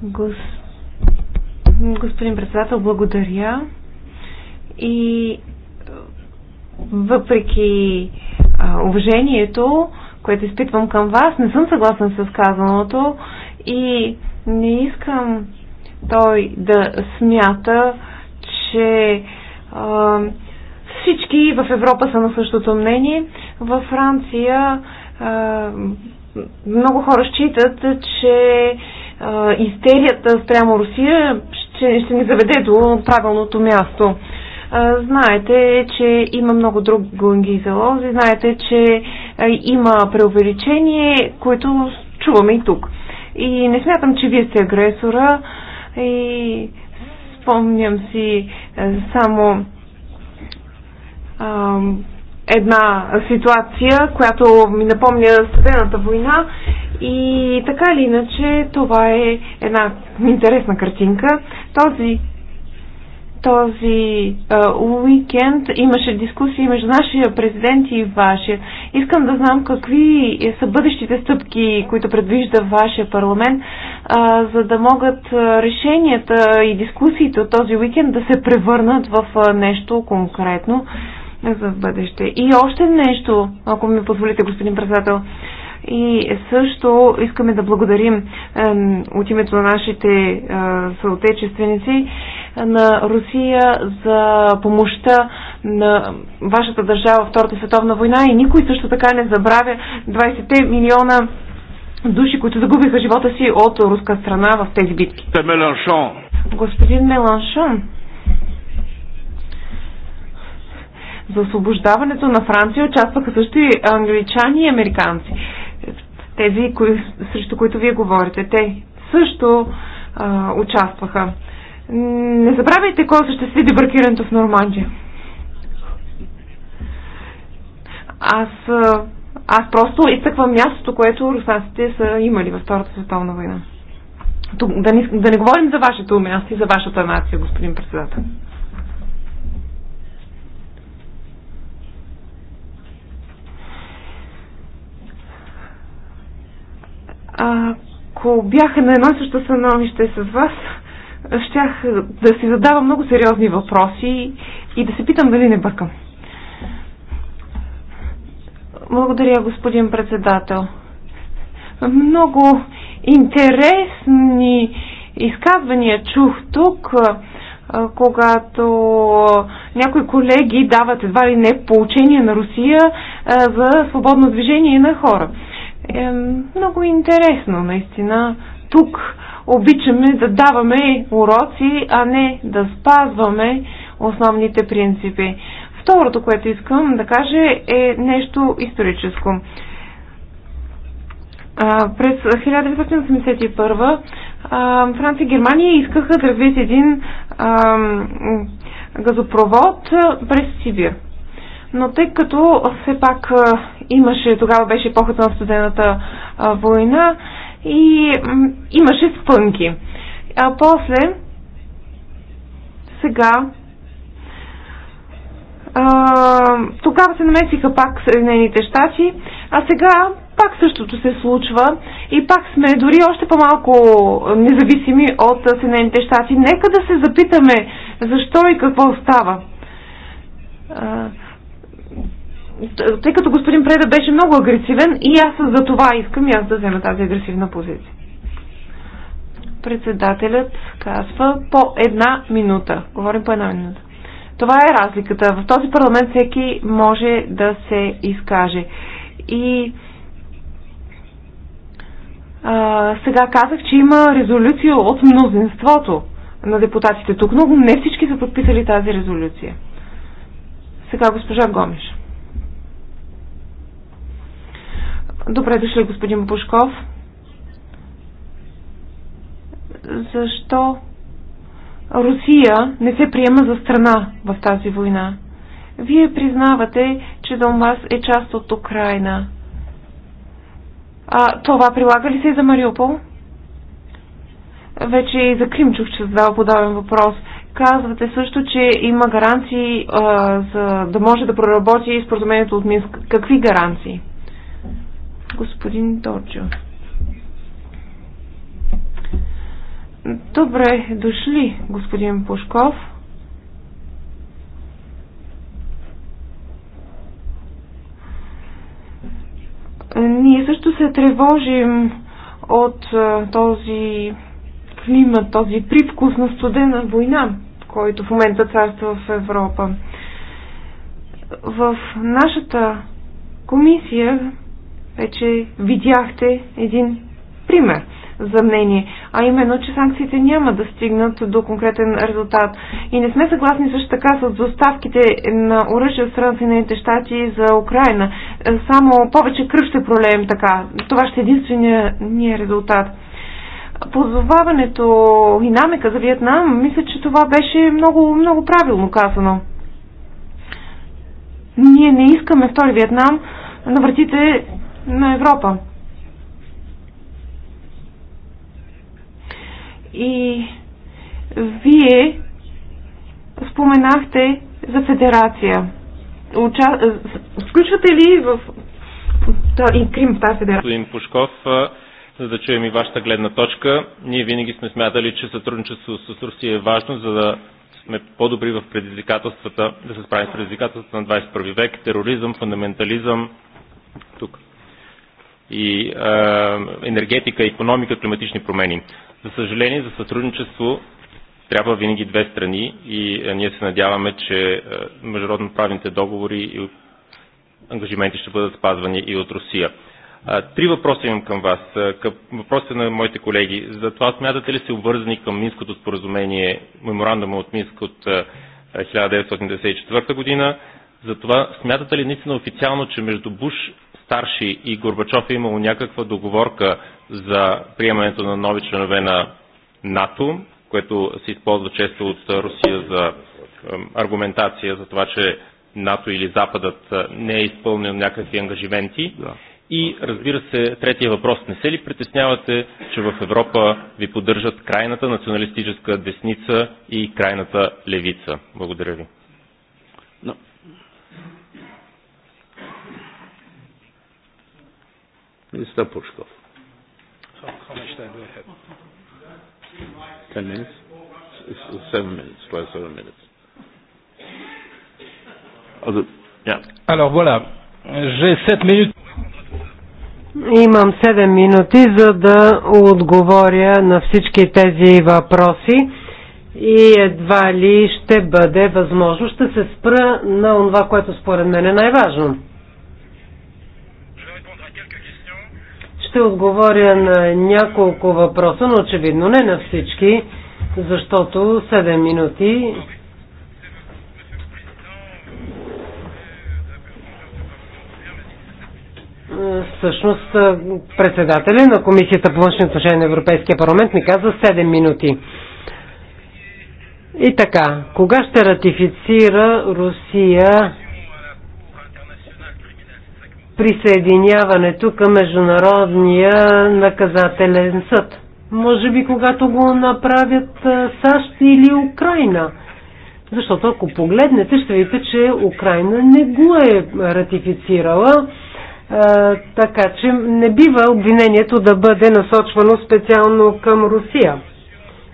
Гос... Господин председател, благодаря. И е, въпреки а, е, уважението, което изпитвам към вас, не съм съгласен с казаното и не искам той да смята, че а, е, всички в Европа са на същото мнение. Във Франция много хора считат, че истерията спрямо Русия ще, ще ни заведе до правилното място. Знаете, че има много други залози, знаете, че има преувеличение, което чуваме и тук. И не смятам, че вие сте агресора и спомням си само една ситуация, която ми напомня Съдената война и така или иначе това е една интересна картинка. Този този а, уикенд имаше дискусии между нашия президент и вашия. Искам да знам какви са бъдещите стъпки, които предвижда вашия парламент, а, за да могат решенията и дискусиите от този уикенд да се превърнат в нещо конкретно за в бъдеще. И още нещо, ако ми позволите, господин председател. И също искаме да благодарим е, от името на нашите е, съотечественици на Русия за помощта на вашата държава в Втората световна война и никой също така не забравя 20 милиона души, които загубиха живота си от руска страна в тези битки. Господин Меланшон. за освобождаването на Франция участваха също и англичани и американци. Тези, кои, срещу които вие говорите, те също а, участваха. Не забравяйте кой осъществи дебаркирането в Нормандия. Аз, аз просто изтъквам мястото, което руснаците са имали във Втората световна война. да, не, да не говорим за вашето място и за вашата нация, господин председател. Ако бяха на едно и също становище с вас, щях да си задавам много сериозни въпроси и да се питам дали не бъркам. Благодаря, господин председател. Много интересни изказвания чух тук, когато някои колеги дават едва ли не поучение на Русия за свободно движение на хора е много интересно, наистина. Тук обичаме да даваме уроци, а не да спазваме основните принципи. Второто, което искам да кажа е нещо историческо. А, през 1981 Франция и Германия искаха да развият един а, газопровод през Сибир. Но тъй като все пак Имаше, тогава беше епохата на студената война и имаше спънки. А после, сега, тогава се намесиха пак Съединените щати, а сега пак същото се случва и пак сме дори още по-малко независими от Съединените щати. Нека да се запитаме защо и какво става тъй като господин Преда беше много агресивен и аз за това искам и аз да взема тази агресивна позиция. Председателят казва по една минута. Говорим по една минута. Това е разликата. В този парламент всеки може да се изкаже. И а, сега казах, че има резолюция от мнозинството на депутатите тук, но не всички са подписали тази резолюция. Сега госпожа Гомиш. Добре дошли, господин Пушков. Защо Русия не се приема за страна в тази война? Вие признавате, че Донбас е част от Украина. А това прилага ли се и за Мариупол? Вече и за Крим чух, че задава подобен въпрос. Казвате също, че има гаранции а, за да може да проработи споразумението от Минск. Какви гаранции? господин Доджо. Добре дошли, господин Пушков. Ние също се тревожим от този климат, този привкус на студена война, който в момента царства в Европа. В нашата комисия вече видяхте един пример за мнение, а именно, че санкциите няма да стигнат до конкретен резултат. И не сме съгласни също така с доставките на оръжие от страна на Съединените щати за Украина. Само повече кръв ще пролеем така. Това ще е единствения ни резултат. Позоваването и намека за Виетнам, мисля, че това беше много, много правилно казано. Ние не искаме втори Виетнам на вратите на Европа. И вие споменахте за федерация. Уча... Включвате ли в и Крим в тази федерация? Господин Пушков, за да чуем и вашата гледна точка. Ние винаги сме смятали, че сътрудничество с Русия е важно, за да сме по-добри в предизвикателствата, да се справим с предизвикателствата на 21 век, тероризъм, фундаментализъм. Тук и е, енергетика, економика, климатични промени. За съжаление, за сътрудничество трябва винаги две страни и ние се надяваме, че международно правните договори и ангажименти ще бъдат спазвани и от Русия. Три въпроса имам към вас. Към въпросите на моите колеги. За това смятате ли се обвързани към Минското споразумение, меморандума от Минск от 1994 година? За това смятате ли наистина официално, че между Буш Старши и Горбачов е имало някаква договорка за приемането на нови членове на НАТО, което се използва често от Русия за аргументация за това, че НАТО или Западът е, не е изпълнил някакви ангажименти. Да. И разбира се, третия въпрос. Не се ли притеснявате, че в Европа ви поддържат крайната националистическа десница и крайната левица? Благодаря ви. Minister Puschkow. Ten minutes? seven minutes, five, seven minutes. Also, ja. Alors voilà, j'ai sept minutes. Имам 7 минути, за да отговоря на всички тези въпроси и едва ли ще бъде възможно. Ще се спра на това, което според мен е най-важно. Ще отговоря на няколко въпроса, но очевидно не на всички, защото 7 минути всъщност председателя на Комисията по външни отношения на Европейския парламент ми каза 7 минути. И така, кога ще ратифицира Русия присъединяването към Международния наказателен съд. Може би когато го направят САЩ или Украина. Защото ако погледнете, ще видите, че Украина не го е ратифицирала, а, така че не бива обвинението да бъде насочвано специално към Русия.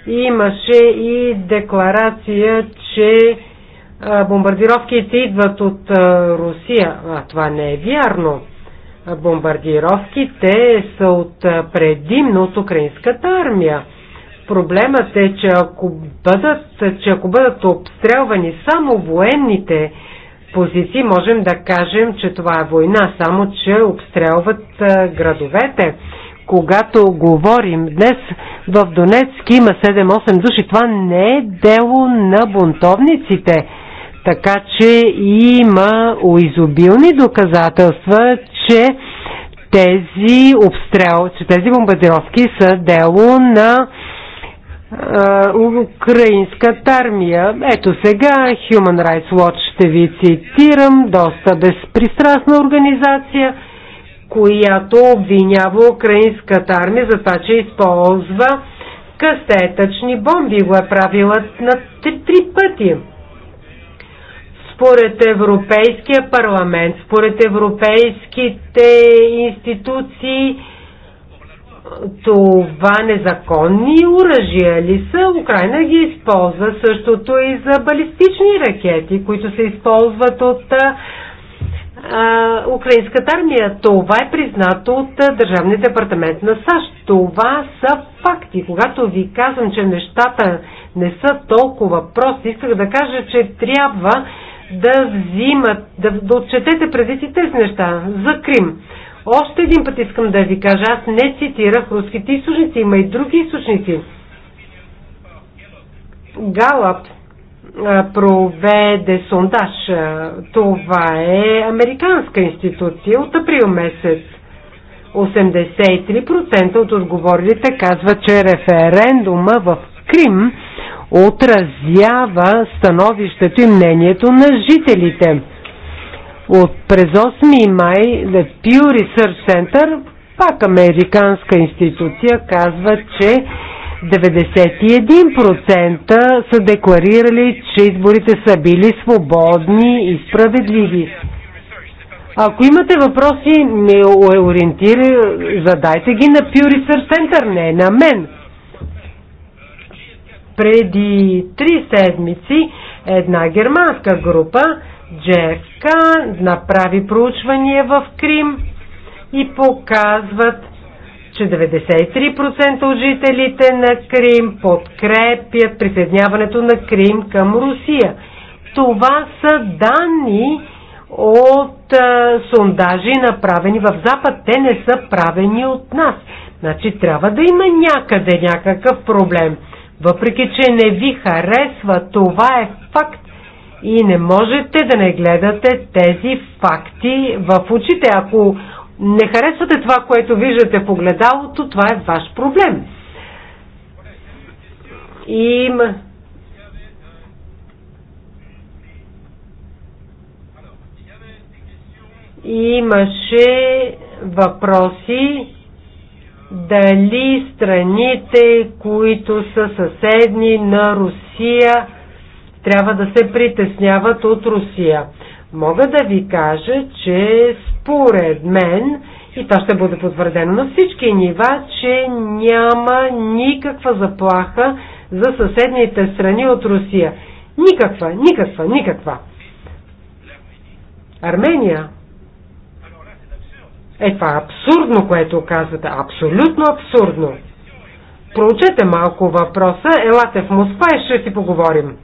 Имаше и декларация, че бомбардировките идват от Русия. А, това не е вярно. Бомбардировките са от предимно от украинската армия. Проблемът е, че ако бъдат, че ако бъдат обстрелвани само военните позиции, можем да кажем, че това е война, само че обстрелват градовете. Когато говорим днес в Донецк има 7-8 души, това не е дело на бунтовниците така че има изобилни доказателства, че тези обстрел, че тези бомбардировки са дело на украинската армия. Ето сега Human Rights Watch ще ви цитирам, доста безпристрастна организация, която обвинява украинската армия за това, че използва касетъчни бомби. Го е правила на три, три пъти според Европейския парламент, според европейските институции, това незаконни уражия ли са? Украина ги използва същото и за балистични ракети, които се използват от а, а, украинската армия. Това е признато от Държавния департамент на САЩ. Това са факти. Когато ви казвам, че нещата не са толкова прости, исках да кажа, че трябва да взимат, да, да отчетете преди си тези неща за Крим. Още един път искам да ви кажа, аз не цитирах руските източници, има и други източници. Галап проведе сондаж. Това е американска институция от април месец. 83% от отговорилите казват, че референдума в Крим отразява становището и мнението на жителите. От през 8 май The Pew Research Center, пак американска институция, казва, че 91% са декларирали, че изборите са били свободни и справедливи. Ако имате въпроси, не ориентирайте, задайте ги на Pew Research Center, не на мен преди три седмици една германска група, JFK, направи проучвания в Крим и показват, че 93% от жителите на Крим подкрепят присъединяването на Крим към Русия. Това са данни от а, сондажи, направени в Запад. Те не са правени от нас. Значи трябва да има някъде някакъв проблем. Въпреки, че не ви харесва, това е факт. И не можете да не гледате тези факти в очите. Ако не харесвате това, което виждате в огледалото, това е ваш проблем. Им... Имаше въпроси дали страните, които са съседни на Русия, трябва да се притесняват от Русия. Мога да ви кажа, че според мен, и то ще бъде потвърдено на всички нива, че няма никаква заплаха за съседните страни от Русия. Никаква, никаква, никаква. Армения е, това е абсурдно, което казвате. Абсолютно абсурдно. Проучете малко въпроса, елате в Москва и ще си поговорим.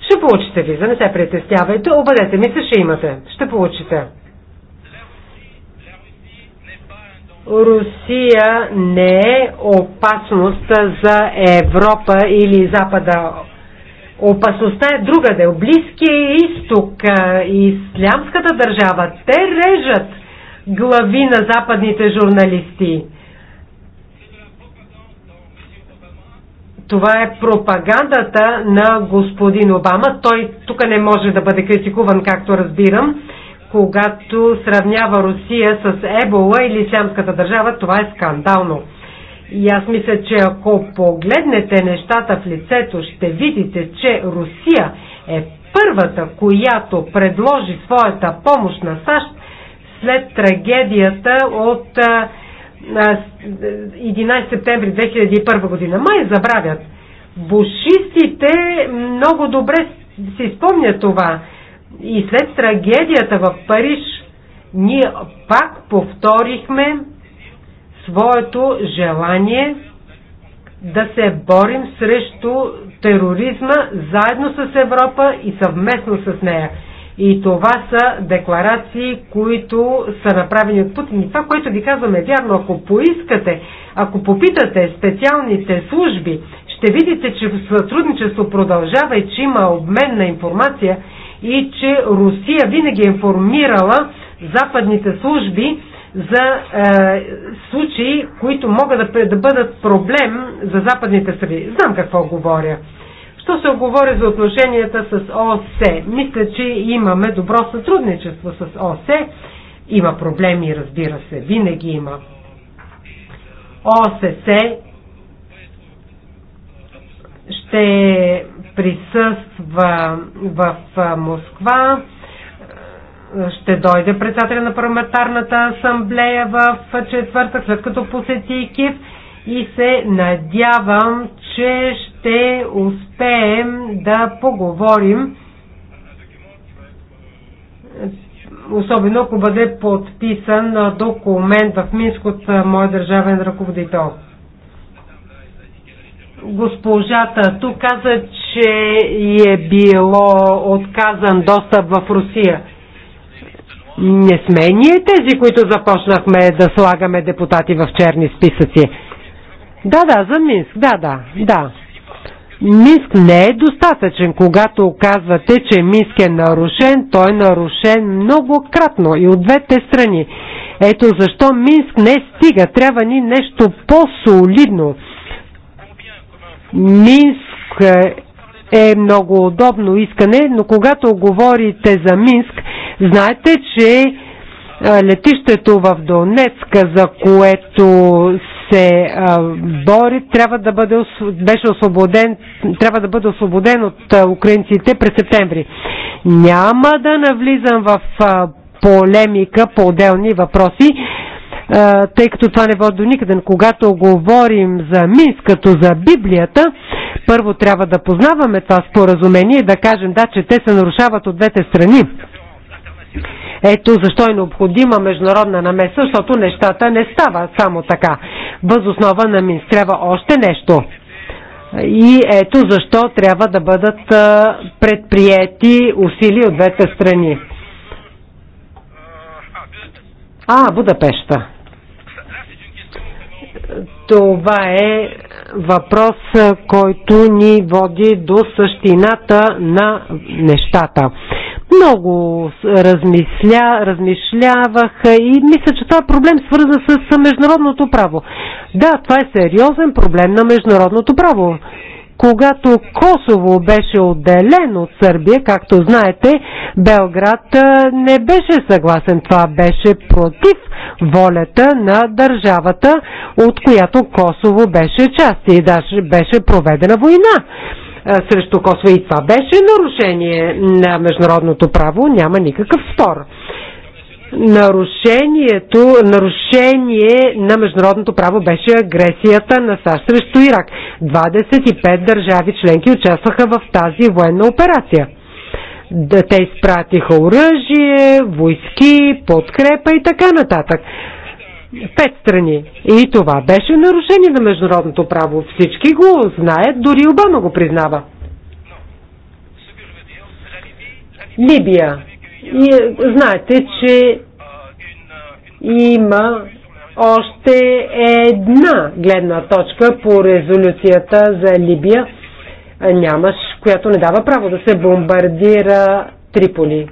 Ще получите виза, не се притеснявайте, обадете ми се, ще имате. Ще получите. Русия не е опасност за Европа или Запада Опасността е друга другаде. Близкия изток, ислямската държава, те режат глави на западните журналисти. Това е пропагандата на господин Обама. Той тук не може да бъде критикуван, както разбирам. Когато сравнява Русия с Ебола или Ислямската държава, това е скандално. И аз мисля, че ако погледнете нещата в лицето, ще видите, че Русия е първата, която предложи своята помощ на САЩ след трагедията от 11 септември 2001 година. Май забравят. Бушистите много добре си спомнят това. И след трагедията в Париж ние пак повторихме своето желание да се борим срещу тероризма заедно с Европа и съвместно с нея. И това са декларации, които са направени от Путин. И това, което ви казвам е вярно. Ако поискате, ако попитате специалните служби, ще видите, че сътрудничество продължава и че има обмен на информация и че Русия винаги е информирала западните служби за е, случаи, които могат да, да бъдат проблем за западните страни. Знам какво говоря. Що се оговоря за отношенията с ОСЕ? Мисля, че имаме добро сътрудничество с ОСЕ. Има проблеми, разбира се, винаги има. ОССЕ ще присъства в Москва ще дойде председателя на парламентарната асамблея в четвъртък, след като посети Киев и се надявам, че ще успеем да поговорим, особено ако бъде подписан документ в Минск от моят държавен ръководител. Госпожата тук каза, че е било отказан достъп в Русия не сме ние тези, които започнахме да слагаме депутати в черни списъци. Да, да, за Минск, да, да, да. Минск не е достатъчен. Когато казвате, че Минск е нарушен, той е нарушен многократно и от двете страни. Ето защо Минск не стига. Трябва ни нещо по-солидно. Минск е, е много удобно искане, но когато говорите за Минск, Знаете, че летището в Донецка, за което се бори, трябва да бъде, беше освободен, трябва да бъде освободен от украинците през септември. Няма да навлизам в полемика по отделни въпроси, тъй като това не води до никъде. Когато говорим за Минск като за Библията, първо трябва да познаваме това споразумение и да кажем да, че те се нарушават от двете страни ето защо е необходима международна намеса, защото нещата не става само така. Възоснова на Минск трябва още нещо. И ето защо трябва да бъдат предприяти усилия от двете страни. А, Будапешта. Това е въпрос, който ни води до същината на нещата. Много размисля, размишлявах и мисля, че това е проблем свързан с международното право. Да, това е сериозен проблем на международното право когато Косово беше отделен от Сърбия, както знаете, Белград не беше съгласен. Това беше против волята на държавата, от която Косово беше част и даже беше проведена война срещу Косово. И това беше нарушение на международното право, няма никакъв спор. Нарушението, нарушение на международното право беше агресията на САЩ срещу Ирак. 25 държави членки участваха в тази военна операция. Да, те изпратиха оръжие, войски, подкрепа и така нататък пет страни. И това беше нарушение на международното право. Всички го знаят, дори Обама го признава. Либия. И, е, знаете, че има още една гледна точка по резолюцията за Либия, нямаш, която не дава право да се бомбардира Триполи.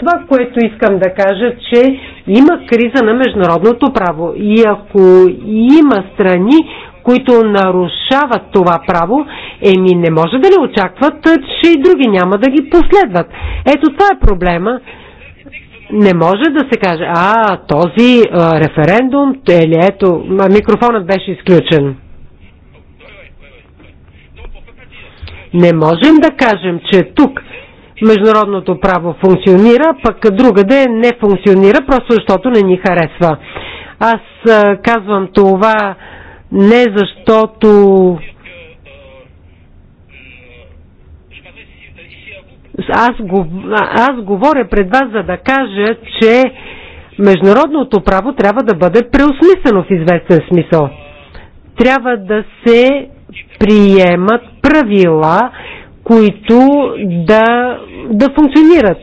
Това, което искам да кажа, че има криза на международното право и ако има страни, които нарушават това право, еми не може да не очакват, че и други няма да ги последват. Ето това е проблема. Не може да се каже, а, този а, референдум, или е ето, микрофонът беше изключен. Не можем да кажем, че тук международното право функционира, пък другаде не функционира, просто защото не ни харесва. Аз казвам това не защото аз, го, аз говоря пред вас, за да кажа, че международното право трябва да бъде преосмислено в известен смисъл. Трябва да се приемат правила, които да, да функционират.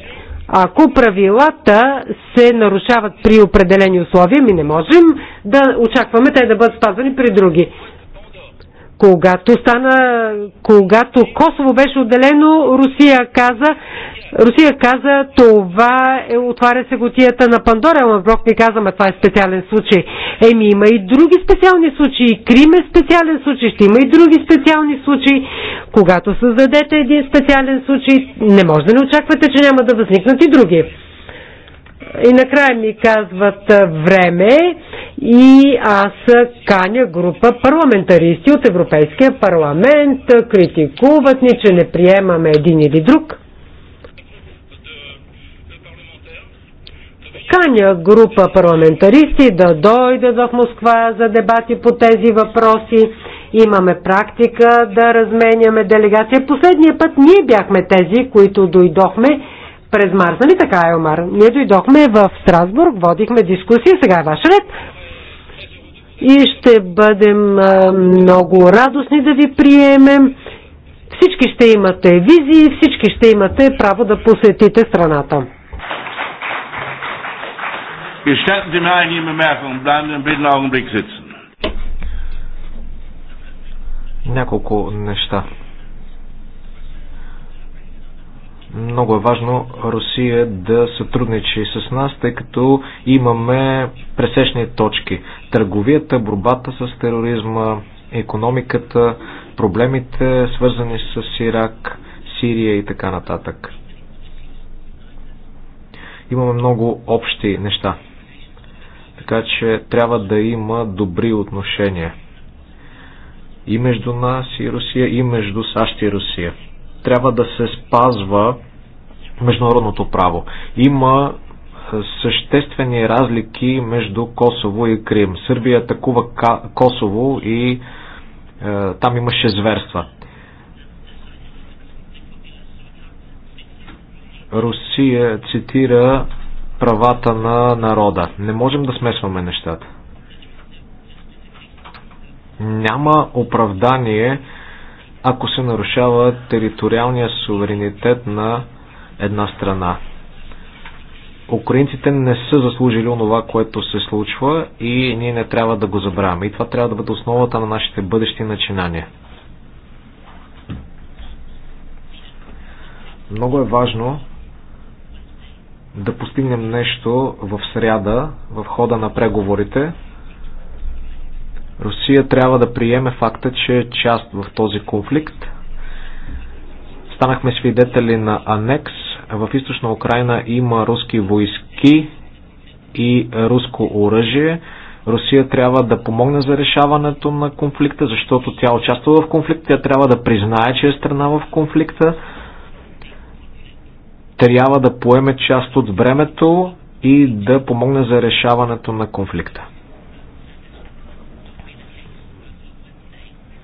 Ако правилата се нарушават при определени условия, ми не можем да очакваме те да бъдат спазвани при други. Когато, стана, когато Косово беше отделено, Русия каза, Русия каза, това е, отваря се готията на Пандора. Лавров ми каза, ма това е специален случай. Еми, има и други специални случаи. Крим е специален случай, ще има и други специални случаи. Когато създадете един специален случай, не може да не очаквате, че няма да възникнат и други. И накрая ми казват време и аз каня група парламентаристи от Европейския парламент, критикуват ни, че не приемаме един или друг. Каня група парламентаристи да дойдат в Москва за дебати по тези въпроси. Имаме практика да разменяме делегация. Последния път ние бяхме тези, които дойдохме през Марс, Нали така е, Омар? Ние дойдохме в Страсбург, водихме дискусия, сега е ваш ред. И ще бъдем много радостни да ви приемем. Всички ще имате визии, всички ще имате право да посетите страната. Няколко неща. Много е важно Русия да сътрудничи с нас, тъй като имаме пресечни точки. Търговията, борбата с тероризма, економиката, проблемите свързани с Ирак, Сирия и така нататък. Имаме много общи неща. Така че трябва да има добри отношения и между нас и Русия, и между САЩ и Русия трябва да се спазва международното право. Има съществени разлики между Косово и Крим. Сърбия атакува Косово и е, там имаше зверства. Русия цитира правата на народа. Не можем да смесваме нещата. Няма оправдание ако се нарушава териториалния суверенитет на една страна. Украинците не са заслужили онова, което се случва и ние не трябва да го забравяме. И това трябва да бъде основата на нашите бъдещи начинания. Много е важно да постигнем нещо в сряда, в хода на преговорите, Русия трябва да приеме факта, че е част в този конфликт. Станахме свидетели на анекс. В източна Украина има руски войски и руско оръжие. Русия трябва да помогне за решаването на конфликта, защото тя участва в конфликта, тя трябва да признае, че е страна в конфликта, трябва да поеме част от времето и да помогне за решаването на конфликта.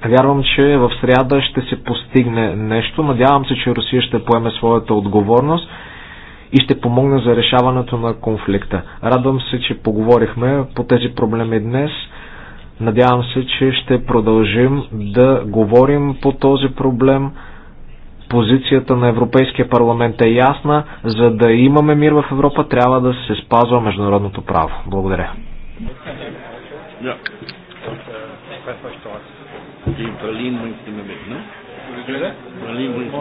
Вярвам, че в среда ще се постигне нещо. Надявам се, че Русия ще поеме своята отговорност и ще помогне за решаването на конфликта. Радвам се, че поговорихме по тези проблеми днес. Надявам се, че ще продължим да говорим по този проблем. Позицията на Европейския парламент е ясна. За да имаме мир в Европа, трябва да се спазва международното право. Благодаря. Yeah. Die Berlin bringst du mir mit, ne? Berlin bringst du